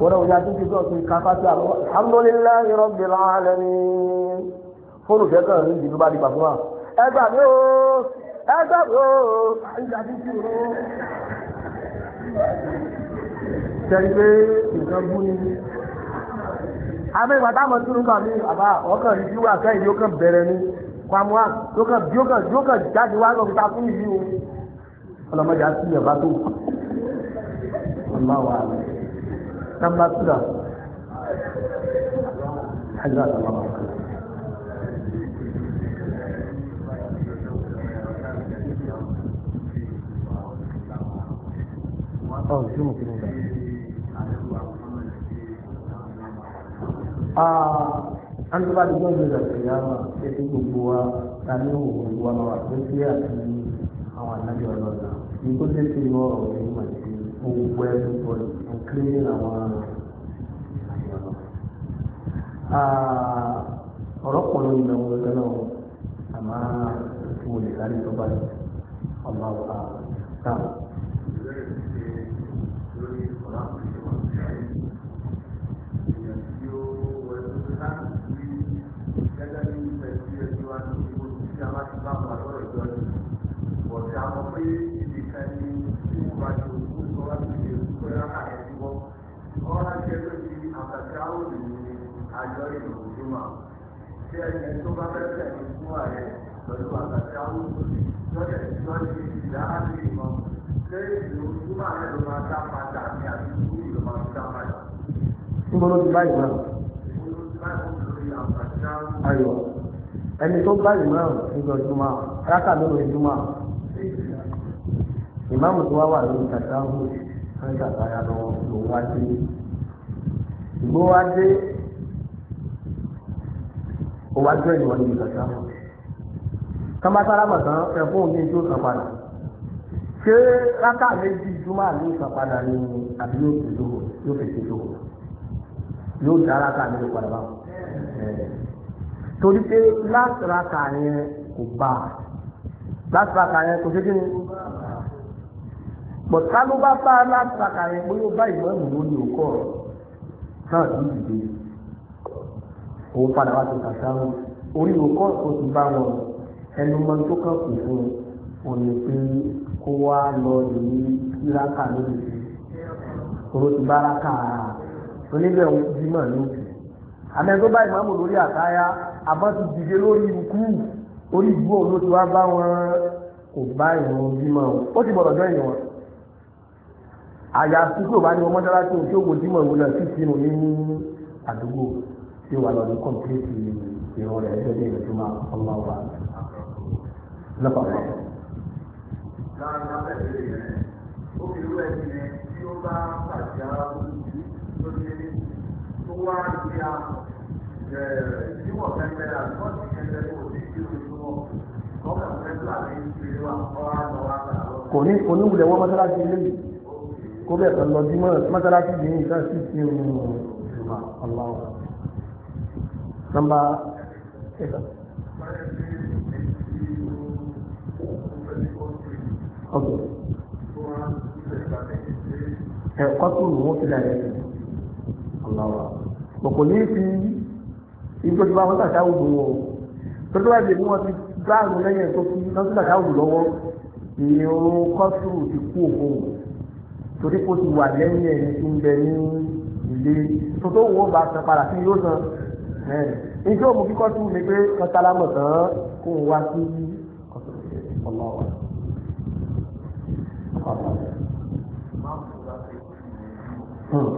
[SPEAKER 1] wọ́n wọ́n yàtú ti sọ̀tún kápá sí àlọ́ alhamdulillahi rabbil alamin fóònù kẹ́kọ̀ọ́ ní ìdìbò bá di pàtó wa ẹgbà mi ó ẹgbà mi ó sẹ́ni pé nǹkan bú ni amẹ́gbàtà mọ̀ tún nǹkan mi àbá ọkàn rí wíwà sẹ́yìn yóò kàn bẹ̀rẹ̀ ni kwamu wa yóò kàn yóò kàn jáde wá lọ́ọ́ fi fún yìí o ọlọ́mọdé á sí ẹ̀bá tó
[SPEAKER 2] ọlọ́wà rẹ̀ nọ́mbà tura ajá àtàwọn ọmọ kan. ọ̀ ṣé mo kí ni bẹ́ẹ̀.
[SPEAKER 1] an tó bá di gbọ́dọ̀ ìgbà ìyá wa títí gbogbo wa ta ní òwò ìwà wa tó sí àti àwọn ànábì ọlọ́dà ní kó tètè wọ ọ̀rọ̀ ìmọ̀ gbogbo everybody including àwọn ah, ọ̀rọ̀ pọ̀ lórí ìlànà ọ̀gá náà àmọ́ fún olè láti ìjọba ọmọ ọ̀gá náà. Thank you. bọ́lá jẹ́ pé ti àtàkárò lè ní àjọ ìlú jùmọ̀ tí ẹni tó bá fẹ́ tẹ̀lé fún ààrẹ pẹ̀lú àtàkárò lọ́dẹ̀ lọ́dẹ̀ ìdáhàbí ìmọ̀ ṣé ìlú jùmọ̀ rẹ̀ ló máa dá padà ní àdúgbò ìlú máa dá padà. Níbo ti báyìí náà? Ayọ̀ ẹni tó báyìí náà níjọ jùmọ̀ rákà lóru ìjùmọ̀ ìmáàmù tó wá wà lórí kàtàkùn ń ṣàtàyà lọ lòun wá sí gbó wá dé ó wá jọ ìwọ níbi kàtà tọ́mátàlámọ̀ tán ẹ̀fọ́ òní tó sàn padà ṣé rákà méjì ìdúmọ̀ àlè sàn padà ni àbí yóò fi lò yóò fi ṣe lò yóò dá rákà méjì padà báwọn torí pé láti rákà yẹn kò bá láti rákà yẹn kò ṣe kí ni pọ̀táló bá bá láti rákà yẹn pé yóò bá ìmọ̀ ìmúlò ní òkú náà ti dìde òun padà wá ti kàtàrù orí òkọ́ òsì bá wọn ẹnu mọ tó kàn kù fún un òní pé kó wá lọ ní kíláka lórí òru ti bá ráka oníbẹ̀ bímọ lókè àmẹ́gbẹ́ báyìí máa mú lórí àtáyá àmọ́ ti dìde lórí ikú orí ìgbó òun ló ti wá bá wọn kò bá ìrùn bímọ ó ti gbọ́dọ̀ jọ ìyẹn wọn àyàfi tí o bá ní ọmọ dára tí o tí o wò dímọ̀ ìwé náà títí nù ní àdúgbò tí o wà lọ ní kọ̀m̀pìlẹ́tì ìrọ̀ rẹ̀ ẹgbẹ́ ní ìrìnàjò máa ọmọ wa lọ́pàá wọn. kò ní oníwulẹ̀ wọ́n mọ́tàlá ti kó bẹ́ẹ̀ kan lọ dímọ̀ mọ́sálásí yìí nìkan sì ti ń jùmọ̀ aláwọ̀. nọ́mbà ẹ̀ka. ọ̀gbìn. ẹ̀kọ́ tó lù wọ́n fi là rẹ̀ aláwọ̀. kòkò ní fi ibi tó bá wọn tàṣà wù wọn o tó tó bá dé bí wọn ti gbáàrún lẹ́yìn tó fi lọ́sọ̀tàṣà wù lọ́wọ́ ìrìn oorun kọ́sùrù ti kú òfò wọn torí kó ti wà lẹ́yìn ẹni tí ń bẹ ní ilé tuntun wo bá san padà sí yóò san ìjọ òmù kíkọ́ tún lè pé kọ́sálámọ̀ tán kó ń wá sí ọlọ́wọ́. Hmm.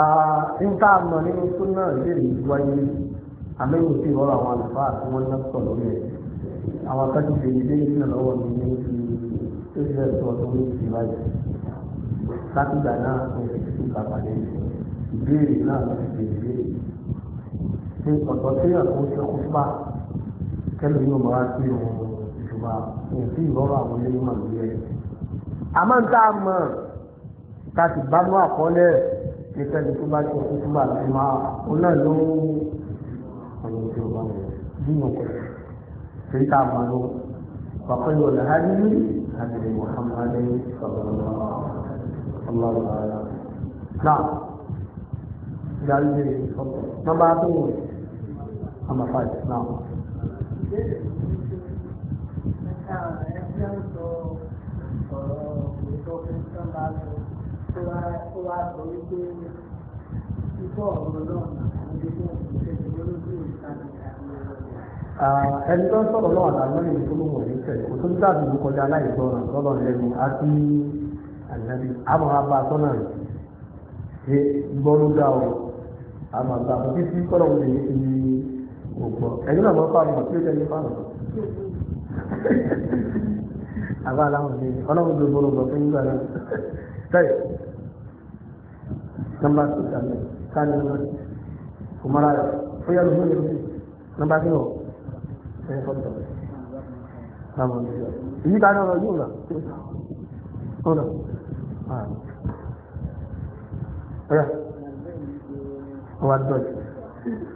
[SPEAKER 1] Ah, nta mọ̀ nínú súnà ìbéèrè ìwáyé àmẹ́yìn sí ọ̀rọ̀ àwọn àlùfáà tí wọ́n ń sọ lórí ẹ̀ àwọn akẹ́kọ̀ọ́ ti fi dé nínú lọ́wọ́ mi ní ti israel tó ọdún ní ti báyìí látìgbà náà mo ti fi kà pàdé ìbéèrè náà mo ti fi béèrè ṣe ọ̀tọ̀ tí ọ̀tún ṣe kó fà kẹ́lẹ́ yóò máa sí ohun ìṣùgbà ohun tí ìrọ́rọ̀ àwọn ilé máa lórí ẹ̀. àmọ́ ń tá a mọ̀ ká sì bá mú àkọọ́lẹ̀ nítorí tó bá ṣe kó fà lọ́wọ́ ó náà ló تلك عمله وخير الهدي هدي محمد صلى الله عليه وسلم نعم جلدي ما نعم Ìjọ́ ọ̀rọ̀ náà, àwọn ìgbésẹ̀
[SPEAKER 2] ìgbésẹ̀ ìgbésẹ̀ ìgbésẹ̀
[SPEAKER 1] ẹni tó ń sọ̀rọ̀ lọ́wọ́ àtàlọ́ ní ìfowópamọ́ ní tẹ̀lé kò tó ń dàbí ìlú kọjá aláìgbọràn lọ́dọ̀ lẹ́nu àti ànábi àmọ́ abá sọ́nà rẹ̀ ṣe gbọ́rú dá o àmọ́ àgbà àbọ̀ títí kọ́rọ̀ wọlé ní ti ògbọ́ ẹni náà wọ́n fáwọn àti ìjẹ́ ní fáwọn. àbá aláwọ̀ ni ọlọ́run ló gbọ́rọ̀ gbọ́ fún yíyá náà tẹ́lẹ̀ nọ́mbà sísàmì sáà ní ọmọ rẹ̀ fúyà lóhùn ní nọ́mbà èyí ká ní ọ̀rọ̀ yóò rà ọ̀rọ̀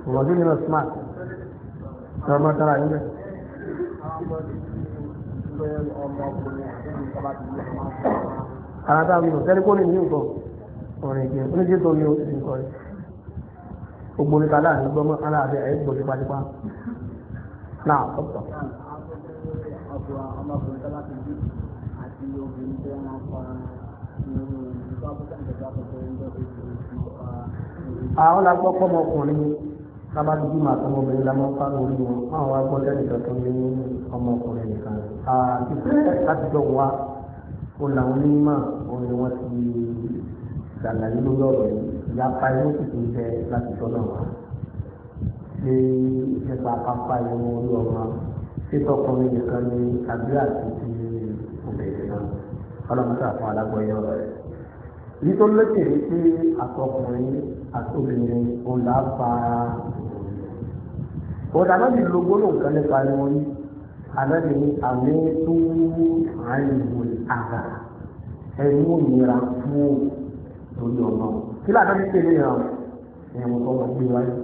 [SPEAKER 1] ọ̀wà tó nínú smart ọ̀rọ̀ mọ́ tara yín ara tá a wí ní ní nǹkan ọ̀rọ̀ ìgbẹ́ oníjẹ́ tó ní oṣù nǹkan rẹ̀ ògbóni kálá gbọ́mọ́ ara àti náà ọ̀tọ̀. àwọn agbọ́ pọ́mọkùnrin sábàbí bí màá tọmọ obìnrin la máa ń fáró orí wọn àwọn agbọ́ lẹ́nìkan tó ní ọmọkùnrin nìkan àtìfẹ́ àtijọ́ wa ó làwọn onímọ̀ òun ni wọ́n ti ṣàlàyé lórí ọ̀rọ̀ yìí ìyá pa inú sì ti ń bẹ láti tọ́ náà wá ní nípa pápá ìwọ̀n orí ọmọ títọkùnrin nìkan ní àdúrà títí obìnrin náà ọlọ́mọdé àfọwọ́ alágbọ̀yé ọ̀rọ̀ rẹ̀. èyí tó lókè ní pé àtọkùnrin àtobìnrin òun là á fa òun àná ti lo gbólóhùn kan nípa ìwọ̀n yìí àná ti ní àmì tó àìwò àgbà ẹ̀mú ìnira fún lórí ọmọ kí làdá ti tẹ̀lé ìrànwọ́ ẹ̀wọ̀n tó wà ní iwájú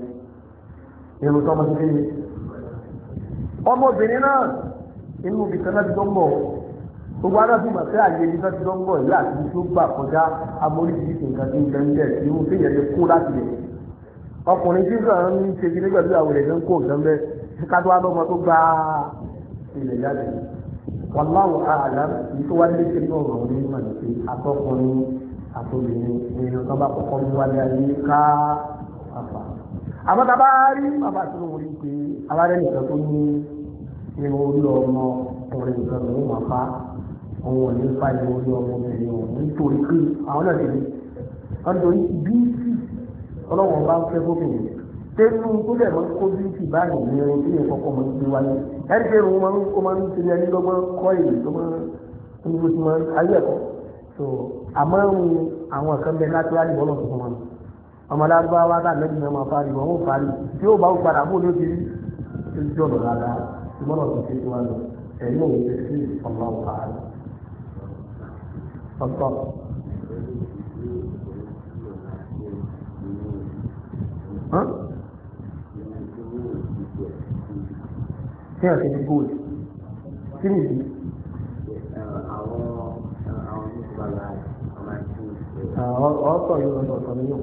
[SPEAKER 1] èrò tó ọmọ kékeré ọmọbìnrin náà inú ibi kan náà ti dán bọ̀ gbogbo arábí mà fẹ́ àyè ibi náà ti dán bọ̀ ìyá àti tó gbà kọjá amóríṣiríṣi nǹkan tó ń bẹ ń bẹ̀ tí irú kéèyàn lè kó láti lẹ̀ ọkùnrin tí sàn ń ṣe kí nígbà tí àwọn èèyàn ló ń kó nǹkan bẹ́ kátó wá lọ́mọ tó gbá ilẹ̀ jáde wàláwù àlá yìí tó wá lé ṣe náà rọ̀ ní ìmọ̀ nípe atọ́kùnrin àtòbìnrin ní ọ̀sán bá kọ́kọ́ mú wálé àmọ́ tá a bá rí bàbá tí ó wọlé pé alárẹ́ nìkan tó ní irun orí ọmọ ọ̀rẹ́ nìkan ló wà fa òun ò ní fa irun orí ọmọ obìnrin òun nítorí pé àwọn náà ti rí wọ́n torí bíìsì ọlọ́wọ́n bá ń fẹ́ gómìnà tẹnu tó dẹ̀ máa ń kó bíìsì báyìí ní irun tí yẹn kọ́kọ́ máa ń gbé wáyé ẹni pé irun máa ń ṣe ní ẹni lọ́gbọ́n kọ́ èyí tó máa ń tó máa ń ayé ẹ̀kọ́ so àmọ́ àwọn kan bẹ látúrálì bọ́lọ̀ tuntun ọmọ lárúbáwá tá àlejò náà máa parí wọn ó parí tí ó bá ó padà bó ló ti rí tó ti jọ̀dọ̀ rárá ṣùgbọ́n ọ̀sán ti ti wá lọ ẹ̀yìn òun ti sí ọmọ ọ̀hún àárẹ̀. ọ̀tọ̀ kí ọ̀sẹ̀ ti gold kí ni ìdí. àwọn àwọn oníṣẹ́ bàbá àwọn àti ọ̀sọ̀ yóò lọ sọ̀rọ̀ yóò.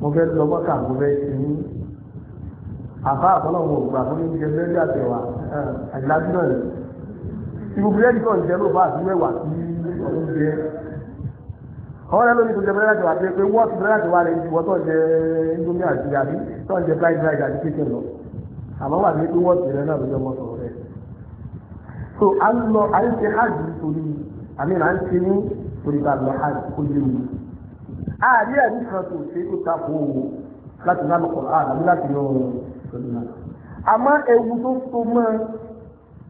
[SPEAKER 1] mo fẹ́ lọ mọ́ta mo fẹ́ ṣe ní àbá àbọ́lọ́wọ́ ògbà fún oúnjẹ lẹ́yìn àtẹ̀wà àìlájú náà ni ìbùkún lẹ́yìn kan jẹ́ ló bá àti mẹ́wàá sí oúnjẹ àwọn ẹlò ní ìtòjẹ bẹ́rẹ̀ àtẹ̀wà pé wọ́ọ̀tì bẹ́rẹ̀ àtẹ̀wà rẹ̀ ju wọ́tọ̀ jẹ indomie àti àbí tọ́ jẹ fried rice àti chicken lọ àmọ́ wà ní pé wọ́ọ̀tì rẹ̀ náà ló mọ́ sọ̀rọ̀ rẹ̀ so a ń lọ a ń ṣe hajj torí àmì àárí ẹ̀rí kan tó ṣe tó ta kó o láti náà lọ́kọ̀ àbí láti yọ ọ̀rọ̀ náà. àmọ́ ewu tó tó mọ́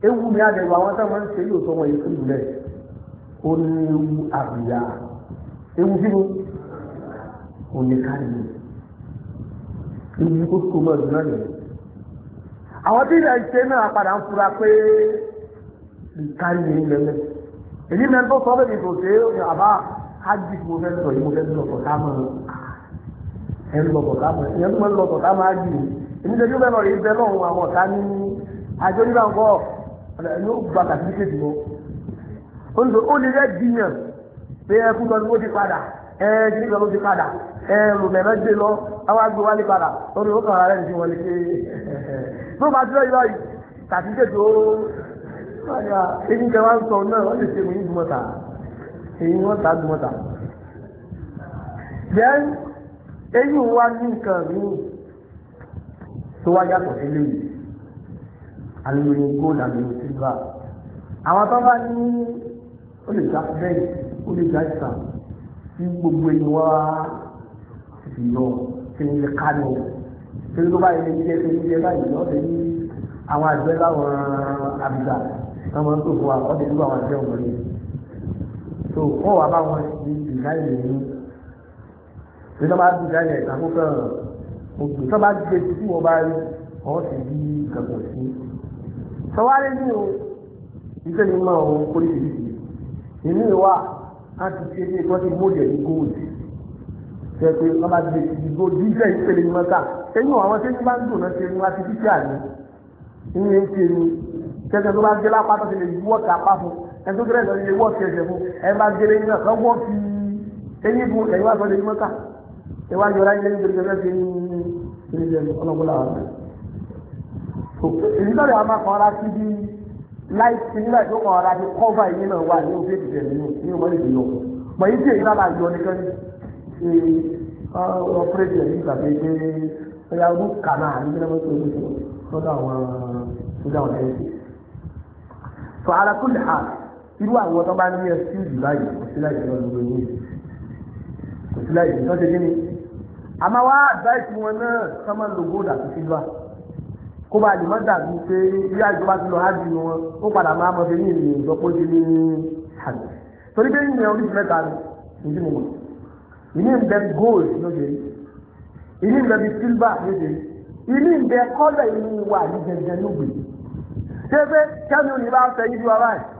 [SPEAKER 1] ewu ni àdẹ̀wò àwọn tá a máa ń ṣe yóò sọmọ yìí fún ìlẹ̀ ó ní ewu àbíyá ewu kí ni ó ní káyọ̀ ewu tó tó mọ́ ìdúná yẹn. àwọn tí ìdá ìṣe náà padà ń fura pé ìkáyọ̀ ń lẹ́lẹ́ èyí mẹ́ńtò sọ́ọ́ bẹ́ẹ̀ ni kò ṣe é àbá hajj mo fẹ́ sọ yìí mo fẹ́ lọ bọ̀tá mọ́ ẹ ń lọ bọ̀tá mọ́ ìyẹn tó máa ń lọ bọ̀tá mọ́ hajj èmi tẹ́jú bẹ́ẹ̀ lọ rí bẹ́ẹ̀ lọ́hùn àwọn ọ̀tá ní àjọ nígbà ńkọ́ yóò gba kàtíkèjì lọ. ó ní sọ ó lè rẹ́ dìyàn pé ẹ kú lọ ní ó ti padà ẹ kí nígbà ló ti padà ẹ lùmẹ̀rẹ́ gbé lọ àwọn àgbẹ̀ wálé padà ó ní ó kàn ara rẹ̀ ní wọn lè ṣe tó bá wọ́n lè ṣe mú èyí wọ́n ta gbọ́n ta. Then èyí wá ní nǹkan míì tó wá yàtọ̀ sílé yìí. Àlùmí góòlù àlùmí sílvà. Àwọn tó bá ní ó lè já bẹ́ẹ̀ ó lè já ìsàn tí gbogbo ẹni wá sì lọ sí ilé kánò. Torí tó bá ilé iṣẹ́ tó ń jẹ báyìí lọ́dẹ̀ ní àwọn àgbẹ̀ láwọn àbíjà. Wọ́n máa ń tó fún wa, ọ̀dẹ̀ nígbà wọn àjẹ́ òmìnira so wọ́n wà bá wọn di ìdáyé yìí bí wọ́n bá di ìdáyé ẹ̀ka kó kàn òkè tí wọ́n bá di etí tí wọ́n bá rí wọ́n sì di gàgàn sí. sọwárí ní o iṣẹ́ yìí máa ń kó ìdíje inú ìwà á ti ṣe bí wọ́n ti mójẹ̀ ní góòlù ṣe pé wọ́n bá di etí ní góòlù jíjẹ́ ìpele ní mọ́ta ẹ̀yìn àwọn tí wọ́n bá ń dùn náà ṣe ní wọ́n ti dí ẹtú bẹ̀rẹ̀ lọ ilé wọ́ọ̀sì ẹsẹ̀ fún ẹ máa gẹ́lẹ́ yín náà lọ́wọ́ fi eyín fún ẹ̀yìn wá sọ́dọ̀ yín mọ́ta ẹ wá yọra yín ọrụ gbẹgbẹ́ fi ní ilé ọrụ wa. èyí lọ́dọ̀ ọrụ ara nígbà ara náà wà ní ní tí èyí bá yọ nìkan ní pé ọdún kàná irú àwọn tó bá ní ẹsíùsì báyìí kò sí láì lọ lórí owó kò sí láì lọ ṣe kí ni àmọ́ wá àdáìsí wọn náà ká máa lo góòdù àti sílvà kó bá lè má dàbí pé bí àjọba ti lọ hájú wọn ó padà máa mọ fẹ́yìn ìrìn ìjọ pé ó ti ní àjọ torí pé ìyẹn oríṣi mẹ́ta ni ìdí mo mọ̀ ìní ń bẹ góòdù ló ṣe rí ìní ń bẹ bí sílvà ló ṣe rí ìní ń bẹ ìní wa àdìjẹjẹ ló ṣé pé kẹ́mi ò ní bá fẹ́ yíjú wa báyìí.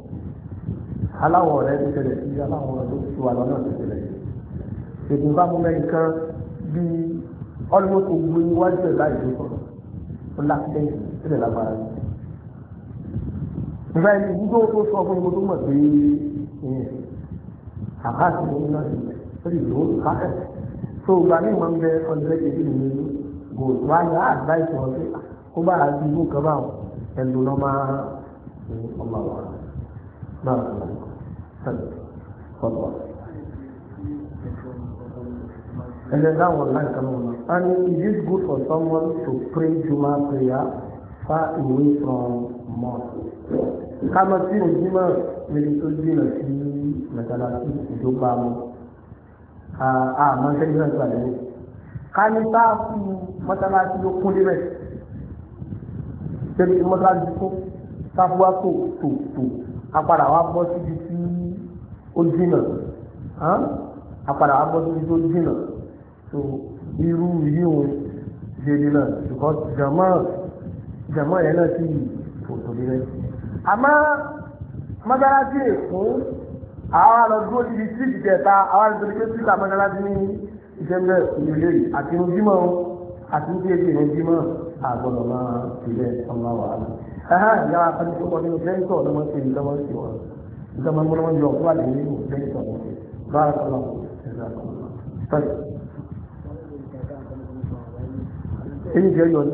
[SPEAKER 1] aláwọ̀ rẹ̀ ti tẹ̀lẹ̀ sí aláwọ̀ rẹ̀ tó ti wà lọ́nà ti tẹ̀lẹ̀ sí. ètò ìbámu mẹ́rin kan bí almost gbogbo iwájú ẹ̀ láì tó sọ̀rọ̀ ó lákìlẹ́yìn sílẹ̀ lágbára rẹ̀. ìgbà yìí gbogbo tó sọ fún mi tó mọ̀ pé ìyẹn àbá ti ní iná sí ó lè lò ó káfẹ́. tó o gbà ní ìmọ̀ ń bẹ ọ̀dẹ́rẹ́ kejì mi ní gold wá ní àdáìsí wọn pé kó bá And then that was like, mọ̀ and it good for someone to pray juma prayer far away from mosque ká mọ̀ sí ojúmọ́ níbi tó jìnà sí mẹ̀tàlásí ìjọba mu àmọ́ sẹ́yìn náà gbàdúrà ká ní sáàfù mọ́tàlásí ló kún débẹ̀ sẹ́yìn mọ́tàlásí kún sáàfù wa tò to to apàdà wa bọ́ síbi tí ó dínà àpàdà wà bọ́ síbi tó dínà so irú yíyún jẹjẹ náà ṣùgbọ́n jàmọ́ jàmọ́ yẹn náà sì fòtò lérẹ́ àmọ́ mọ́sálásí èkó àwọn àlọ́dún òdìdí sí ìjẹta àwọn àlọ́dún tó ti ta mọ́sálásí ní ìṣẹ́mbẹ́ ìrìlẹ̀ àti ojúmọ́ àti ojú èdè ojúmọ́ àgbọ̀dọ̀ máa tilẹ̀ ọmọ wàhálà. ẹ̀hán ìyá akọ́ni tó kọ́ nínú sẹ́ńtọ̀ ọ̀dọ́mọ́sí ìlọ́mọ́sí wọn zaman gulman yau kuwa da yi da yi sabo ba a kawo sai in je yau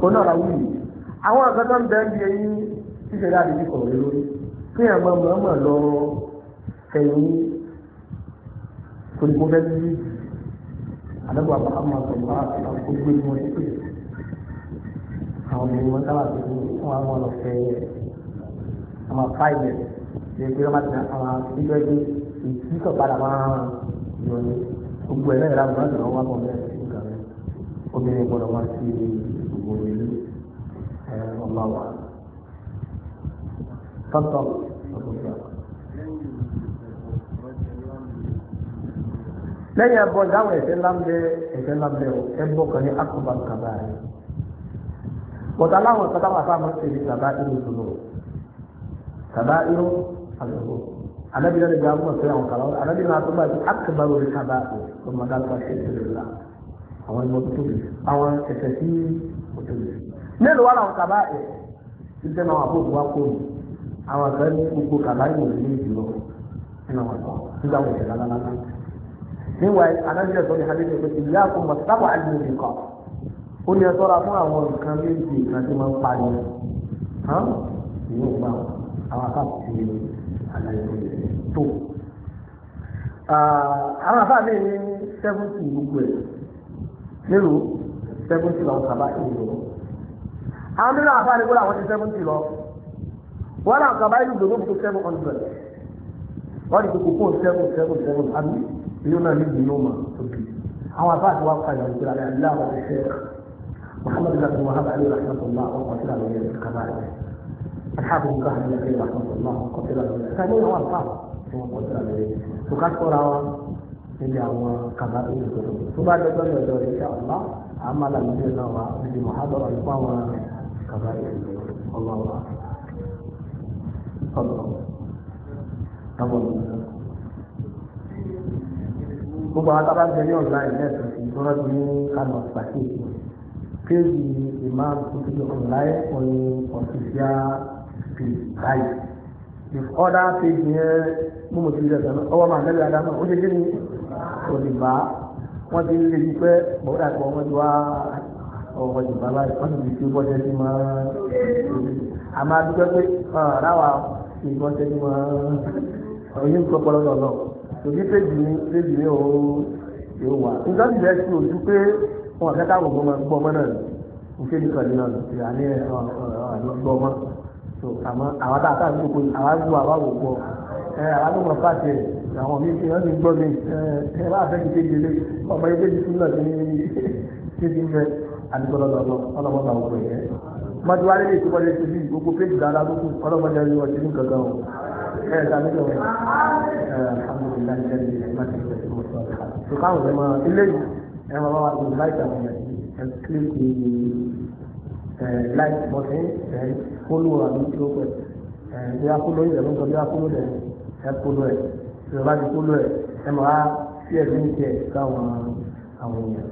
[SPEAKER 1] kó náà ra wúlì àwọn àgbàdo ń bẹ́ẹ̀ bí ẹyin ṣíṣe láti bí kọ̀wé lórí kí àwọn ọmọ ọmọ lọ ẹ̀yìn kò ní kó fẹ́ bí àdàbọ̀ àbáhámà sọ̀rọ̀ àti àwọn gbogbo ìmọ̀ ẹ̀ pé àwọn obìnrin wọn sábà fi wọn àwọn ọlọfẹ àwọn fáìlẹ ṣe pé wọn bá ti àwọn ìjọ ẹgbẹ ìtì sọpadà máa yọ ní gbogbo ẹlẹ́yìn láti wọn lọ́wọ́ wọn bọ̀ bẹ́ẹ̀ nǹkan rẹ obìnrin gbọdọ̀ wọn sí gbogbo ìlú ọmọ wa tọ́tọ́ ọ̀tọ̀tọ̀. lẹ́yìn abọ́ ìdáhùn ẹ̀fẹ́ ńlá ń bẹ ẹ̀fẹ́ ńlá ń bẹ ẹ̀bọ́ kan ní akọ̀bà kàbáyé bọ̀dá láwọn ìpàdé àwọn àbá máa ń tẹ̀lé bàbá irú ìdùnnú bàbá irú àlùkò alábìyàn lè gba àwọn ọ̀sẹ̀ àwọn kàlọ́ alábìyàn àti bàbá akẹ́bàrò rẹ̀ kàbá ọmọdé àlùkò àti ìṣẹ̀lẹ̀ la àwọn ìmọ̀ tó tóbi àwọn ẹ̀sẹ̀ sí òtòbi nílùú wà láwọn kàbá ẹ̀ ṣiṣẹ́ náà àbókù wa kó àwọn àgbẹ̀ ní gbogbo kàbá ìwò ní ìdúró nínú àwọn àgbà nígbà wọ̀ ṣẹ̀dá lálá níwáyé alábìyàn ó ní ẹtọ́ra fún àwọn nǹkan méjì nǹkan tí wọ́n ń parí hàn ìlú ọgbà àwọn akáàtì àlàyé tó. àwọn afá mi ní sẹ́fúntì gbogbo ẹ̀ nílùú sẹ́fúntì lọ sábà ìlú. àwọn nínú afá ni kúrò àwọn ti sẹ́fúntì lọ wọ́n náà kàbá ìlú gbogbo fún seven hundred wọ́n ti kókó fún seven seven seven àbí ìlú náà ní ìlú náà mà tóbi àwọn afá ti wá kàyà محمد بن عبد الوهاب عليه رحمه الله وقتل من القبائل الحافظ بن كهل رحمه الله وقتل من الثاني هو القاضي هو قتل من وكان قراءة اللي هو قبائل الكتب ثم ذلك ان شاء الله عمل المدير هو بمحاضرة يقوى قبائل الكتب والله اعلم تفضل تفضل gbogbo àwọn tábà ń tẹ̀lé ọ̀gá ìlẹ́sìn ìṣúná ti ní kánò pàṣẹ ìṣúná page Imam Kutubi online on official page báyìí. The other page yẹn mú mo ti rí ẹ̀sán náà ọwọ́ màá lẹ́yìn adámọ̀ ó ṣe kí ni òdìbá wọ́n ti lè yí pé bọ́dà kan wọ́n ti wá ọ̀rọ̀ ìgbà báyìí wọ́n ti fi ṣe sí máa a máa dúpẹ́ pé ráwa fi bọ́dẹ sí máa ọ̀yẹ́ ń pọpọ lọ́dọ̀ náà tòbí péjì ní péjì ní yóò wà nígbà tí wọn àgbẹ̀ká gbogbo ọmọ ẹgbẹ́ ọmọ náà òfin ní kọ̀ọ̀dé náà ti rà ní ọ̀dọ́ ọmọ tó àmọ́ àwọn tá a ká gbogbo àwọn gbogbo àwọn gbogbo ẹ àwọn gbogbo pàṣẹ rẹ àwọn mi fi hàn ní gbọ́ mi ẹ wá fẹ́ kíkẹ́ ìdílé ọmọ ilé tuntun náà ti ní ti ti fẹ́ àdúgbò lọ́dọ̀ ọlọ́mọba gbogbo yẹn mọ́tò wálé lè tó wọlé tó bí gbogbo péjì dáadáa gbogbo ọlọ́mọdé ọjọ́ ti ní kankan o ẹ ẹ sàmì lọ ẹ alhamdulilayi ẹ ẹ má ti fẹ́ tó kọ́ ilé yìí and Allah will invite them and click the uh, like button and follow our video question. And we are following the link, we are following them, help follow it. So that you follow it, and we are here to meet here, come on, and we are.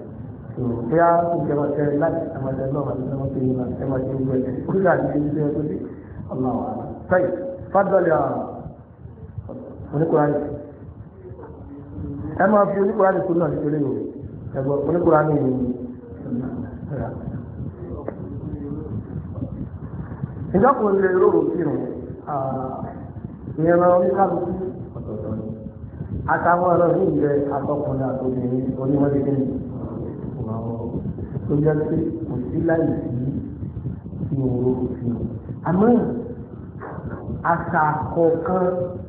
[SPEAKER 1] So we are to give us a like, and we are not going to give us a much in good. We are to give us a good. Allah Allah. طيب تفضل يا ونقول عليك أما في ونقول عليك كلنا في ẹgbẹ́ oníkùrá ní ìlú ìjọkùnrin lè rọrùn kírun ìyẹn lọ ní kábíyèsí ọ̀tọ̀ọ̀tọ̀ ni àtàwọn ọ̀rọ̀ ní ìjẹ àtọkùnrin àtọkùnrin oníwọlé kí ni tó jẹ́ pé kò sí láì sí ìwòrò òfin àmọ́ àṣà kan,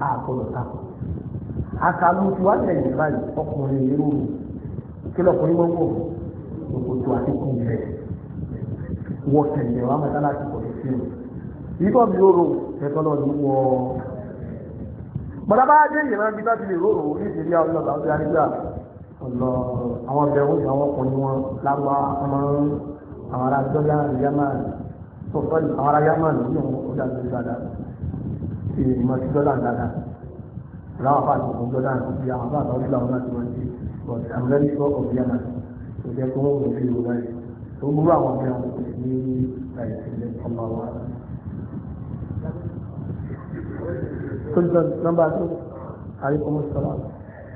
[SPEAKER 1] àbọ̀dọ̀ta àṣà ló báyìí ọkùnrin lè rọrùn kí lọkùnrin wọn wò òkòtò àti kùnfẹ wọ kẹlẹ wà mẹ́ta láti pọ̀ sí i yíkọ́ mi ó rò ẹ̀kọ́ náà ló wọ ọ́ bọ́dá bá dé ìran bí láti lè róró ní ìdílé àwọn ọ̀dọ́ àwọn arígbà ọ̀lọ́ àwọn ọ̀bẹ̀ òun àwọn ọkùnrin wọn láwa ọmọ àwọn ará jọ́lá yamani sọ̀tọ́ àwọn ará yamani ní òun ó dàbí dáadáa ìmọ̀ sí jọ́lá dáadáa láwọn afáàlú ọ̀gbọ́n àti àwọn afáàlú ọ̀gbọ́n láti wọ́n ti but I'm very sure of Yemen so therefore we feel right so gbogbo àwọn ọmọ ẹ̀wọ̀n kò ní àìsílẹ̀ ọmọ wa. tó ń sọ nọ́mbà tó àríkọ́mọ́ sọ́lá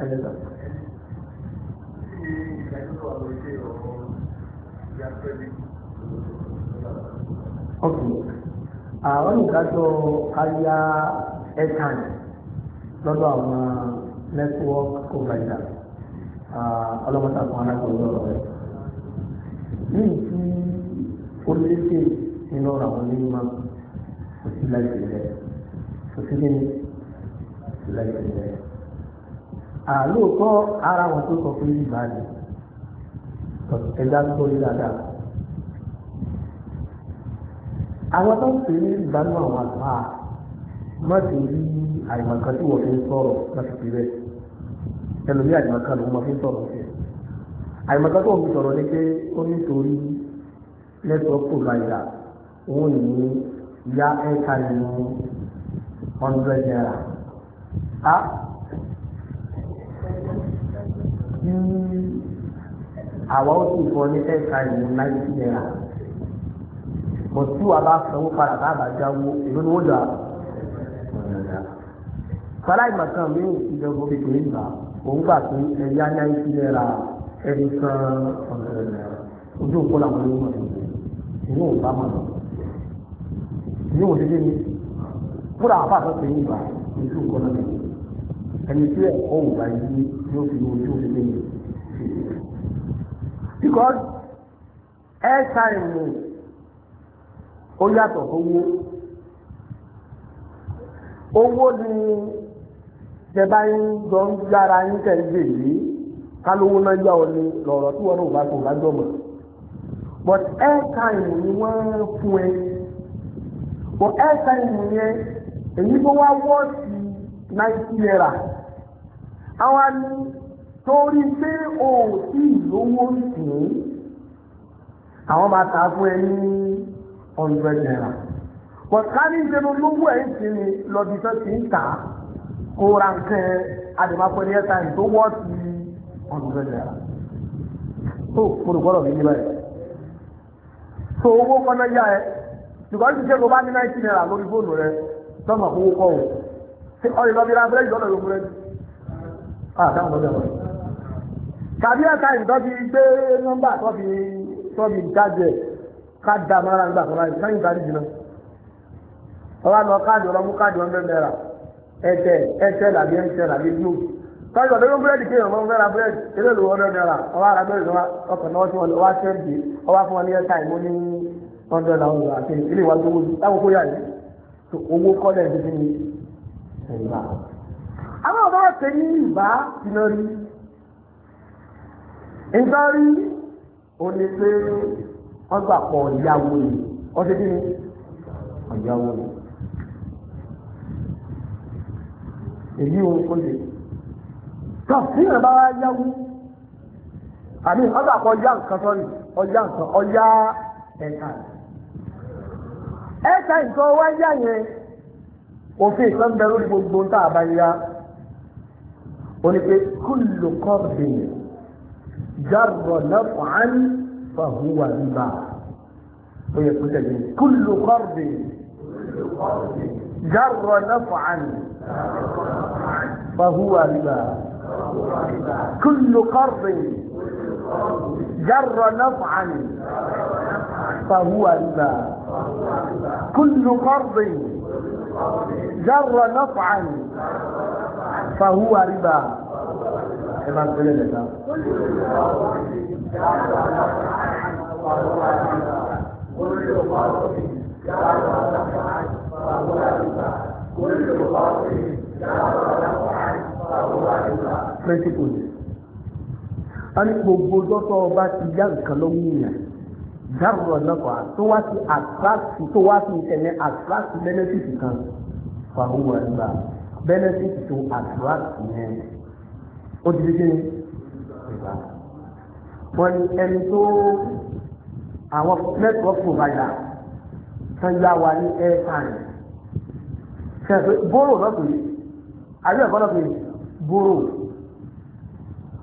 [SPEAKER 1] ẹ̀lẹ́dà. Okay. Àwọn ìdájọ́ aya airtime lọ́dọ̀ àwọn network provider. Ah, ọlọ́mọta fún alákòóso ọ̀rọ̀ rẹ̀. ní ìtú orílẹ̀-èdè nínú ọ̀rọ̀ àwọn onímọ̀ kò sí láìsí rẹ̀ kò sí kí ni láìsí rẹ̀. àlóòkọ́ ara wọn tó sọ pé ìbàdí ẹ̀dá tó rí dáadáa. àwọn tó ń pè ní ìbánú àwọn àgbà má ti rí àìmọ̀kan tí wọ́n fi ń sọ̀rọ̀ láti fi rẹ̀ ẹlòmí àjùmọ̀ká ló mọ fi sọ̀rọ̀ sí ẹ̀ àjùmọ̀ká tó fi sọ̀rọ̀ ni pé ó nítorí network provider òun ní ya ẹ̀ka nínú hundred naira a tí àwa ó sì fọ ní ẹ̀ka nínú ninety naira mọ̀ tí wàá bá sanwó padà bá àbájá wo èmi ni wọ́n dà. Fọláìmọ̀kan mi ò ti dẹ́gbọ́ kékeré nìyà òun gbà pé ẹ̀yà náírà náírà ẹni san ọ̀dọ̀ náírà ojú òpó làwọn olóyún ọ̀dọ̀ ìyẹn ò bá mọ̀ lọ ìyẹn ò dédé ni fúra àbá àtọ́sẹ̀ yìí bá ojú òpó náà ẹni tí ẹ̀kọ́ ò bá yí ni ó fi ojú òdédé ni because airtime ni ó yàtọ̀ owó owó ni jẹba yín jọ ń yára yín tẹ̀ ń gbèlè kálówó náà yá ọ ní lọ̀rọ̀ tí wọn ò bá tó lájọ mọ̀ but airtime ni wọ́n fún ẹ but airtime yẹn èyí tó wá wọ́ọ̀sì náírà naira àwa ni torí pé o ò sí ìlówó sí àwọn máa ta fún ẹ ní hundred naira but ká ní ìṣẹ́ ló lówó ẹ̀ ń sinmi lọ́dún tó ti ń tà á. kó ra nǹkan àdèmàkọ́ni tó wọ́ sí ọdún rẹ̀ rẹ̀ tó olùkọ́rọ̀ mi ní tó owó kọ́nà yá ẹ ṣùgbọ́n ti ṣe kó bá ní náìtì náírà lórí fóònù rẹ sọ́mọ̀ owó kọ́ o ṣé ọ̀rẹ́ lọ bí ra búrẹ́dì lọ́dọ̀ yóò ah dáhùn lọ́dọ̀ wọn. tàbí ẹ̀ka ìtọ́ fi gbé nọ́mbà tó jáde ká mọ́ra nígbà ẹ̀tẹ̀ ẹ̀tẹ̀ làbí ẹ̀tẹ̀ làbí blue kájọ lórí búrẹ́dì kéèyàn máa ń fẹ́ ra búrẹ́dì eré ló wọ́n dọ́dọ̀ ra ọwọ́ ara bẹ́ẹ̀ lọ́wọ́ ọkọ̀ náà tí wọ́n lọ́wọ́ sẹ́ǹdì ọwọ́ fún wọn ní ẹ̀ka ìmú ní ọ̀dọ̀ làwọn ọ̀rọ̀ àti ilé ìwà gbogbo táwọn kó yà ní owó kọ́lẹ̀ ní ní ìgbà. àwọn ọ̀dọ́ ọ̀tẹ̀ ní ìbá iná rí ìgbà rí òní pé ọgbà pọ̀ ìyàwó ni ọ èyí ò kó lè tọ́ tí ìrìn bá wá yáwó àmì ọjà kan ọjà nǹkan sọ́rí ọjà nǹkan ọjà ẹ̀ka ẹ̀ka nǹkan wá yá yẹn òfin ìkan bẹ lórí gbogbo ń tà bá yá ó ní pé kúlù kọ́ọ̀bì jarra naf'an fahuwa riba ó yẹ kó tẹ̀lé kúlù kọ́ọ̀bì jarra naf'an. فهو ربا كل قرض جر نفعا فهو ربا كل قرض جر نفعا فهو ربا كما قلنا كل قرض جر نفعا فهو ربا principle ni a ní gbogbo dọ́tọ̀ ọba ti yá nǹkan lọ́wọ́ yẹn dárò lọ́kọ̀ tó wá sí attract tó wá sí ìtẹ̀lẹ́ attract benefit kan fàwọn ẹgbà benefit to attract yẹn ó ti di kíni wọ́n ní ẹni tó àwọn network provider kan yá wa ní airtime ṣẹ̀fẹ̀ bóró lọ́pẹ̀ àbí ẹ̀kọ́ lọ́pẹ̀ bóró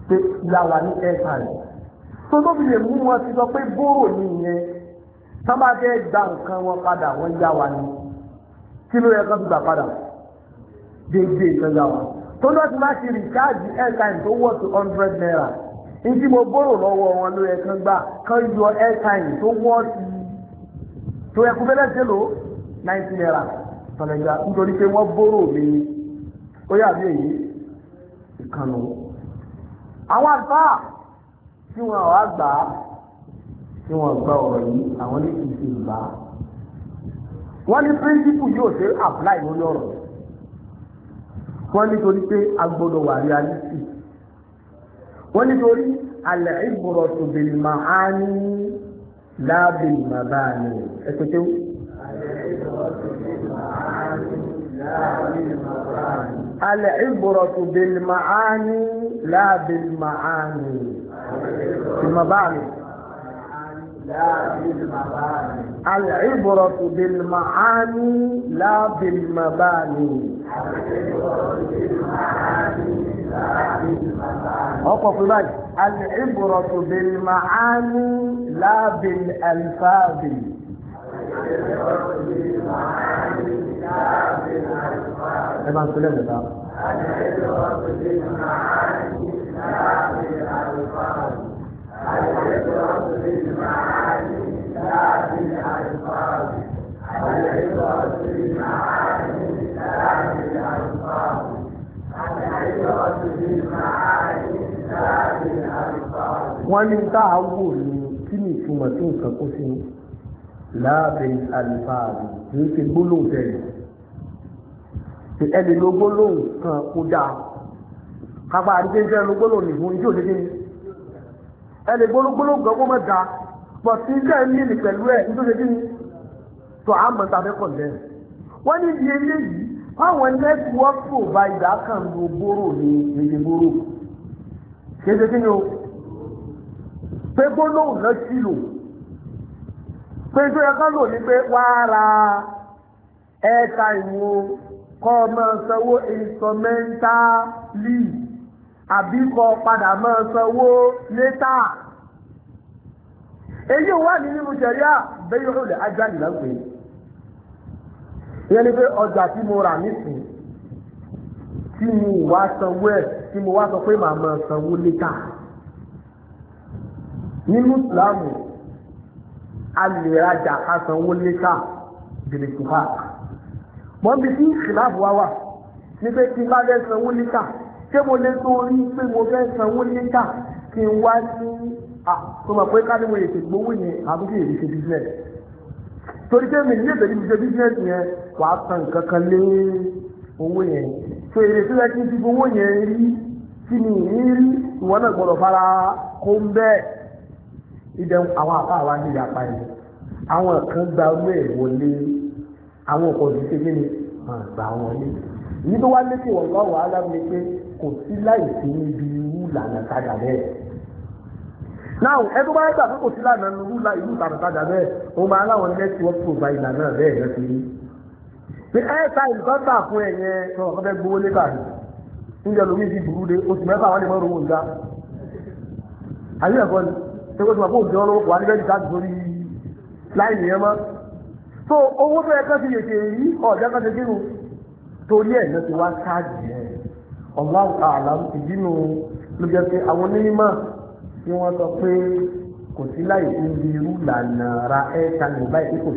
[SPEAKER 1] pé làwà ní ẹ̀ka rẹ̀ tó tó fi lè mú wọn ti sọ pé bóró ní ìyẹn tó bá fẹ́ gba nǹkan wọn padà wọ́n yá wa ni kí ló yẹ kó fi gbà padà déédéé nǹkan yá wa tó lọ́ ti máa ṣe rìṣáàjì airtime tó wọ̀ tó hundred naira ìdí mo bóró lọ́wọ́ wọn ló yẹ kán gbà kán yọ airtime tó wọ̀ tó yẹ kó fẹ́lẹ́ ṣe lò ninety naira tọ̀lẹ̀gà nítorí pé wọ́n bóró mi ó yà bí èyí ìkànnù àwọn àlùfáà tí wọn ò àgbà tí wọn gba ọ̀rọ̀ yìí àwọn ní kìí ṣe ìgbà wọ́n ní píríncípù yóò ṣe àpláì lórí ọ̀rọ̀ wọ́n nítorí pé a gbọ́dọ̀ wà rí ayé sí wọ́n nítorí alẹ́ ìgbọ̀rọ̀ tòbìlì màá ní láàbìlì màbáà ní ẹ̀pẹ̀tẹ́wò. العبرة بالمعاني لا بالمعاني المباني العبرة بالمعاني لا بالمباني العبرة بالمعاني لا بالمباني العبرة بالمعاني لا بالألفاظ
[SPEAKER 2] ẹ bá ń sọlẹ̀ mẹ́ta. wọ́n ní táà
[SPEAKER 1] wò ní kí ni ìtumọ̀ tí nǹkan kó sínú láàbẹ̀ àlùfáàbì kì í ṣe gbólóhùn tẹ̀lé ẹni ló gbólóhùn kan kó dáa kápá àdúgbò ló gbólóhùn nìfún ijó òdìdí ni ẹni gbólóhùn kan kó mọ̀ dáa pọ̀ sí iṣẹ́ ẹni ní pẹ̀lú ẹ̀ ijó òdìdí ni tó à ń mọ̀ tàbí pọ̀ lẹ́yìn. wọ́n ní ibi eléyìí àwọn nẹ́tíwọ́ọ̀kì provider kan lo gbóró ní èdè gbóró kéde kí ni o pé gbólóhùn náà sílò pé tó yẹ kán lò ní pé wá ra ẹ̀ka ìwo kọ́ máa sanwó instrumentally àbí kọ́ padà máa sanwó létà èyí wà ní nínú sẹ̀ríà bẹ́yìn olè ajá ìlà ń ìyẹn ni pé ọjà tí mo rà nísìnyí tí mo wá sanwó ẹ̀ tí mo wá sọ pé màá máa sanwó létà nínú ìsìlámù a lè rajà ká sanwó létà gbèrèsì ha mọ́ bí tí ìṣìláàbù wa wà ní pé tí bá fẹ́ sanwó létà ṣé mo lè tó rí pé mo fẹ́ sanwó létà kí n wá sí tó mọ̀ pé káni mo lè ṣe gbowó yẹn àbúkí èyí ṣe business torí pé mi nílé ìbẹ̀rẹ̀ ṣe business yẹn wà á san nǹkan kan lé owó yẹn so èrè tó yẹ kí n ti gbowó yẹn rí tí mi ì ìwọ náà gbọ́dọ̀ fara kó ń bẹ́ẹ̀ ìdẹ àwọn àbá wa ní ìyapa yìí àwọn kan gba ọgbẹ́ ìwọlé àwọn ọkọ̀ òdì kékeré ni wọ́n gbà wọlé èyí tó wá lékè wọ́n lọ́wọ́ aláwọ̀ ni pé kò sí láìsí níbi irú ìlànà tajà bẹ́ẹ̀ náà ẹ tó bá yẹ gbàgbé kò sí lànà irú ìlànà tajà bẹ́ẹ̀ òun máa láwọn nẹ́tíwọ́pù tó gba ìlànà bẹ́ẹ̀ rẹ́ ti rí pé ẹ ta nǹkan tà fún ẹ yẹn sọ̀rọ̀ kọ́fẹ́ gbowó lé kàrí níjẹ́ lómi ti burú de oṣù mẹ́fà wọn lè mọ́ rówó nǹkan ayé ẹ̀kọ́ ni ṣé kó òjò ọlọ́wọ́ kò níbẹ̀ nìkan sórí láì nìyẹn mọ́ so owó tó yẹ kán yèké yìí ọ̀jọ́ kan ti dínú torí ẹ̀ náà ti wá káàdì ẹ̀ Allahu a'lam ìdínú ló jẹ́ pé àwọn onímọ̀ tí wọ́n sọ pé kò sí láì fún bí irú lànà ra ẹ̀ kalẹ̀ báyìí kò ni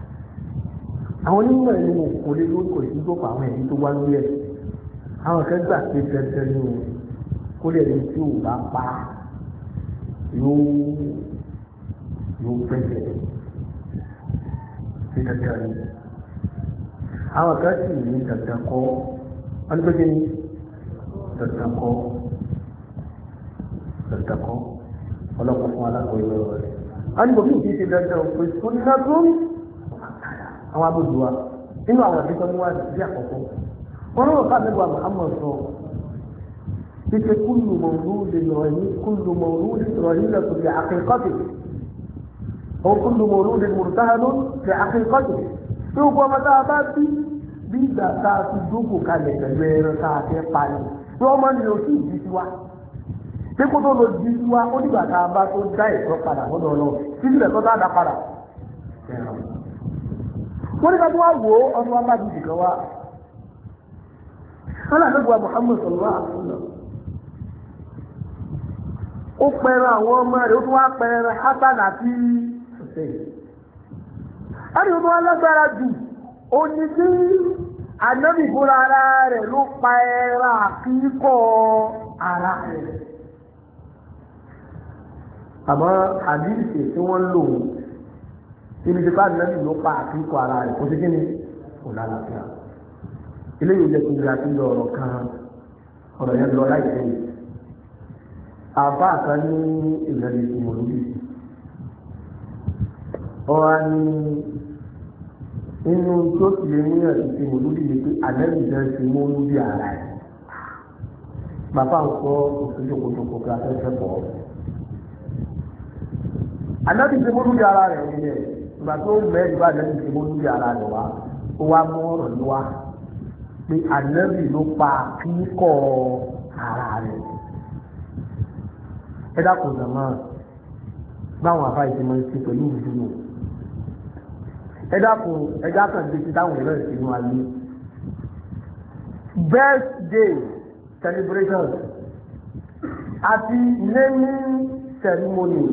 [SPEAKER 1] àwọn onímọ̀ ẹni wọn kò lè lóko ìdúgbòpọ̀ àwọn ẹ̀mí tó wá lórí ẹ̀ àwọn kan gbà pé dandan ni o kó lè rí tí ò bá pa yóò yóò pẹ̀lẹ̀ sí dandan ni àwọn kan sì ní dandan kọ́ wọ́n ní pé kí ni kọ́ dandan kọ́ ọlọ́pàá fún alákòóyọ̀ rẹ̀ wọ́n ní bọ̀ kí n kì í ṣe dandan òpin fún nàdúró. àwọn abúlé wa nínú àwọn àdìsọ́ ní wáyé bí àkọ́kọ́ wọn lọ́wọ́ ká mẹ́wàá Muhammad sọ títí kúlù mọ̀lú lè rọ̀yìn kúlù mọ̀lú lè rọ̀yìn lẹ́kùn lè àkẹ́kọ̀tì òun kúlù mọ̀lú lè mùrùtáhánú lè àkẹ́kọ̀tì tí ó gbọ́ ọmọ tá bá bí bí ìgbà tá ti dógò kalẹ̀ pẹ̀lú ẹran tá fẹ́ parí tí wọ́n máa ń lò sí ìdí tiwa tó tiwa ó dìgbà bá tó dá ìtọ́ wọ́n ka ká tó wá wò ọdún wa bá di wa sọ́là ló gba Muhammad sallallahu alaihi ó pẹ̀rẹ̀ àwọn ọmọ rẹ̀ ó tún wá Hasan àti ẹni tó wá lágbára jù ara ló pa ibi tí báyìí lẹ́yìn ló pa àtúkọ̀ ara rẹ̀ kó sí kí ni kò lálàáfíà eléyìí jẹ́ kí ìyá tún lọ ọ̀rọ̀ kan ọ̀rọ̀ yẹn lọ láìpẹ́ yìí àbá kan ní ìrẹ̀lẹ̀ ìmọ̀lúbí ọ̀rọ̀ ni inú tó ti lè ní ẹ̀sìn ìmọ̀lúbí ni pé àlẹ́yìn jẹ́ ti mú lúbí ara rẹ̀ bàbá ń kọ́ òṣèjòkòjòkò kí a fẹ́ fẹ́ pọ̀ ọ́ àlẹ́yìn ti mú lúbí ara rẹ̀ nílẹ̀ ìgbà tó mẹ́rin bá lẹ́nu tí mo níbi ara rẹ̀ wá ó wá mú ọ̀rọ̀ ní wá pé ànábì ló pa kíkọ́ ara rẹ̀ ẹ dákun nàmọ́ báwọn afá ìṣe máa ń ṣe pẹ̀lú ìdúró ẹ dákun ẹ dákun gbèsè táwọn èèyàn ṣe máa lé birthday celebration àti naming ceremony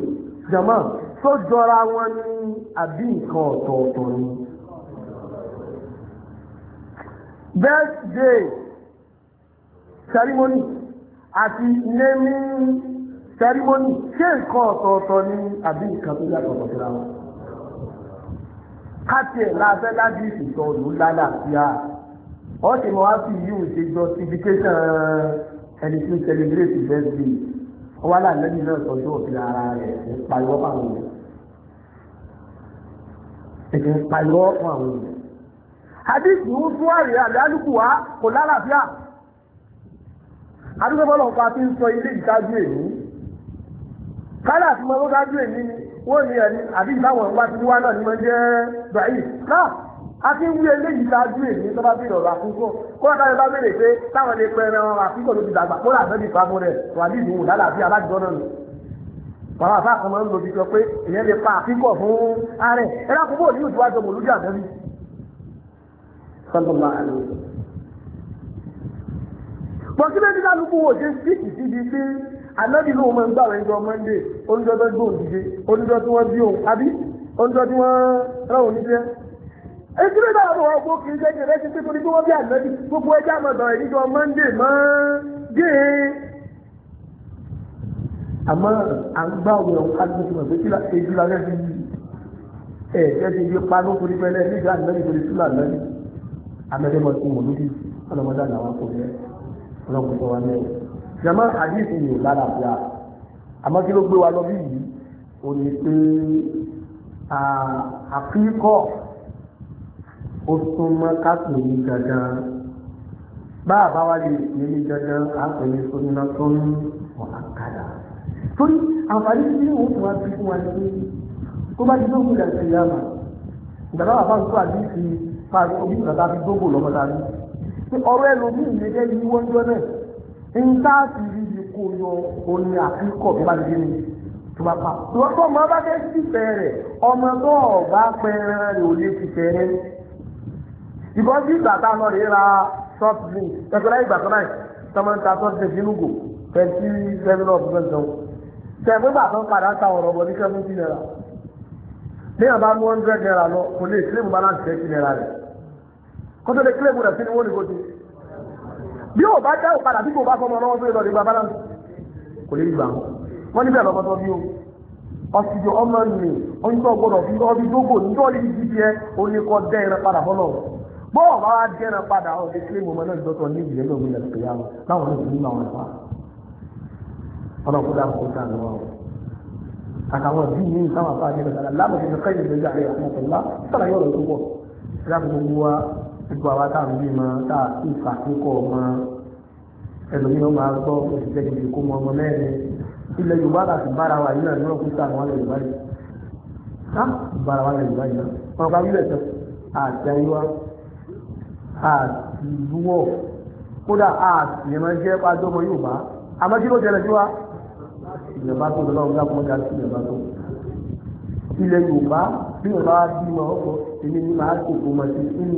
[SPEAKER 1] jọmọ tó jọra wọn ní àbí nǹkan ọ̀tọ̀ọ̀tọ̀ ni birthday ceremony àti naming ceremony ṣé nǹkan ọ̀tọ̀ọ̀tọ̀ ni àbí nǹkan tó yàtọ̀ ọ̀tọ̀ọ̀tọ̀ ra wọn káàtì ẹ̀ láfẹ́ láti ìsìnkọ òlù lálàáfíà ọ́ sì mọ́ wá sí yíò ṣe justification ẹni tí ó celebrate birthday ọwọ́ àlàyé náà sọ́jọ́ òfin ara rẹ̀ ń pariwo pàmò rẹ̀ ẹ̀sìn pàlọ́ fún àwọn èèyàn hadith ń fún àrí àdálùkù wá kò lálàáfíà adúgbòbọ́lọ̀ pa ti ń sọ ilé ìtajú èyí kálà tí mo ló dájú èyí ni wọ́n ní ẹni àbí ìbáwọn ìwà tí wá náà ni mo jẹ́ bàyí náà a ti ń wí eléyìí dájú èyí tó bá bèèrè ọ̀rọ̀ àkókò kó wọ́n táwọn bá bèèrè pé táwọn lè pẹ́ ẹran àkókò ló ti dàgbà kó làbẹ́ bàbá àbá kan máa ń lo bíjọ pé èèyàn lè pa àfikọ̀ fún ààrẹ ẹ lákòó bò ní ìdúrà jọ mòlúdì àtẹ́bí. sọlọ́mà àlọ́. pọ̀sílẹ̀ ní kálukú wò ṣe síkì síbi pé ànábì lóun máa ń gbà wẹ́ńdọ́ mọ́ndé oúnjẹ tó gbóhùn dìde oúnjẹ tí wọ́n bí òun àbí oúnjẹ tí wọ́n ráhùn níṣẹ́. Ekele náà bọ̀ ọgbó kìí jẹ́ kẹ̀rẹ́ ti pé torí pé wọ́n bí ànábì gbogbo ẹjẹ́ àmọ̀dọ̀ ẹ̀ níjọ mọ́ndé mọ́ géè àmọ́ à ń gbá òwe ọ̀hún kájú tó mọ̀ pé kílá ejú la rẹ̀ fi ẹ̀ ẹ̀ ti yé panú torí pẹ́lẹ́ nígbà lẹ́yìn torí sílà lẹ́yìn amẹ́rẹ́mọ̀ tó mọ̀ lórí ọlọ́mọdé àdáwà kò rẹ̀ ọlọ́mọdé wa lẹ́yìn. jama hadith yìí lára bíà àmọ́ kí ló gbé wa lọ bí yìí ò ní pé àkíkọ́ ó súnmọ́ káàkiri ní dandan bá a bá wá lè ní ní dandan àpè ní sunna tó ń wà á torí àǹfààní tí wọ́n tún wá sí fún wa ní tó bá di lóògùn ìlà ìṣẹ̀lẹ̀ àmà ìgbàlá wà bá ń tó àdìsí parí omi ìgbàlá fi dógò lọ́mọ dání pé ọ̀rọ̀ ẹlòmíì ní ẹgbẹ́ yìí wọ́n jọ náà ń tá àti rí ibi kó yọ oní àfikọ̀ tó bá di ní tó bá pa. lọ́tọ̀ ọmọ bá fẹ́ sí fẹ́rẹ̀ ọmọ tó ọ̀bá pẹ́ẹ́rẹ́ rẹ̀ ò lè fi fẹ́rẹ́ ìbọn ìgbà tá a lọ rí ra soft drink ẹ̀kọ́ láì ìgbà kan náà tọmọ ń ta soft drink tẹ̀gbẹ́gbà tó ń padà ta ọ̀rọ̀ bọ̀ ní kẹ́fún sí náírà ní àbá mú hundred naira lọ kò lè kílèmù balance ten naira rẹ̀ kó tó lè kílèmù rẹ̀ sí ni wọ́n ní kojú bí o bá padà bí kò bá fọmọ lọ́wọ́ sórí lọ ní kò lè gbà wọ́n níbẹ̀ tó bí o ọ̀sìjọ ọmọ mi oúnjẹ ọgbọ́dọ̀ fi ọbí dógò níjọ́ ní ibi tiẹ̀ ọlọ́run kúlá kó sáà lọ́wọ́ àtàwọn bí mi sáwọn afá àjẹbẹ dára lábàtí ní kẹyìn lójú àrẹ àmọtọlá sára yọrọ tó pọ̀ láti gbogbo wa gbogbo àwa tá à ń bí ma tá à sí ìfàkókò ma ẹlòmíràn máa gbọ́ òṣìṣẹ́ gidi kó mọ ọmọ mẹ́rin ilẹ̀ yorùbá láti bára wa yìí náà ní ọkùnrin sáà wọn lè yorùbá yìí ká ìjọba tó lọ́wọ́ ń dákun ọjà sí ìjọba tó. ilẹ̀ yorùbá bí wọn bá bí wọn ọkọ èmi ni màá ṣe ìkọmọdé sí ni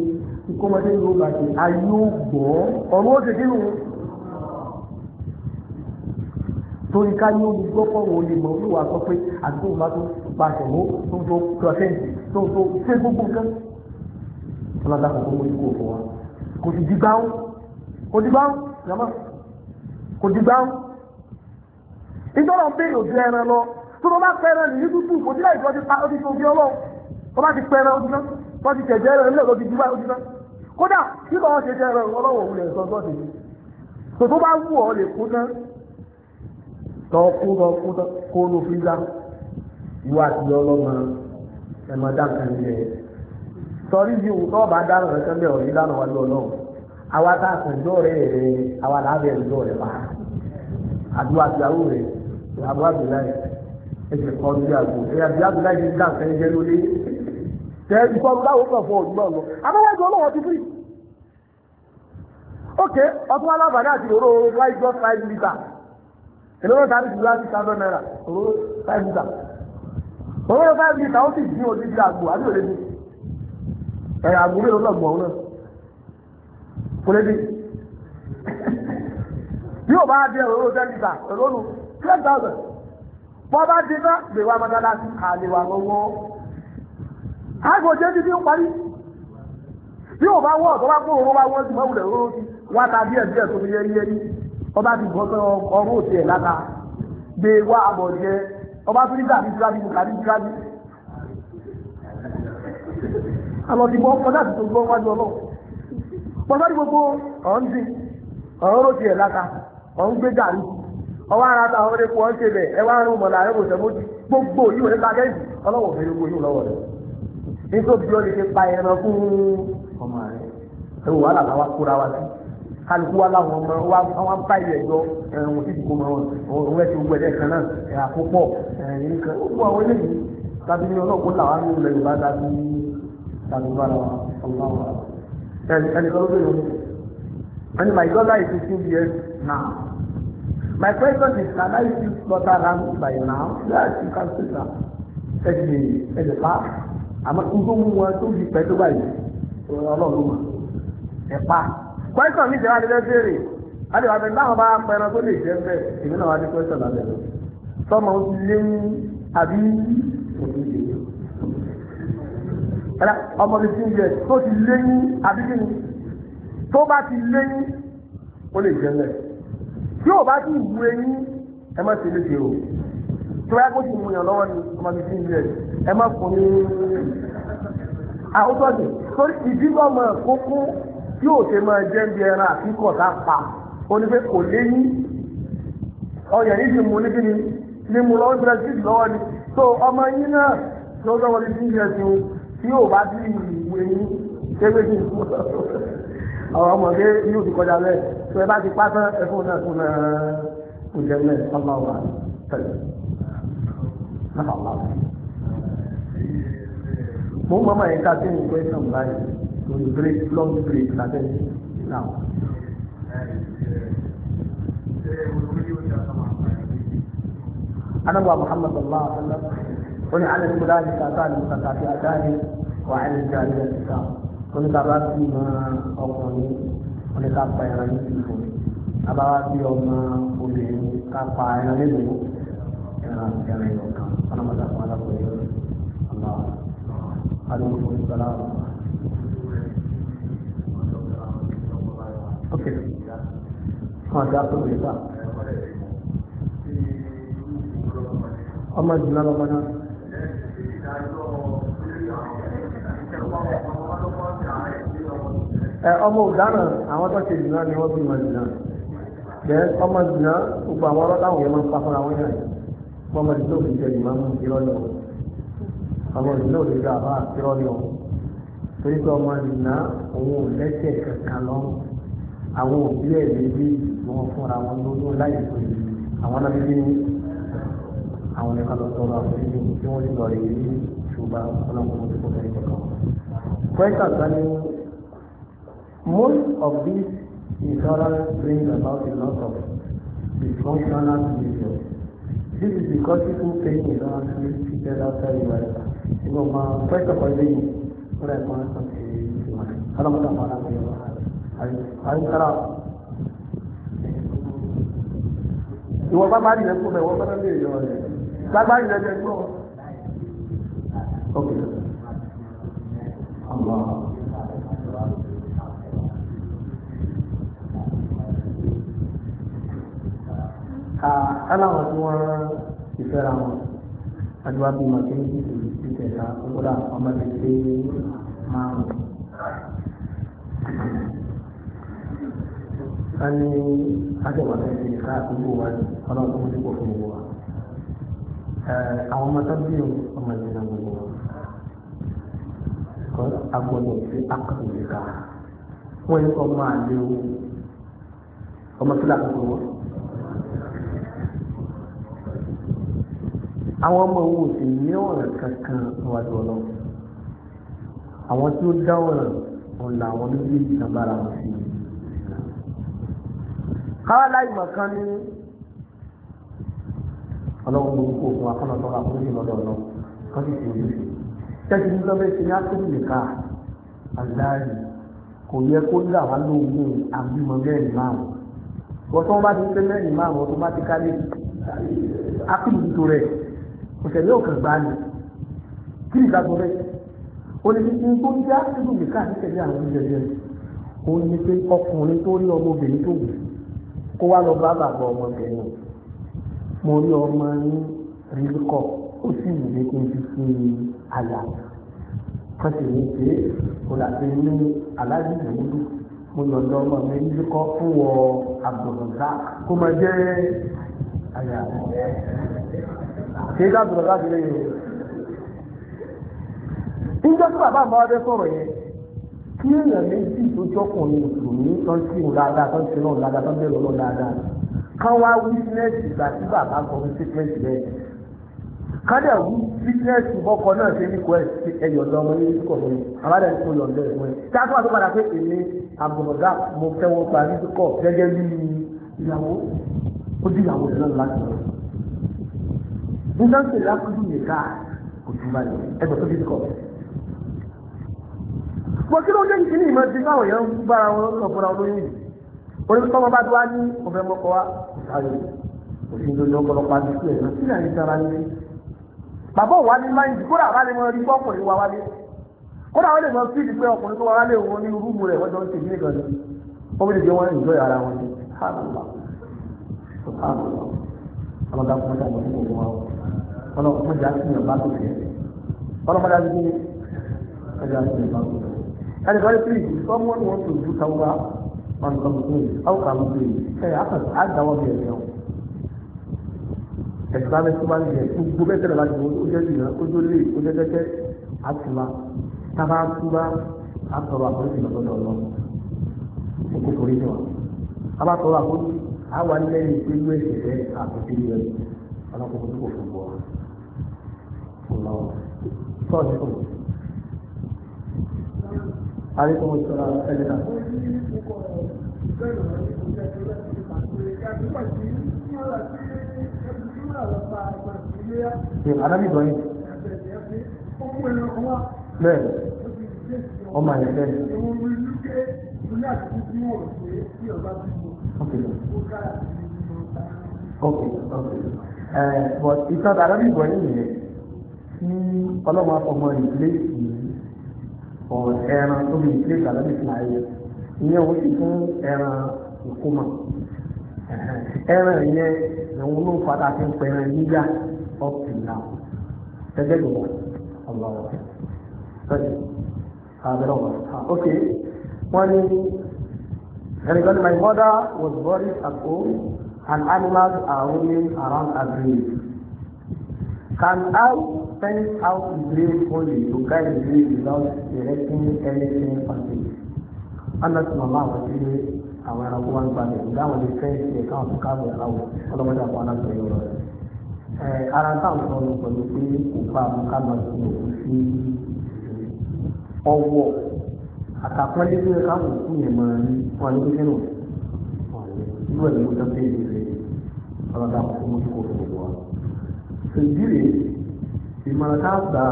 [SPEAKER 1] ìkọmọdé yóò bá ṣe ayé ó gbọ́ ọ̀rọ̀ ó ṣe dínú. torí ká ní omi gbọ́ fọ́wọ́ olè mọ̀ olúwa sọ pé àti òun bá tó pa àṣẹ̀wó tó tó pírọ̀sẹ́ǹtì tó tó ṣé gbogbo nǹkan. ọlọ́dà kò tó mú ikú òfò wa kò sì dìgbà ó kò dìgbà ó ìjọba ń bèèrè òjò ẹran lọ tó lọ bá pẹran nìyí tútù kò sí láìjọ ti pa ó ti tó bí ọlọ́run tó bá ti pẹran ojú náà tó ti tẹ̀jẹ̀ ẹran nílẹ̀ tó ti dúbà ojú náà kódà kí lọ́wọ́ ṣe jẹ́ ẹran ọlọ́wọ́ òun lè sọ tó ṣe tó tó bá wù ọ́ lè kú náà tọ́ kú lọ kú kó ló fi dá ìwà àti ọlọ́mọ ẹ̀mọ dákan ní ẹ̀ sọrí yìí wò tọ́ọ̀bà dáná ẹ̀kẹ́ bẹ́ẹ̀ ọ̀rí lánàá wájú ọlọ́run àwa tá a sàn jọ́ rẹ̀ rẹ̀ àwa làá bẹ̀rẹ̀ jọ́ rẹ̀ bá àdúrà àbú abdullahi ẹsẹ̀ kọ́ lórí àgbo ẹ̀yà àbí abdullahi ti dá nǹkan ẹ̀jẹ̀ lórí tẹ ìkọ́ báwo kàn fọ òdùnmọ̀ lọ abáwájú ọlọ́wọ́ ti fún yìí. ok ọtún alábàárà àti òró white blood five litre ìlọ́wọ́ tàbí ti láti sábẹ́ náírà òró five litre òró five litre ó sì dín òdìdí àgbo àbí òdìdí ẹ̀yà àgbo mélòó lọ́gbọ̀n náà kò lè dín bá dé òróró ten litre òróró ten thousand bọ́ bá dín náà lè wá mọ́tálásí àlèwà lọ́wọ́ àgbòjẹ́ ti ń parí bí ò bá wọ́ ọ̀tọ́ bá kó òun bá wọ́n sí mọ́wùlẹ̀ oró sí wá ta díẹ̀ díẹ̀ tó fi yẹ yẹ ọba ti bọ́ òsì ẹ̀ láta ọba tó ní dàbí bọ́ kọjá ti tó gbọ́ wájú ọlọ́ ọwọ́ ara ta ọmọdé kú ọ́n ṣe bẹ̀ ẹ wá rún mọ̀lá gbogbo yìí wọlé a ọlọ́wọ́ fẹ́ gbogbo yìí lọ́wọ́ rẹ̀ nítorí bí ó lè ṣe pa ẹran fún ọmọ rẹ̀ kóra wa sí kálukú wa láwọn ọmọ wa wọn bá ilẹ̀ jọ mọ́ ẹ̀ ti kan náà ẹ̀ My question is, can I use slaughter ram by now? Yes, you can still now. Take the take the part. Àmọ́ nǹkan mú wọn tó fi pẹ́ tó báyìí. Ọlọ́run mọ̀. Ẹ̀pá. Question mi jẹ́ wá nílẹ̀ béèrè. Adéwà bẹ̀rẹ̀ báwọn bá pẹran tó lè jẹ́ bẹ́ẹ̀. Èmi náà wá ní question lábẹ́ lọ. Sọ́mọ ó ti lé ní àbí òfin jẹ. Ẹ̀rọ ọmọ mi ti ń yẹ tó ti lé ní àbí kí ni? Tó bá ti lé ní, ó lè jẹ́ bẹ́ẹ̀ tí ò bá ti wù ẹyin ẹ má ṣe léṣe o tí wọ́n yá kó ti mú yàn lọ́wọ́ ni ọmọ mi ti ń lẹ̀ ẹ má fún ní àwùjọ ni torí ìdílọ́ mọ̀ kókó tí ò ṣe máa jẹ́ bí ẹran àfikọ̀ tá a pa ó ní pé kò léyìn ọyàn yìí ti mú ní kíni ní mo lọ́wọ́ ìbílẹ̀ sí lọ́wọ́ ni so ọmọ yín náà tí ó lọ́wọ́ ní ti ń yẹ sí o tí ò bá ti ìwé yín ṣé pé kí n fún ọmọ pé yóò ti kọjá bẹ́ẹ̀ tó ẹ bá ti pa tán ẹ fún náà fún náà kò jẹ mẹ ọlọ wa tẹ́lẹ̀ náà ọlọ wa. mo ń mọ́mọ́ yẹn ká sí ní question báyìí lórí break long break lábẹ́ náà. أنا محمد صلى الله عليه وسلم قل على الفلان ساتان متكافئتان وعلى الجارية ساتان قل ترى فيما أغني wọ́n ní ká pa ẹran níbi ìfò abáwá bí ọmọ obìnrin ká pa ẹran níbi ẹran ẹran ìlú kan wọn máa dàpọ̀ alákòó yẹn ọmọ adúgbò fún ìgbàlá ọ̀rọ̀.
[SPEAKER 2] ok wọn àti apò ìgbà
[SPEAKER 1] ọmọ ìdùnnú lọ́mọ náà ọmọ òdánà àwọn tó ṣe jùlọ ni wọ́n bí wọn jùlọ bẹ́ẹ̀ ọmọ jùlọ gbogbo àwọn ọlọ́dà àwọn yẹn máa ń pa fúnra wọn yàn ọmọ jùlọ òbí jẹ ìmọ̀ mú irọ́ ni wọn ọmọ jùlọ òbí jẹ àbá irọ́ ni wọn torí pé ọmọ jùlọ òun ò lẹ́sẹ̀ kankan lọ àwọn òbí ẹ̀ lébi wọn fúnra wọn lọ́dún láì pé àwọn náà fi ní àwọn ẹ̀ka lọ sọ̀rọ̀ àforíjì tí fẹ́ẹ́ Most of these insurance bring about a lot of dysfunctional behavior. This is because people paying insurance will treated after a You know, my first of all, they what I want to say is, I don't know what I'm going to I don't know. Ìwọ bá bá nílẹ̀ fún mi, ìwọ bá bá nílẹ̀ yọ̀ rẹ̀. Gbàgbá nílẹ̀ jẹ́ gbọ́.
[SPEAKER 2] Okay. Allah.
[SPEAKER 1] káláwọn tí wọ́n ti fẹ́ra wọn adúlá bíi màkínní ti fi ti tẹ̀sà kókódà ọmọ ti a ní ajọ̀wọ́sẹ̀ ti ká àkókò wa ní ọlọ́run tó ń dìbò fún gbogbo wa. àwọn ọmọ tó bí ọmọ ìdílé gbogbo wa kọ́ agbọ́dọ̀ sí akọ̀tún wọ́n yẹ kọ́ máa lé ọmọ àwọn ọmọ òun sì ní ọ̀ràn kankan níwájú ọlọ́run àwọn tí ó dá ọ̀ràn ọ̀la àwọn méjèèjì kan bára wọn sí i káwá láì mọ̀ kan ní ọlọ́run ló ń kó òkun akọ́nà tó ra fún ìlú ọ̀dọ̀ ọ̀nà kan sì ti ojú sí tẹ́sí ní lọ́bẹ̀ ṣe ní ákókò nìkan aláàrí kò yẹ kó dà wá lóògùn àbímọ mẹ́rin márùn wọ́n tó ń bá ti pé mẹ́rin márùn wọ́n tó bá ti kálé òṣèlú òkè gbá ni kí ni ìgbàgbọ́ rẹ̀ oníṣẹ́ tó ń já sílùú mi káàkiri tẹ̀lé àwọn oúnjẹ rẹ̀ ó ní pé ọkùnrin tó rí ọmọbìnrin tó wù kó wá lọ bá bàbá ọmọbìnrin mo rí ọmọ ní ríkọ ó sì wù mí kí n fi fi àyà wọ́n sì ní pé olùdásí ní aláàbí ìwúlò mo yọ̀ ọ́ ọmọ mi ríkọ fún wọ àbùrùdá kó máa jẹ́ àyà rẹ̀ kì í dábòrò láti lè yẹ. níjọ́ tí bàbá àmọ́ adé sọ̀rọ̀ yẹn kí èèyàn méjì tó jọkùnrin mùsùlùmí tó ń sìn dáadáa tó ń sìn náà dáadáa tó ń bẹ̀rẹ̀ lọ́nà dáadáa kán wá wíṣínẹ́sì ìgbà tí bàbá sọ fún síkírẹ́sì rẹ̀ kádà wú fitness bọ́kọ náà ṣe ní kò ẹ̀yọ̀ lọ́mọ ní kò ní àbádà ní kò yọ̀ǹdẹ̀ ìwé táàkùn àti padà pé èmi àbùrọ̀dá mo fẹ́ wọn pa ní kò gẹ́gẹ́ bí ìyàwó ó di ìyàwó rẹ̀ láti lọ nígbà tí lákùdù nìka kò tún bá yẹ ẹgbẹ́ tó fi kọ́. mo kí ló dé ìkíní ìmọ̀ ti fáwọn èèyàn ń bára wọn lọ fúnra olóyún yìí orí tọ́mọ bá tó wá ní ọ̀fẹ́ mọ́kọ wa ayò òsì lórí ọ̀pọ̀lọpọ̀ àti sí ẹ̀rọ sílẹ̀ ní sara ní. bàbá òwa ní máa ń jì kódà wálé mọ rí fọ́kùnrin wa wálé kódà wálé mọ sí ìdí pé ọkùnrin tó wálé òun ọlọ́dà fún ọjà ìmọ̀tí gbogbo wa ọlọ́dà fún ọjà sí ìyàn bá tó fẹ́ ọlọ́mọdé àti gbogbo ọjà sí ìyàn bá tó fẹ́. ẹnì kan tí someone wants to do tawba on complain how can we do it ẹ akọ̀tà àgbàwọ̀ bí ẹ̀rẹ̀ o ẹ̀sùn abẹ́ tó máa ń yẹ gbogbo bẹ́ẹ̀ tẹ̀lé láti wọ́n ó jẹ́ ìyàn ó jó lé ó jẹ́ jẹ́jẹ́ àtúmá tábà túbá àtọ̀rọ̀ àforíjì lọ́dọ̀ ọlọ́run ó kó forí jọ àbá tọrọ àforíjì àwa lẹ́yìn pé yóò ṣe fẹ́ àkókò yẹn ọlọ́kùnrin tó kò fún bọ́ ọ̀nà tọ́ọ̀sì tó. Àríkùn ìṣọ́ra ẹni náà. Àdábì ìbọn yìí. Bẹ́ẹ̀ ọmọ àyẹ̀fẹ́ ní àtúntò tí wọ́n ok ok ẹ eh, but ìtàn tààrà bí ìbọn yìí yẹn tí ọlọ́mọ ọmọ ìdílé yìí ọ̀rọ̀ ẹran tó bí ìdílé tààrà bí ìfúnra yẹn ìyẹn wọ́n ti fún ẹran ìkómọ ẹran yẹn ìwọ̀n ló ń padà fi ń pẹ̀rẹ̀ yíyá up to now gẹ́gẹ́ bí wọ́n ọlọ́wọ́ sọ́jú àbẹ̀rẹ̀ wọ́n ah, ok wọ́n ní ẹnìkan ní my mother was buried at home and animals are roaming around her grave can I send out the grave only to guide the grave without directing anything on it honest mama àwọn tí àwọn ẹranko wọn gbalẹ̀ ìdáhùn lè fẹ́ ṣe káwọn tó káwọn ẹ̀rọ wò ọlọ́mọdé àwọn aláṣẹ yọrọ rẹ̀ ara táwọn sọ ló pẹ̀lú pé kò bá àwọn ká lọ sí òkú sí ọwọ́ àtàkọ́lé tó yẹ káwọn òkú yẹn máa ń fún alójú kẹ́lò ìlú ẹ̀ ló tán pé ìdílé ọlọ́dà kókó mọ́tò kò fún gbogbo wa. ìdílé ìmọ̀ràn ká gba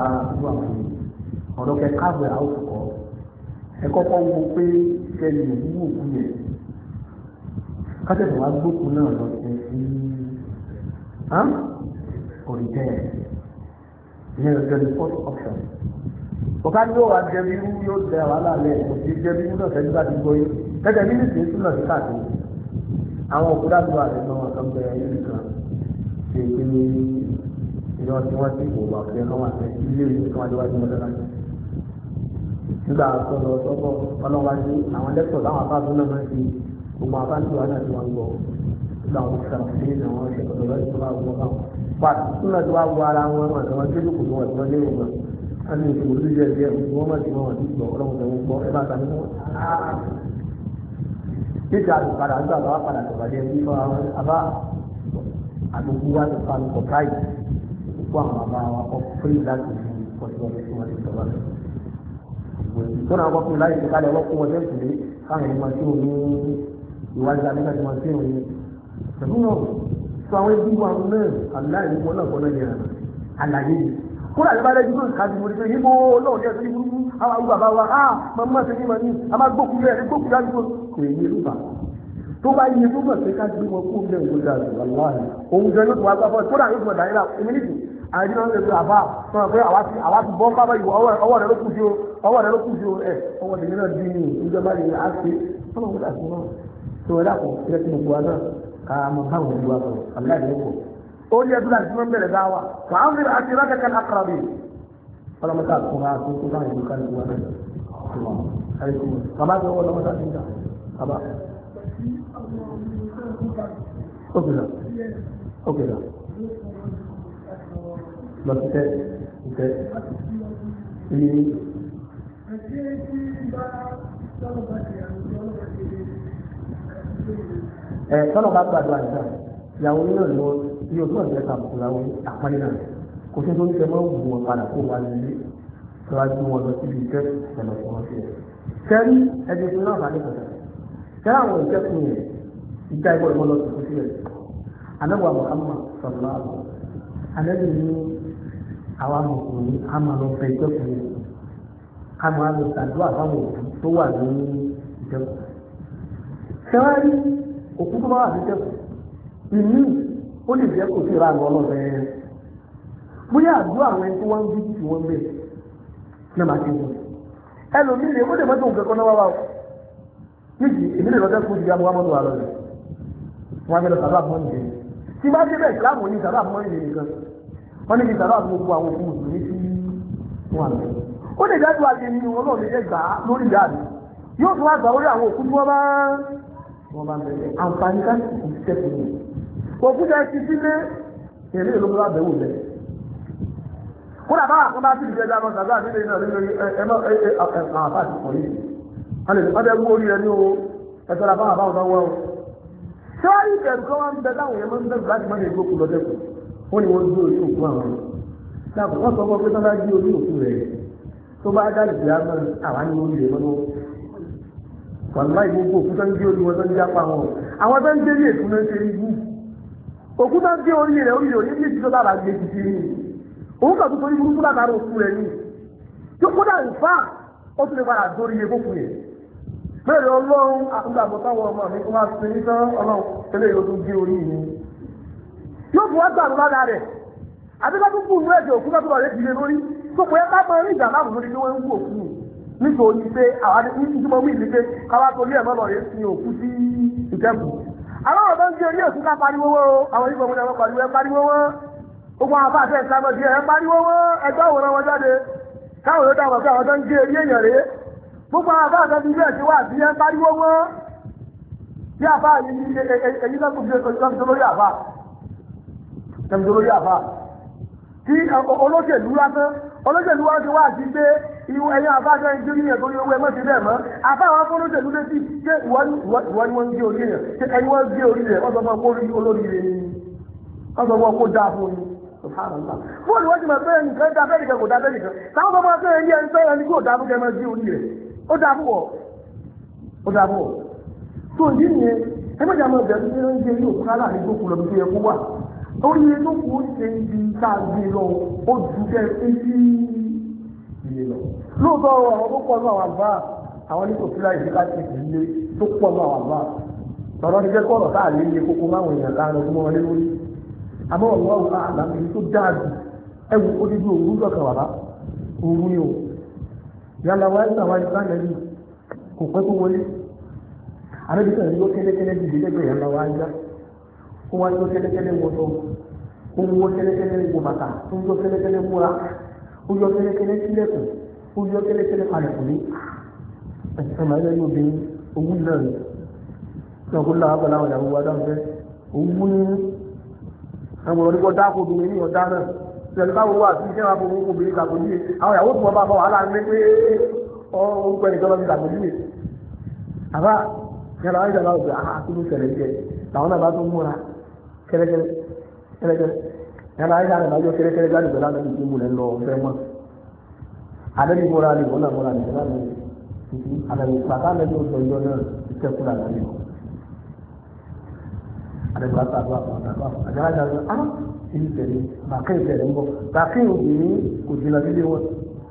[SPEAKER 1] wà fún mi ọ̀dọ́ kẹ káàbọ̀ ẹ̀ àwọn kọ̀ ẹ kọ́kọ́ wo pé kẹ́lì òwú òkú yẹn kátẹ̀sọ̀ wá gbókun náà lọ sí ọ̀rìjẹ́ ẹ̀ ìyẹn lọ́jọ́ ní first option ọ̀ká ni yóò wá jẹbi irú yóò tẹ wàhálà lẹ̀ òsì jẹbi irú náà tẹ́jú bá ti gbóyè tẹ́tẹ́ bí nìsín tún náà sí káàkiri àwọn òkú dàgbà rẹ̀ náà wọ́n kàn bẹ̀rẹ̀ yìí nìkan ṣe pé iná tí wọ́n ti kò wà fẹ́ lọ́wọ́ àti ilé ìlú tí wọ́n ti wájú mọ́tò náà nígbà sọ̀rọ̀ sọ́kọ̀ ọlọ́wájú àwọn lẹ́kọ̀ọ́ láwọn afáàfin náà máa ń fi gbogbo afáàfin wa náà ti wọ́n gbọ́ nígbà wọn ti a ní ipò olóyè ẹgbẹ́ wọn má ti wọn àti ìgbọ Ọlọ́run tó ń gbọ́ ẹ bá ta ní wọn. títà àlùpadà àgbà bá padà tó bàjẹ́ bí fún abá àgbègbè wa ti fa nǹkan káyì kó àwọn bàbá wa kọ fún ìlà tó ní kọjú ọdún tí wọn ti sọ báyìí. ìtọ́nà àwọn ọkùnrin láyé ìdíkàlẹ̀ ọlọ́kùnrin wọn tẹ̀sí lé káwọn ẹni tí òun ní ìwádìí àbíkà tí wọn tí òun ní. sọ àwọn ẹbí wa náà àbíláyé wọn kúrò àti bàrẹ́ jíjọ́ ìkàdì mọ̀ nípa ìbò ọlọ́run yẹn sẹ́yìn burúkú àwọn àwọn bàbá wa á màmá sẹ́yìn màmí a máa gbókùn rẹ̀ gbókùn rẹ̀ àdúgbò kò yẹ ló bà tó bá yẹ tó bọ̀ pé ká gbé wọn kúrò lẹ́yìn gbọ́dọ̀ àti wàláhì òun jẹ́ yóò tó wá gbà fọ́ kúrò àti yóò tó dà nílà èmi nìkú àyè náà lè fi àbá sọ pé àwa ti bọ́ bábá ìwọ ọwọ́ rẹ ló kù sí o ọwọ́ rẹ ló kù sí o ẹ ọwọ́ tèmi náà dín ní ìjọba yìí á ṣe fọlọ́wọ́n dà sí náà tó ẹ̀dá kan ìrẹsì nìkú wa náà ká mọ̀ káwọn ìlú wa sọ̀rọ̀ àbúrò àdéhùn kọ̀ orí ẹdún láti fún bẹ̀rẹ̀ bá wa wàá ń bẹ̀rẹ̀ àti rákàkà àkàrà bíi ọlọmọta àkùnrin àti tó bá ìlú kan ìwà bàbá tó wọ ọlọmọta ti ń ta bàbá.
[SPEAKER 2] ókè sà ókè sà
[SPEAKER 1] lọ sí tẹ ìtẹ ìyí. ẹ tọ́lọ̀ bá gbàdúrà nígbà ìyàwó nínú ìlú bí ọdún àti ẹ̀ka àbùkù làwọn àpáyé náà kò sí nítorí sẹ́wọ́n wù wọn padà kó wà nílé kí wọ́n á gbé wọn lọ síbi ìjẹ́ ìṣẹ̀lẹ̀ fún wọn sí ẹ̀. sẹ́rí ẹni tó náà bàálẹ̀ kọ̀tà sẹ́rí àwọn ìjẹ́kùn yẹn ìjà ìbọn ìbọn lọ sí kó sílẹ̀ anábọ̀ Muhammad sọ̀rọ̀ àbọ̀ anábì ní àwa mùsùlùmí àmà lọ fẹ́ ìjẹ́kùn yẹn àmà lọ sàdúrà fáwọn òkú tó wà ní ìjẹ́kùn sẹ́wárí bá wà ní ìjẹ́kùn ìmí ó lè jẹ́ kò sí ìranù ọlọ́fẹ́ bóyá àdúrà àwọn ẹni tí wọ́n ń bí tí wọ́n ń bẹ̀ ní ọmọ akéwì ẹlòmíì lè ó lè mọ́tò nǹkan kan náà wá o níbi èmi lè lọ́jọ́ kó ìyá wa mọ́tò wà lọ́dọ̀ wọn á bẹ̀rẹ̀ sàbà mọ́ nìyẹn tí bá dé bẹ́ẹ̀ kíláàmù ní sàbà mọ́ nìyẹn nìkan wọ́n níbi sàbà mọ́ gbogbo àwọn òkú mùsùlùmí sí wọn àná ó lè dájú àyè ni wọn náà lè jẹ́ gbà lórí ìyá mi yóò tún wá gbà lórí àwọn òkú tí wọ́n bá wọ́n bá bẹ̀rẹ̀ àǹfààní ká òkúta ti sílé èrè ìlú múlá bẹ̀wò lẹ̀ kódà bá àkọ́ bá ti di ẹja lọ sàgbà nílé náà nínú ẹmọ ẹmọ àbá ti pọ̀ yìí wọ́n lè wọ́n bẹ orí ẹni o ẹ̀tọ́ o ìbẹ̀rù kan wọ́n ń bẹ èèyàn láti má lè gbókù wọ́n ni wọ́n gbé orí òkú àwọn dàpọ̀ wọ́n sọ fún pé orí òkú rẹ̀ tó bá òkúta dé orí rẹ̀ orí rẹ̀ oníbi ìdíjọ́ lára gbé jìjì ni òun kà tó torí burúkú látara òkú rẹ̀ ni tó kódà ìfà ó tún lè padà dórí iye fókù yẹn bẹ́ẹ̀ ọlọ́run àtúgbàgbọ́ táwọn ọmọ mi kó máa sin ní tán ọlọ́run tẹ́lẹ̀ yóò tún gé orí mi yóò fún wọn gbàgbọ́ lára rẹ̀ àbíkájú kù ní ẹ̀jẹ̀ òkú lọ́dún ọ̀rẹ́ ìdílé lórí tó pé ká máa rí ìjàmbá àwọn ọ̀dọ́ ń gbé orí òsì ká pariwo wó àwọn ìgbòmù náà wọ́n pariwo ẹ pariwo wó gbogbo àwọn àbá àti ìsìlámọ̀ sí ẹ pariwo wó ẹgbẹ́ òwòrán wọn jáde káwọn ló dáwọn pé àwọn tó ń gbé orí èèyàn rèé gbogbo àwọn àbá àti ilé ẹ̀sìn wà sí ẹ pariwo wó bí àbá èyí lọ́kùn olóṣèlú wá ti wá ìwọ ẹ̀yin àbájọ ìjọ yíyan tó yẹ owó ẹ mọ̀sí bẹ́ẹ̀ mọ́ àbáwọn afọ́nrọ́tẹ̀lú létí ṣé ìwọ ni wọ́n ń gé orí yẹn ṣé ẹni wọ́n ń gé orí rẹ̀ wọ́n sọ fún ọkọ olórí rẹ̀ ni wọ́n sọ fún ọkọ dáa fún mi fóònù wọ́n ti mọ̀ pé nìkan dá bẹ́ẹ̀ nìkan kò dá bẹ́ẹ̀ nìkan táwọn bọ́ bá fẹ́ ẹni ẹni fẹ́ ẹni kò dá fún kẹmẹ sí orí rẹ̀ ó dá fún ọ ó dá fún ọ tó ìdí nìyẹn ẹgbẹ́jà máa bẹ̀rù ní ẹni lóòótọ́ ọ̀rọ̀ tó pọ̀ náà wà bá àwọn ní kò sí láì sí láti fi lé tó pọ̀ náà wà tọ̀rọ̀ ti jẹ́ kọ́rọ̀ tá iye kókó máwọn èèyàn láàrin wọn lé lórí àmọ́ ọ̀rọ̀ ọ̀rọ̀ tó dáa jù òru lọ́kàn ni o yàrá wa yẹn ni kò pẹ́ tó wọlé àrẹ́bíkà ń ó yọ kẹ́lẹ́kẹ́lẹ́ kalẹ̀ kò ní ẹ̀sìn máa yẹ yóò bí owó náà ní ọkọ̀ ńlá abala àwọn ìyàwó wa dáhùn fẹ́ owó ní àwọn ọ̀rọ̀ nípa dáko obìnrin ní ọ̀dá náà pẹ̀lú báwo wà sí iṣẹ́ wa fún owó obìnrin kàkó yìí àwọn ìyàwó tó wọn bá bá wàhálà ń lé pé orúkọ ẹnìkan lọ sí kàkó yìí àbá yàrá wáyé ìjàmbá òkè àhà kí ló ṣẹlẹ̀ jẹ làwọn náà bá tó múra kẹ́lẹ́kẹ́lẹ́ kẹ́lẹ́kẹ́lẹ́ yàrá wáyé ìjàmbá òkè kẹ́lẹ́kẹ́lẹ́ jáde pẹ̀lú àná àdébí múra ni wọn náà múra ni ìlànà títí àdébí pàtà lẹ́nu ọjọ́ náà iṣẹ́ kúrò àgbà yìí àdébí pàtà àdúrà pàtà àdúrà àjàlájà ló á ìlú tẹ̀lé bàkẹ́ ìtẹ̀lé ń bọ̀ bàkẹ́ obìnrin kò jìnnà sílé wọn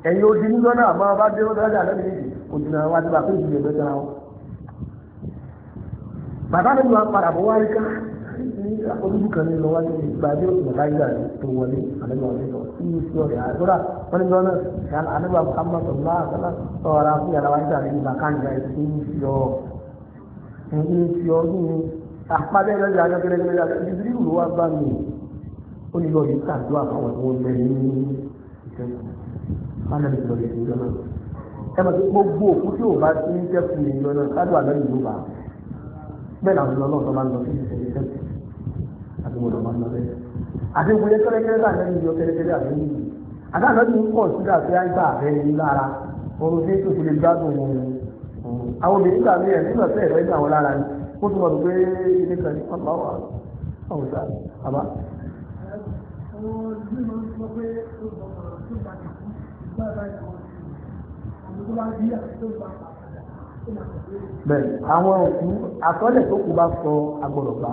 [SPEAKER 1] ẹ̀yin odi níjọ́ náà máa bá dé o àjà lẹ́nu méjì kò jìnnà wá sí bàkẹ́ ìjìnlẹ̀ bẹ́ẹ̀ tẹ̀ra wọn. o mi ló wá padà bọ̀ wáyé ká olùdókòwò ní lọ wájú ìgbà bí òkè káyọ̀ rẹ̀ tó wọlé àlejò ọ̀rẹ́ lọ sí ìṣú ọ̀rẹ́ àgbọ̀dà wọn ní lọ́nà ìṣàlẹ̀ àlejò àbúkámọ́ tó ńlá àgbọ̀dà ọ̀rọ̀ àti yàrá wájú àlejò ìgbà káyọ̀ rẹ̀ sí ìṣú ọ̀ ní ìṣú ọ̀ ní àpábẹ́ lọ́jà akẹ́kẹ́rẹ́kẹ́rẹ́ ìdílé ìlú wa bá mi ó ní lọ́ọ̀dì sàdúrà fáwọn tó ń bẹ ní ìṣẹ́ ẹmọ tí gbogbo òkú tí ò bá ti ń àdúgbò máa ń lọ bẹ́ẹ̀. àti ìwúyẹ kẹ́lẹ́kẹ́lẹ́ bá lẹ́nu ìjọ kẹ́lẹ́kẹ́lẹ́ àbẹ́ yìí àtàlọ́ ti ń pọ̀ sídà pé á gbà abẹ́ yìí lára oorun tí kò fi lè gbádùn òun àwọn obìnrin gbà mí ẹ̀ nígbà tẹ́ ẹ̀fẹ́ gbà wọn lára ni ó tún mọ̀ pé ilé kan ní pápá wà ọ̀hún sá àbá. bẹ́ẹ̀ àwọn òkú àtọ́lẹ̀ tó kù bá sọ agbọ̀dọ̀ gbà.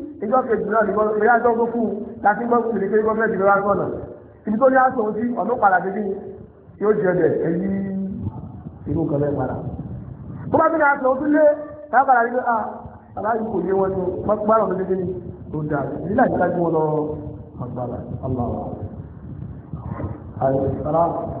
[SPEAKER 1] ìjọ kejì náà ní gbọ́dọ̀ bóyá ìjọ gbókù láti gbọ́ kùnrin pé gọ́ọ̀mẹ̀ntì ló wá sọ̀nà ibi tó ní aṣọ òun sí ọ̀nà padà dé bí yóò jẹ ọdẹ èyí irú kan lẹ́yìn padà. bó bá tún aṣọ òun lé táwọn padà rí pé ah aláyù kò yé wọn ní gbárò ló dédé ní tó dà ní láti dájú wọn lọ àgbàlá aláwọ.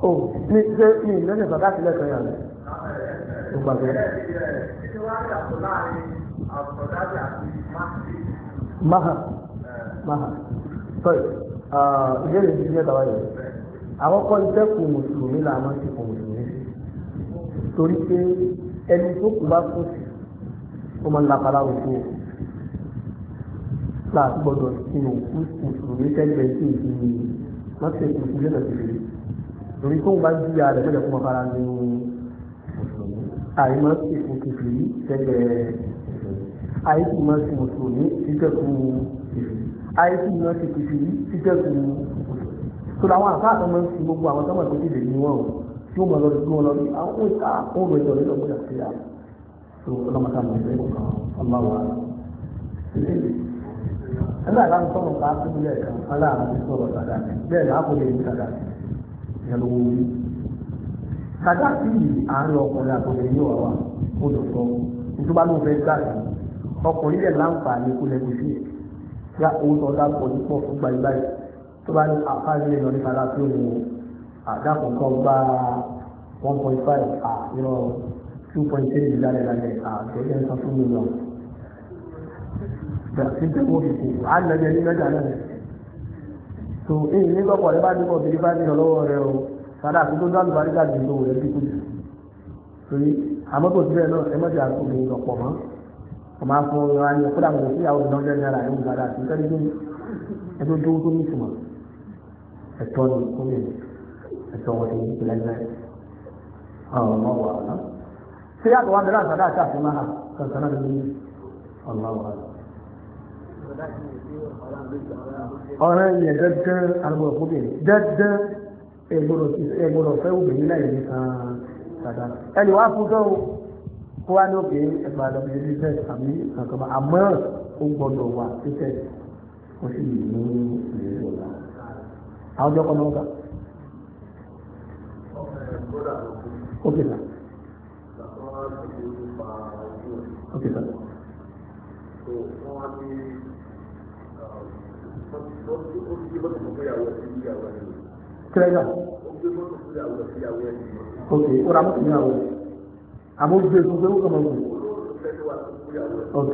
[SPEAKER 1] o ní ṣe ní ìlẹ́sẹ̀ bàbá àti lẹ́sẹ̀ yàrá o gbàgbé. maha maha sorry ìbéèrè ti jẹ́ tàwa yẹn àkọ́kọ́ iṣẹ́ kù mùsùlùmí là máa ń ṣe kù mùsùlùmí torí pé ẹni tó kù bá kù sí ó máa ń lápá láwùjọ láti gbọdọ̀ sínú mùsùlùmí tẹ́lẹ̀ tí ì má ṣe ìfúnlẹ̀ náà kiri torí tó ń bá jíya rẹ̀ lọ́dẹ̀ fún ọ̀fara ní àìmọ́ ìfún kìfìrí tẹ́lẹ̀ àìsí mọ́ sí mùsùlùmí títẹ̀kù kìfìrí àìsí mọ́ sí kìfìrí títẹ̀kù mùsùlùmí. tó làwọn àfáà tó máa ń fi gbogbo àwọn tọ́mọ̀ tó ti lè ní wọn o tí ó mọ̀ lọ́dún tí wọ́n lọ rí àwọn ìka ó rẹ̀ jọ lọ́dún ọ̀gbìn àti àwọn ọlọ́mọta mọ̀ ẹ̀rẹ́ kọ̀ọ̀kan ọlọ́wọ́ nígbà tá a ń sọ̀rọ̀ bá tóbi lẹ́ẹ̀kan aláàmú sọ̀rọ̀ dada bẹ́ẹ̀ ni a kò lè ní dada ìyẹn ló wọ́n wí. dada sí yìí àárín ọkùnrin àtọkùnrin yóò wá kó lọ sọ ìtúbà ló fẹ́ gbà yìí ọkùnrin yẹn láǹfààní kó lẹ́nu sí ẹ̀ yá owó tó ọ̀dà pọ̀ nípò fún gbàgbà yìí tó bá ní àfáàní lè lọ nípa láti òun àdàpọ̀ kan gba one point five à yọ two point three ìdálẹ́lálẹ́ àtẹ̀yẹ́ nǹkan fún mi lọ bẹ̀rẹ̀ sí tẹ̀ wọ́n fi kù á lẹ́ni ẹni mẹ́ta náà tó èyí ní kọ́kọ́ rẹ bá dé bọ̀ bíi bá dé lọ́wọ́ rẹ o sádà tó tó dáàbò bá dé dàbí lówó rẹ bí kò jù torí àmọ́ kò síbẹ̀ ni ó lè ẹ̀tọ́ wọn ti di lẹ́gbẹ́ ọ̀rọ̀ wà á. ṣé yàtọ̀ wá bẹ̀rẹ̀ àtàdá àti àfihàn kankan náà lórí ọ̀rọ̀ wà
[SPEAKER 2] ọ̀rẹ́
[SPEAKER 1] yẹn dandan alùpùpù fúnbìnrin dandan ẹgbọ́dọ̀ fẹ́ obìnrin láì ní kan dada ẹni wá fún tó kó wá ní òkè ẹgbẹ́ àdọ́bìnrin ní tẹ́ àmì kankan àmọ́ ó gbọ́dọ̀ wà títẹ̀ ó sì ní ìlú ọ̀la àwọn ọjọ́ kan náà kà. Okay, sir. Okay, sir kílẹ̀ náà ok ó ra mọ́tò níyàwó
[SPEAKER 2] àmọ́ ó gbé gbogbo ẹ̀wọ̀n kọ́mọ̀ gùn
[SPEAKER 1] ok.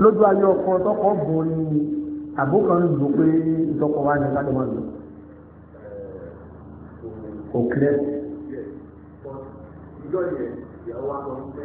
[SPEAKER 1] lójú ayé ọkọ tọkọ bò ní àbókan lò pé ìtọkọ wa ní kájọ máa lò kò kílẹ̀. ìjọ yẹn ìyàwó wa sọ pé.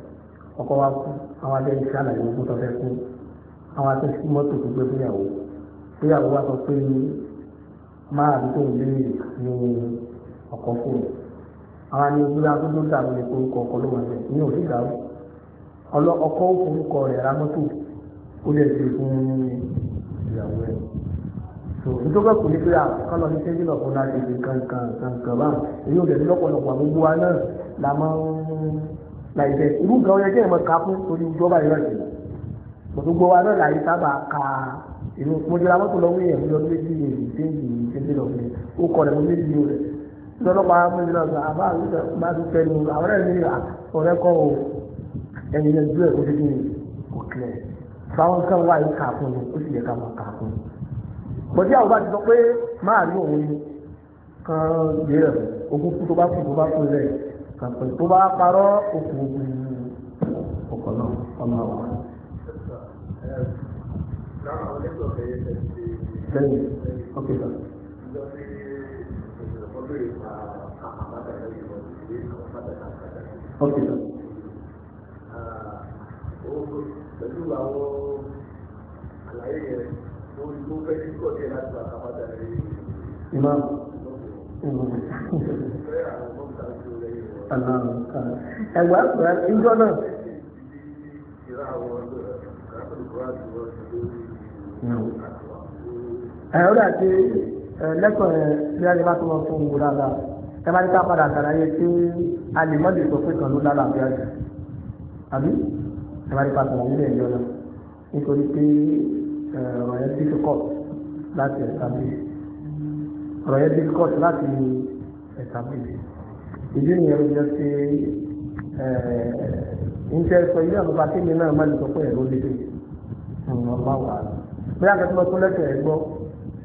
[SPEAKER 1] ọkọ wa kú àwọn adé iṣẹ́ àlàyé ogún tó fẹ́ kú àwọn adé sí mọ́tò tó gbé fúyàwó fúyàwó wa sọ pé máa rí tóun léèrè ní ọkọ fún un àwọn adé ojú la gbọ́dọ̀ dàrú ní orúkọ ọkọ ló wà bẹ́ẹ̀ ní òfin dàrú ọlọ ọkọ orúkọ rẹ̀ ra mọ́tò ó lè fi fún ìyàwó rẹ̀ so nítorí kò ní pé àkọlọ ní sẹ́yìn lọ fún láti fi kankan kankan báwọn èyí ò lè ní lọ́pọ̀lọpọ̀ àgbogbo wa náà la máa ń láìpẹ́ irú nǹkan ọyẹ kẹ́hìn máa ka fún torí ìjọba ìrọ̀lẹ́ gbogbo gbogbo wa náà láyé sábà ka ìlú mojúlá mọ́tò lọ́wọ́ èèyàn mi lọ́dún méjì lè rí téèjì téèjì lọ́wọ́ mi ó kọ̀ rẹ̀ mo méjì rẹ̀ lọ́lọ́pàá méjì náà sọ àbá má tún fẹ́ nu àwọn ọ̀rẹ́ mi ọ̀rẹ́ kọ́ o ẹ̀yin lẹ́nu ẹ̀ kó dídí òkè fáwọn kan wà yìí kà fún mi ó sì yẹ ká máa kà fún mi. bọ́dí àwọn bá ti sọ pé máa rí òun kan lè rẹ̀ ogún tó bá kú tó bá kú rẹ̀ kàpẹ́ tó bá parọ́ òkú ọkọ̀ náà ọmọ àwọn. lẹ́yìn ọkẹ́ sọ. ọkẹ́ sọ. pẹ̀lú àwọn àlàyé yẹn mo fẹ́ kí kọ́ọ̀tì láti bá kápá dára yìí. ìmọ̀ ìmọ̀ ẹ̀wà àkùrá ìjọ náà. ẹ̀rọ àti lẹ́kọ̀ọ́ ẹ̀ bí a lè bá tó lọ fún wò dáadáa ẹ bá ní ká padà sàlàyé tí a lè mọ́lẹ̀ sọ pé kan ló dára àbí àjò àbí ẹ bá ní ká sàlàyé ilé ẹ̀jọ́ náà nítorí pé ọ̀rọ̀ yẹn difficult láti establish ọ̀rọ̀ yẹn difficult láti establish ìdí nìyẹn ló jẹ́ pé nṣẹ́ sọ ilé àbúrò akéde náà má lè sọ pé ẹ̀rọ lédè ọ̀nà bá wà á bí akẹ́kọ̀ọ́ bá tún lẹ́sẹ̀ ẹ̀ gbọ́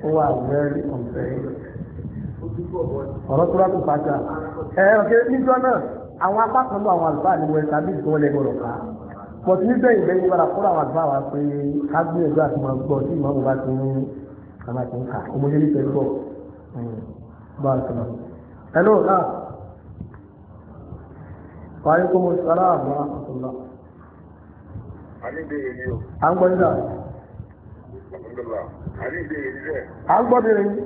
[SPEAKER 1] ó wà very unfair ọ̀rọ̀ tó rà tó fàájà ẹ̀ ọ̀kẹ́ níjọ́ náà àwọn apá kan lọ àwọn àlùfáà ni wọ́n ẹ̀ka bí ìgbọ́n lẹ́gbọ́n lọ ká pọ̀tù níbẹ̀ ìgbẹ́ yìí padà fúnra àwọn àlùfáà wa pé ká gbìyànjú àti máa gbọ́ tí ìmọ̀ bá ti ń àmà ọmọdé nípa ẹgbọ́ bá a sọ̀rọ̀ ẹ̀ lóò Fàáyíkó mo sára àbá àtúnlá. A ní ìbéèrè ni o. À ń gbọ́ nígbà. Àbúdọ̀là, a ní ìbéèrè ni bẹ́ẹ̀. À ń gbọ́ bèrè yín.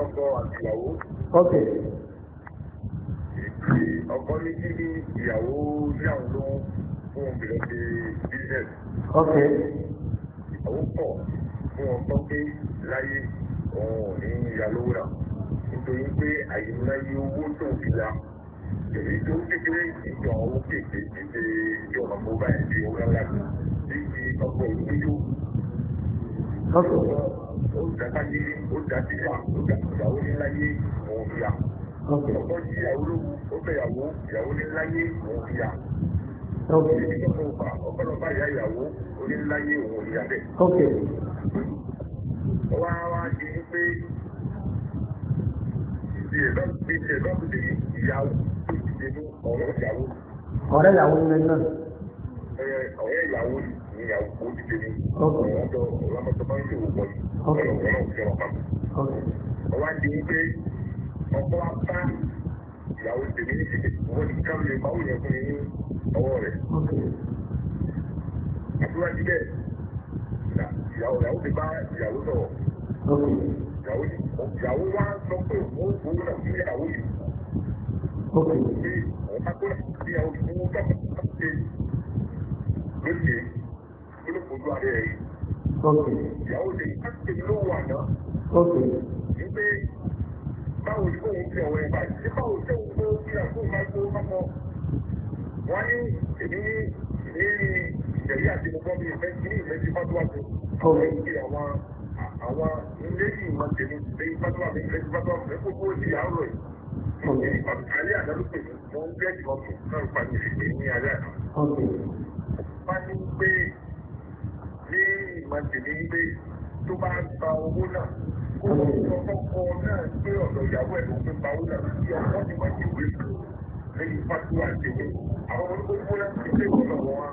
[SPEAKER 1] Ọkọ àti ìyàwó. Ok. Ọkọ ní kí ni ìyàwó ní àwọn olówó fún obìnrin ṣe business. Ok. Ìyàwó pọ̀ fún ọkọ pé láyé òun ní ìyá náà nítorí pé àyìnláyé owó tó fi la èyí tó kékeré ìjọ owó kéèké ti ìjọ ọmọ bá ẹ̀ owó
[SPEAKER 2] ńlá ní ti ọgbọ́n ìgbéyò. ó
[SPEAKER 1] dàgbà ní ó dàbí wà ó dàgbàwó níláyé òun ìyá. ọgbọ́n ti ìyàwó ló ó fẹ̀yàwó ìyàwó níláyé òun ìyá. èyí tó kọ̀ fà ọ̀pọ̀lọpọ̀ ìyá ìyàwó oníláyé òun ìyá bẹ́ẹ̀. wá wá di pé bí ọ̀rẹ́ ìyàwó ni náà. ọ̀rẹ́ ìyàwó ni ìyàwó tó ti dé ní ọ̀dọ̀ ọ̀làmọ̀tò bá ń lò wọ̀ yìí ọ̀rọ̀ ọ̀rọ̀ òfin ọ̀pá. ọ̀wá di wípé ọ̀pọ̀ apá ìyàwó tèmi ní kékeré wọ́n ti káwé máwó yẹn fún mi ọwọ́ rẹ̀. àtúwájú bẹ́ẹ̀ ìyàwó ìyàwó ti bá ìyàwó sọ̀rọ̀ ìyàwó wa ń sọ pé òun ó gbowó sí ìyàwó yìí. ok ṣé ọ̀hún agbóhùn àti ìyàwó yìí fún tọ́pọ̀ ṣe lóde olókojú ààrẹ rẹ̀ yìí. ìyàwó lè ká ló wà náà. ok báwo ni òun fi ọ̀wẹ́ bá ṣe báwo ṣé òun gbowó kí àgbóhùn máa gbowó papọ̀. wọ́n ní èmi ní ìrírí àti gbogbo mi ìfẹ́ sí ìfẹ́ àwọn ìgbé àwọn àwọn ilé yìí mọ tèmi pé ìfọdúnwà mi pé ìfọdúnwà mi gbogbo di àárọ̀
[SPEAKER 2] yìí ní alẹ́ àdálùpẹ̀ mi mo ń gẹ́ ìwọ̀kùn náà pàdé ìdè ní alẹ́ àná. wọ́n ní
[SPEAKER 1] pé ní ìmọ̀ tèmi pé tó bá gba owó náà kó ọkọ̀ náà gbé ọ̀dọ̀ ìyàwó ẹ̀ ló ń gba owó náà kí ọkọ̀ ni wọ́n
[SPEAKER 2] ti wé àwọn olùkókó náà ti dé ìwọ̀n wọn.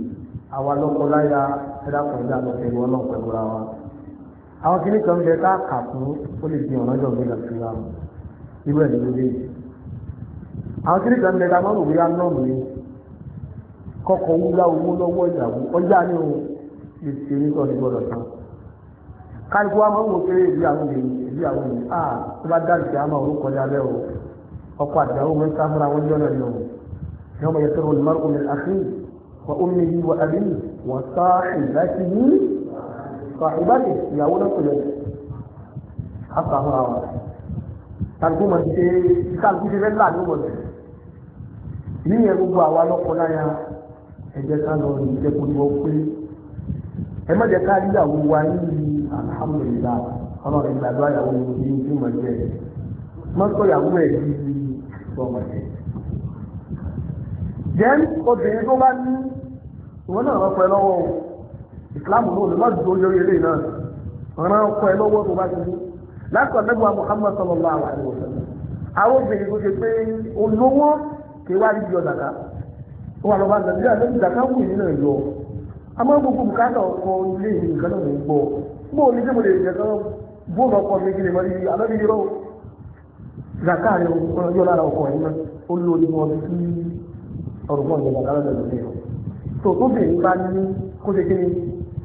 [SPEAKER 1] àwa lọ́kọ láya ẹ̀dá pẹ̀lú àlọ́kẹ̀lú ọlọ́pẹ̀ búra wa àwọn kìíní kan bẹ ká kà fún ó lè di ọ̀nà jọ̀gbìn lọ sí wa irú ẹ̀ ló dé àwọn kìíní kan bẹ ká má rò wíyá náà mi kọkọ wúlá owó lọ́wọ́ ìyàwó ọjà ni o lè ṣe ní ọdún gbọdọ̀ tán kálukú wa máa ń wò pé ìlú àwọn èèyàn ìlú àwọn èèyàn a tó bá dá ìṣẹ́ àmọ́ orúkọ ní alẹ́ o ọkọ̀ àtìyàwó mẹ́ta fúnra wọn jọ́nà ni o ìyọ́mọ̀ yẹ وأمه وأبيه وصاحبته صاحبته يا ولد كلنا حتى هنا kálukú ma ṣe kálukú ṣe fẹ́ láàánú wọlé níyẹn gbogbo àwa lọ́kọláya ẹ jẹ́ ká lọ rí ìjẹ́kùn ní wọ́n pé ẹ má jẹ́ ká yíyàwó wa yìí alhamdulillah ọlọ́run ìgbàdo àyàwó ìwọ́n náà rán pẹ́ lọ́wọ́ o ìsìláàmù náà lọ́dún tó lórí eré náà rán pẹ́ lọ́wọ́ tó bá ti ní láti ọ̀nẹ́gbà Muhammad sallallahu alaihi wa sallam àwọn obìnrin tó ṣe pé olówó kì í wá rí bí ọ̀dàkà wọn àlọ́ bá nàìjíríà lórí ìdàkà wù nínú ìlú ọ àmọ́ gbogbo bùkátà ọkọ̀ ilé ìlú nìkan náà ló ń gbọ́ bó o ní sẹ́mo lè jẹ́ kán bóòlù ọkọ̀ mi kiri mọ́ ibi àlọ́ lára ọkọ̀ yìí náà ó lórí wọn sí ọ̀rùn fún ọ̀gbìn tó tó bèèrè bá ní kó ṣe kéde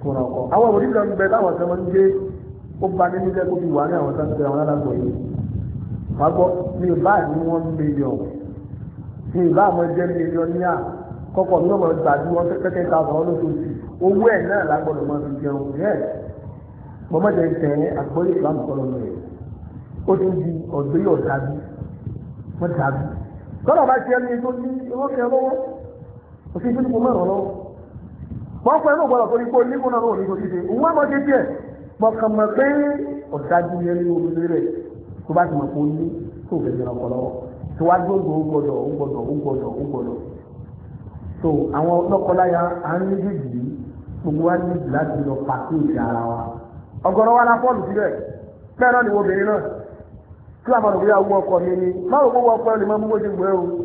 [SPEAKER 1] kò ràn ọkọ àwọn òbí lọ bẹ táwọn ọ̀sẹ̀ wọn gbé ó ba nínú jẹ́ kó fi wà ní àwọn ọ̀sẹ̀ wọn àwọn alágbọ̀ yìí wàá gbọ́ mi ò bá ní wọ́n mílíọ̀n mi ò bá àwọn jẹ́ mílíọ̀n ní à kọ́kọ́ mi ò mọ̀ gbà bí wọ́n kẹ́kẹ́ ta ọ̀sán lóṣooṣù owó ẹ̀ náà lágbọ́dọ̀ máa fi jẹun yẹ́ẹ̀ mọ̀mọ́jẹ̀ ń tẹ̀ àgbọ́lé ìsìlámù kọ́lọ́ mi rẹ̀ ó ti di ọ̀gbẹ́yọ̀ dàbí wọ́n kò sí ìdílé kò mọ̀ ọ̀rọ̀ lọ́wọ́ wọ́n fẹ́ náà gbọ́dọ̀ torí pé onígbò náà ò ní kò dìde òun àmọ́ dé díẹ̀ mọ̀ kàn mọ̀ pé ọ̀dájú yẹn ní omi rẹ̀ tó bá ti mọ̀ pé ó ní tó fẹ́ jẹun ọkọ̀ lọ́wọ́ tí wàá gbọ́dọ̀ ó gbọ́dọ̀ ó gbọ́dọ̀ ó gbọ́dọ̀ ó gbọ́dọ̀ so àwọn lọ́kọláya à ń ní jìjì gbogbo wa ní jìlá ti lọ pàṣẹ ìṣe ara wa ọ̀gọ̀rọ̀ wa la fọ́ọ̀lù síbẹ̀ bẹ́ẹ̀ náà ni wo obìnrin náà tí wàá mọ̀ lọ́kọ̀ yà wú ọkọ̀ mi ni má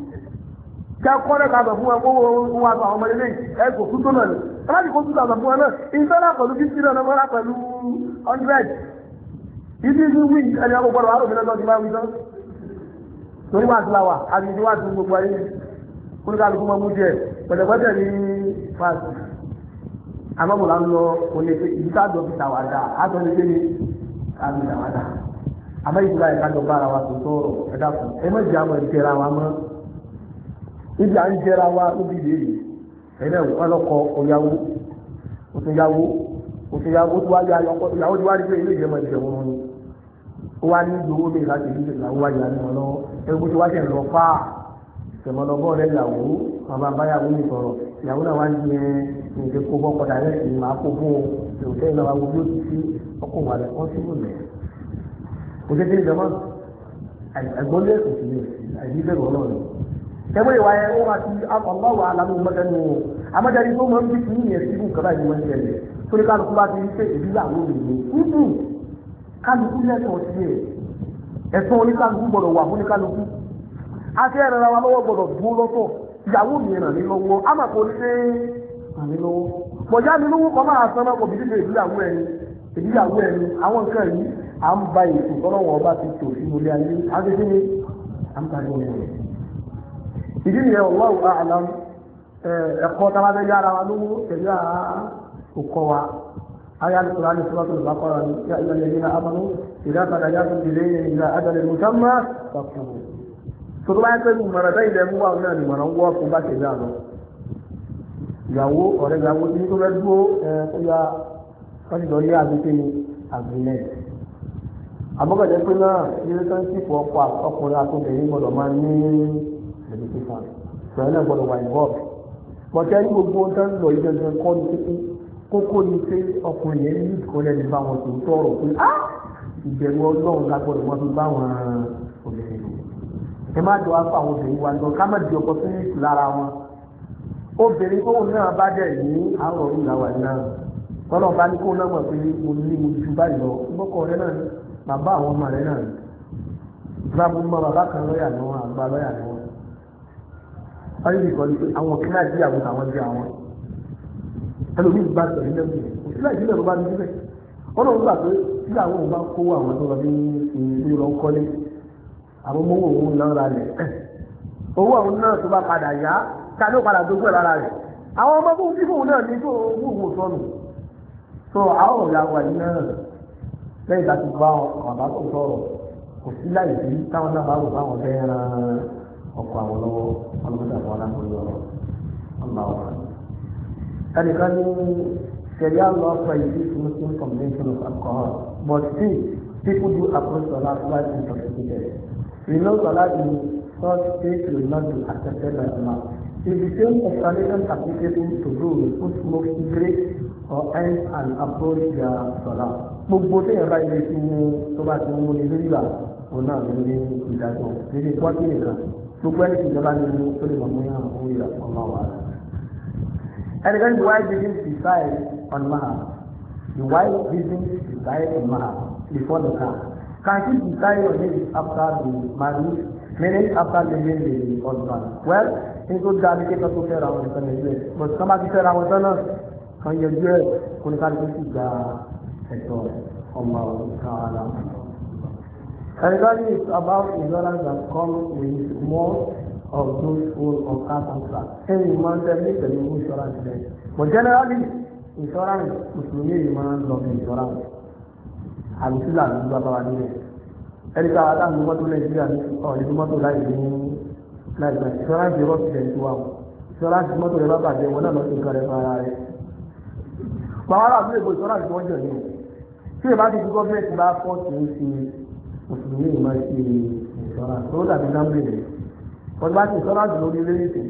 [SPEAKER 1] kẹ kọ́lẹ̀ ká sọ fún ẹ kó wọn wá ọmọ ilé ẹ kò tún tó náà ni láti kó tún sọ fún ẹ náà ìtọ́lá pẹ̀lú fífi náà lọ́wọ́ pẹ̀lú hundred ìdí ìdí wí ẹni àrùn máa wí tán torí sí làwà sí gbogbo ayé mọ́ mú díẹ̀ ní fásitì lọ fi àtọ́ ní kéde àmọ́ níbi à ń jẹra wa níbi ìbéèrè ẹ̀rẹ́ wọn lọ́kọ ọ̀yàwó òtúnyàwó òtúnyàwó tó wáyé ayọ̀kọ ìyàwó tó wáyé ilé ìjẹmọ̀ ìjẹun ni ó wá ní ìdòwò mi láti ilé ìyàwó wáyé àná lọ ẹgbẹ́ tó wáyé lọ fà tẹ̀mọ́lọ́gbọ́ rẹ̀ ìyàwó bàbá báyàwó mi sọ̀rọ̀ ìyàwó náà wá ń yẹ nǹkan kó bọ́ kọ́dà rẹ̀ ìmọ̀ àkókò ìròtẹ́ ìlọ́wà gbogbo ó ti sí ọkọ̀ wà lẹ́kọ́ sí ìwòlẹ̀ òṣèlú ìjọba àgbọ̀lẹ̀ òṣèlú àìdíbẹ̀rù ọlọ́run tẹ́wọ́ ìwà yẹn wọ́n máa fi ọlọ́wọ́ alámú mọ́tẹ́nu o amájáde tó máa ń bí kí ní ẹ̀sìn ìlú kaba ìwọ̀n ìṣẹ̀lẹ̀ torí kálukú bá ti ń ìdílé àwọn kúndùn kálukú lẹ́tọ̀ọ́ sí ẹ̀ oníkálukú gbọ́dọ̀ wà fún oníkálukú àti wa lọ́wọ́ gbọ́dọ̀ dúró lọ́tọ̀ ìyàwó mi ràn mí lọ́wọ́ àmà ní ṣe ràn mí lọ́wọ́ pọ̀já mi lówó kọ́ ìdí nìyẹn wallahu a'lam ẹ̀kọ́ tábà bẹ́ yára wa lówó tẹ̀lé àá òkọ wa ayé alùpùpù alẹ́ sọ́kọ̀ ló bá ní kí ayé alẹ́ amánú ìdá padà yá tó délé yẹn ìdá adàlẹ̀ mùsàmá kàkùn. pé bẹ́ẹ̀ ilẹ̀ mú wa ń wọ́ fún bá àná. ìyàwó ọ̀rẹ́ ìyàwó ní tó fẹ́ dúró yá ti fa ìgbà náà gbọ́dọ̀ wà involved bọ̀tẹ́ ní gbogbo ọjọ́ ń lọ ilé ọjọ́ kọ́ ní pípín kókó ni pé ọkùnrin yẹn ní ìkọlẹ̀ ní báwọn tó ń tọrọ pé á ah! ìbẹ̀rù ọlọ́run lágbọ́dọ̀ fi báwọn obìnrin ẹ má jọ afọ àwọn obìnrin ọkọ fún lára wọn obìnrin kóhùn náà bá dẹ̀ ní àárọ̀ náà bá ní kóhùn náà mọ̀ pé mo ní ayé nìkan ni pé àwọn kí náà jíyàwó àwọn jẹ àwọn ẹlòmíì bá tẹ̀lé lẹ́gbẹ̀ẹ́ òsì láì sílẹ̀ ló bá ní síbẹ̀ wọ́n náà gbà pé tí àwọn òun bá kówó àwọn tó lọ bí ìlú lọ ń kọ́lé àwọn ọmọ òun náà ra lẹ̀ owó àwọn náà tó bá padà yá ká ló padà dógún ẹ̀ lára rẹ̀ àwọn ọmọ fún fífún òun náà ní tó owó òun sọnù tó àwọn ọ̀la wà ní náà lẹ́yìn tá a ti bá àwọn àbá tó sọ̀rọ̀ kò sí láì sí táwọn náà bá rò fáwọn fẹ́ràn ọkọ̀ àwọn lọ́wọ́ ọlọ́mọdé àwọn alákòóyè ọ̀rọ̀ ọlọ́wọ́. ẹnìkan ní Sharia law prohibits Muslim consumption of alcohol but still people do approach Salah while intoxicated. We know Salah in such case will not be accepted by Allah. If the same explanation applicable to those who smoke cigarettes or ends and approach their Salah. gbogbo téèyàn bá ilé tí mo tó bá ti mú ní lórí ìgbà òun náà ló ní ìdájọ́ nílé pọ́ńtì nìkan gbogbo ẹni ìjọba ni mo tó lè mọ̀ mọ́ yàrá owó ìyá ọmọ wa. ẹni kan the wife didn't decide on mahar the wife didn't decide on mahar before the car can she decide on it after the marriage meaning after leaving the husband well n tó da ní kékeré tó fẹ́ra wọn nìkan ẹ̀jú ẹ̀ but sábà ti fẹ́ra wọn tán náà kan yẹjú ẹ̀ kó ní ká ló sì gba ẹ̀tọ́ ọmọ ọ̀gá ara. And regarding is about ignorance that comes with more of those full of art and craft. Ṣé ìmọ̀ntẹ́ ní pẹ̀lú insurance rẹ̀? But generally, insurance Mùsùlùmí yìí máa ń lọ insurance. Àmì sílà ló gbá bá wa nílẹ̀. Ẹni ká wa táwọn mọ́tò Nàìjíríà ní ọ̀yìn mọ́tò láì ní láìpẹ́. Insurance yóò ti tẹ̀ sí wa. Insurance mọ́tò rẹ̀ bá bàjẹ́ wọn náà lọ sí nǹkan rẹ̀ fún ara rẹ̀. Bàbá àbúrò ìbò insurance wọ́n jọ̀ ní. Tí ìbá ti di gọ́ọ̀mẹ̀ntì bá fọ́ọ̀tì ń ṣe mùsùlùmí yìí máa ṣe ìṣọ́ra tó dàbí gambling rẹ̀ wọ́n bá ti ìṣọ́ra jù lórí ilé nìkan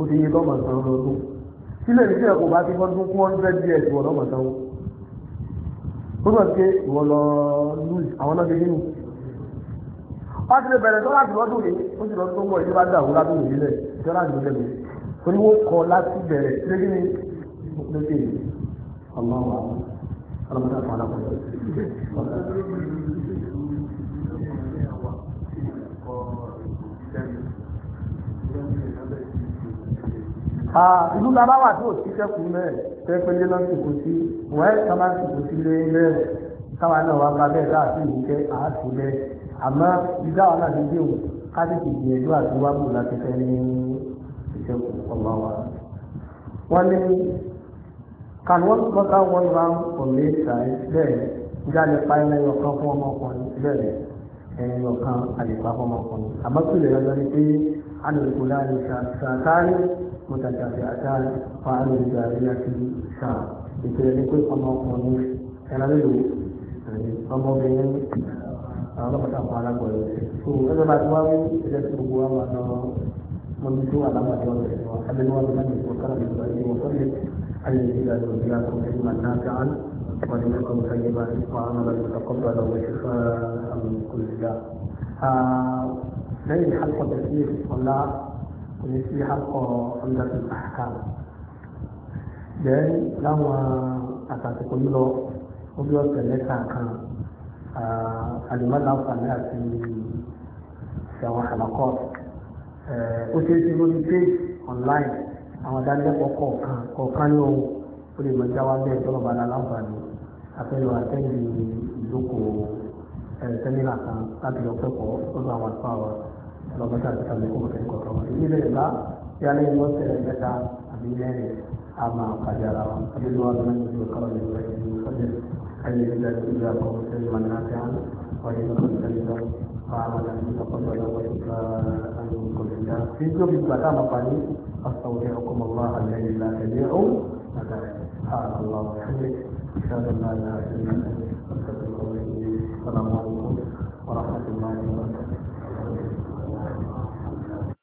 [SPEAKER 1] ó ti yẹ lọ́mọ san lọ́dún sílẹ̀ ní sílẹ̀ kò bá ti fọ́dún kún hundred years wọ̀ lọ́mọ san ó sọ pé ìwọ lọ lùs àwọn náà ti dín wọ́n ti lè bẹ̀rẹ̀ sọ́ra jù lọ́dún yìí ó sì lọ́dún tó ń ìdí bá dà wó ládùn yìí lẹ̀ sọ́ra jù lọ́dún yìí oníwó kọ láti bẹ̀rẹ̀ lórí ní lókè ìlú bàbá wà tó ti kẹ́kùn mẹ́ẹ̀ tẹ́pẹ́lẹ́ lọ́sì kò sí wẹ́ẹ́ kama sì kò sí lé mẹ́ẹ̀ káwa náà wà bá bẹ́ẹ̀ láti ìlú kẹ́ àásù bẹ́ẹ̀ àmọ́ ìdá wa náà ti dé o káàdì ti gbìyànjú àti wá bù láti fẹ́ ní ìṣẹ́kù ọmọ wa. wọ́n ní can one quarter one round from the side bẹ́ẹ̀ jáde fáìlì ọ̀kan fún ọmọkùnrin bẹ́ẹ̀ ẹ̀yìn àlè متتابعتان فعن الجارية شعر ìpìlẹ̀ ní pé ọmọkùnrin ẹ̀rọ ọmọbìnrin àwọn ọlọ́pàá kan alágbọ̀ọ́yọ̀ so ẹgbẹ́ bá ti wá rí ìṣẹ̀lẹ̀ tí gbogbo wa máa lọ mo ní tó àlámọ̀jọ́ rẹ̀ wọ́n abẹ́lé wọn lọ́dún ìwọ̀n kára lè gba ìwọ̀n tó lè ayé ìdílé àti òbí akọ̀wé máa ná ká án wọ́n ní ọkọ̀ ìfẹ́yẹ́ bá ti pa àwọn ọlọ́dún ìfọ̀kọ́gbà lọ́wọ́ ìṣẹ́fẹ́ àmì kò lè dá. lẹ́yìn àkọ́tẹ̀ sí ọ̀la ní sí akọ ọ̀dọ́tún àká bẹ́ẹ̀ láwọn àtàkùn yìí lọ ó bí ọ̀sẹ̀ mẹ́ta kan àlùmọ́láǹfààní àti ìṣẹ̀wọ̀n àlàkọ́ ó ṣe é ṣe lórí page online àwọn adánilẹ́kọ̀ọ́ kọ̀ọ̀kan kọ̀ọ̀kan ní ohun ó lè máa jáwá bẹ́ẹ̀ tọ́lọ̀ bá láǹfààní àfẹ́lọ́ àtẹ́yìn ìdókòwò ẹ̀ẹ́dẹ́gbẹ̀rún kan láti lọ kẹ́kọ̀ọ́ lọ́dọ̀ àwọn àlùfáà wa. lọ́gọ́ta àti àbíkú ọ̀kẹ́ kọ̀ọ̀kan wọn ilé ìlà yálé ìlú ọ̀sẹ̀ mẹ́ta àbí mẹ́rin a máa pàdé ara wa abẹ́lú wa bẹ́ẹ̀ ní ìlú kọ́lọ̀ ní ìlú ìlú sọ́jẹ́ ayé ìlú ìlú àkọ́ sẹ́yìn máa ní àti àná wáyé ìlú sẹ́yìn lọ fáwọn àti ìtọ́kọ́tọ̀ lọ́wọ́ ìgbà àwọn olùkọ́lẹ̀dá tí ó fi gbà táwọn pàdé ọ̀sọ̀wé ọkọ̀mọ̀ wa àlẹ́ ìlú àtẹ̀lé ó nàdà àlọ́ ìfúnlẹ̀ ìṣàdọ̀lá
[SPEAKER 2] ìlú àtẹ̀lé ọ̀sọ̀tẹ̀kọ̀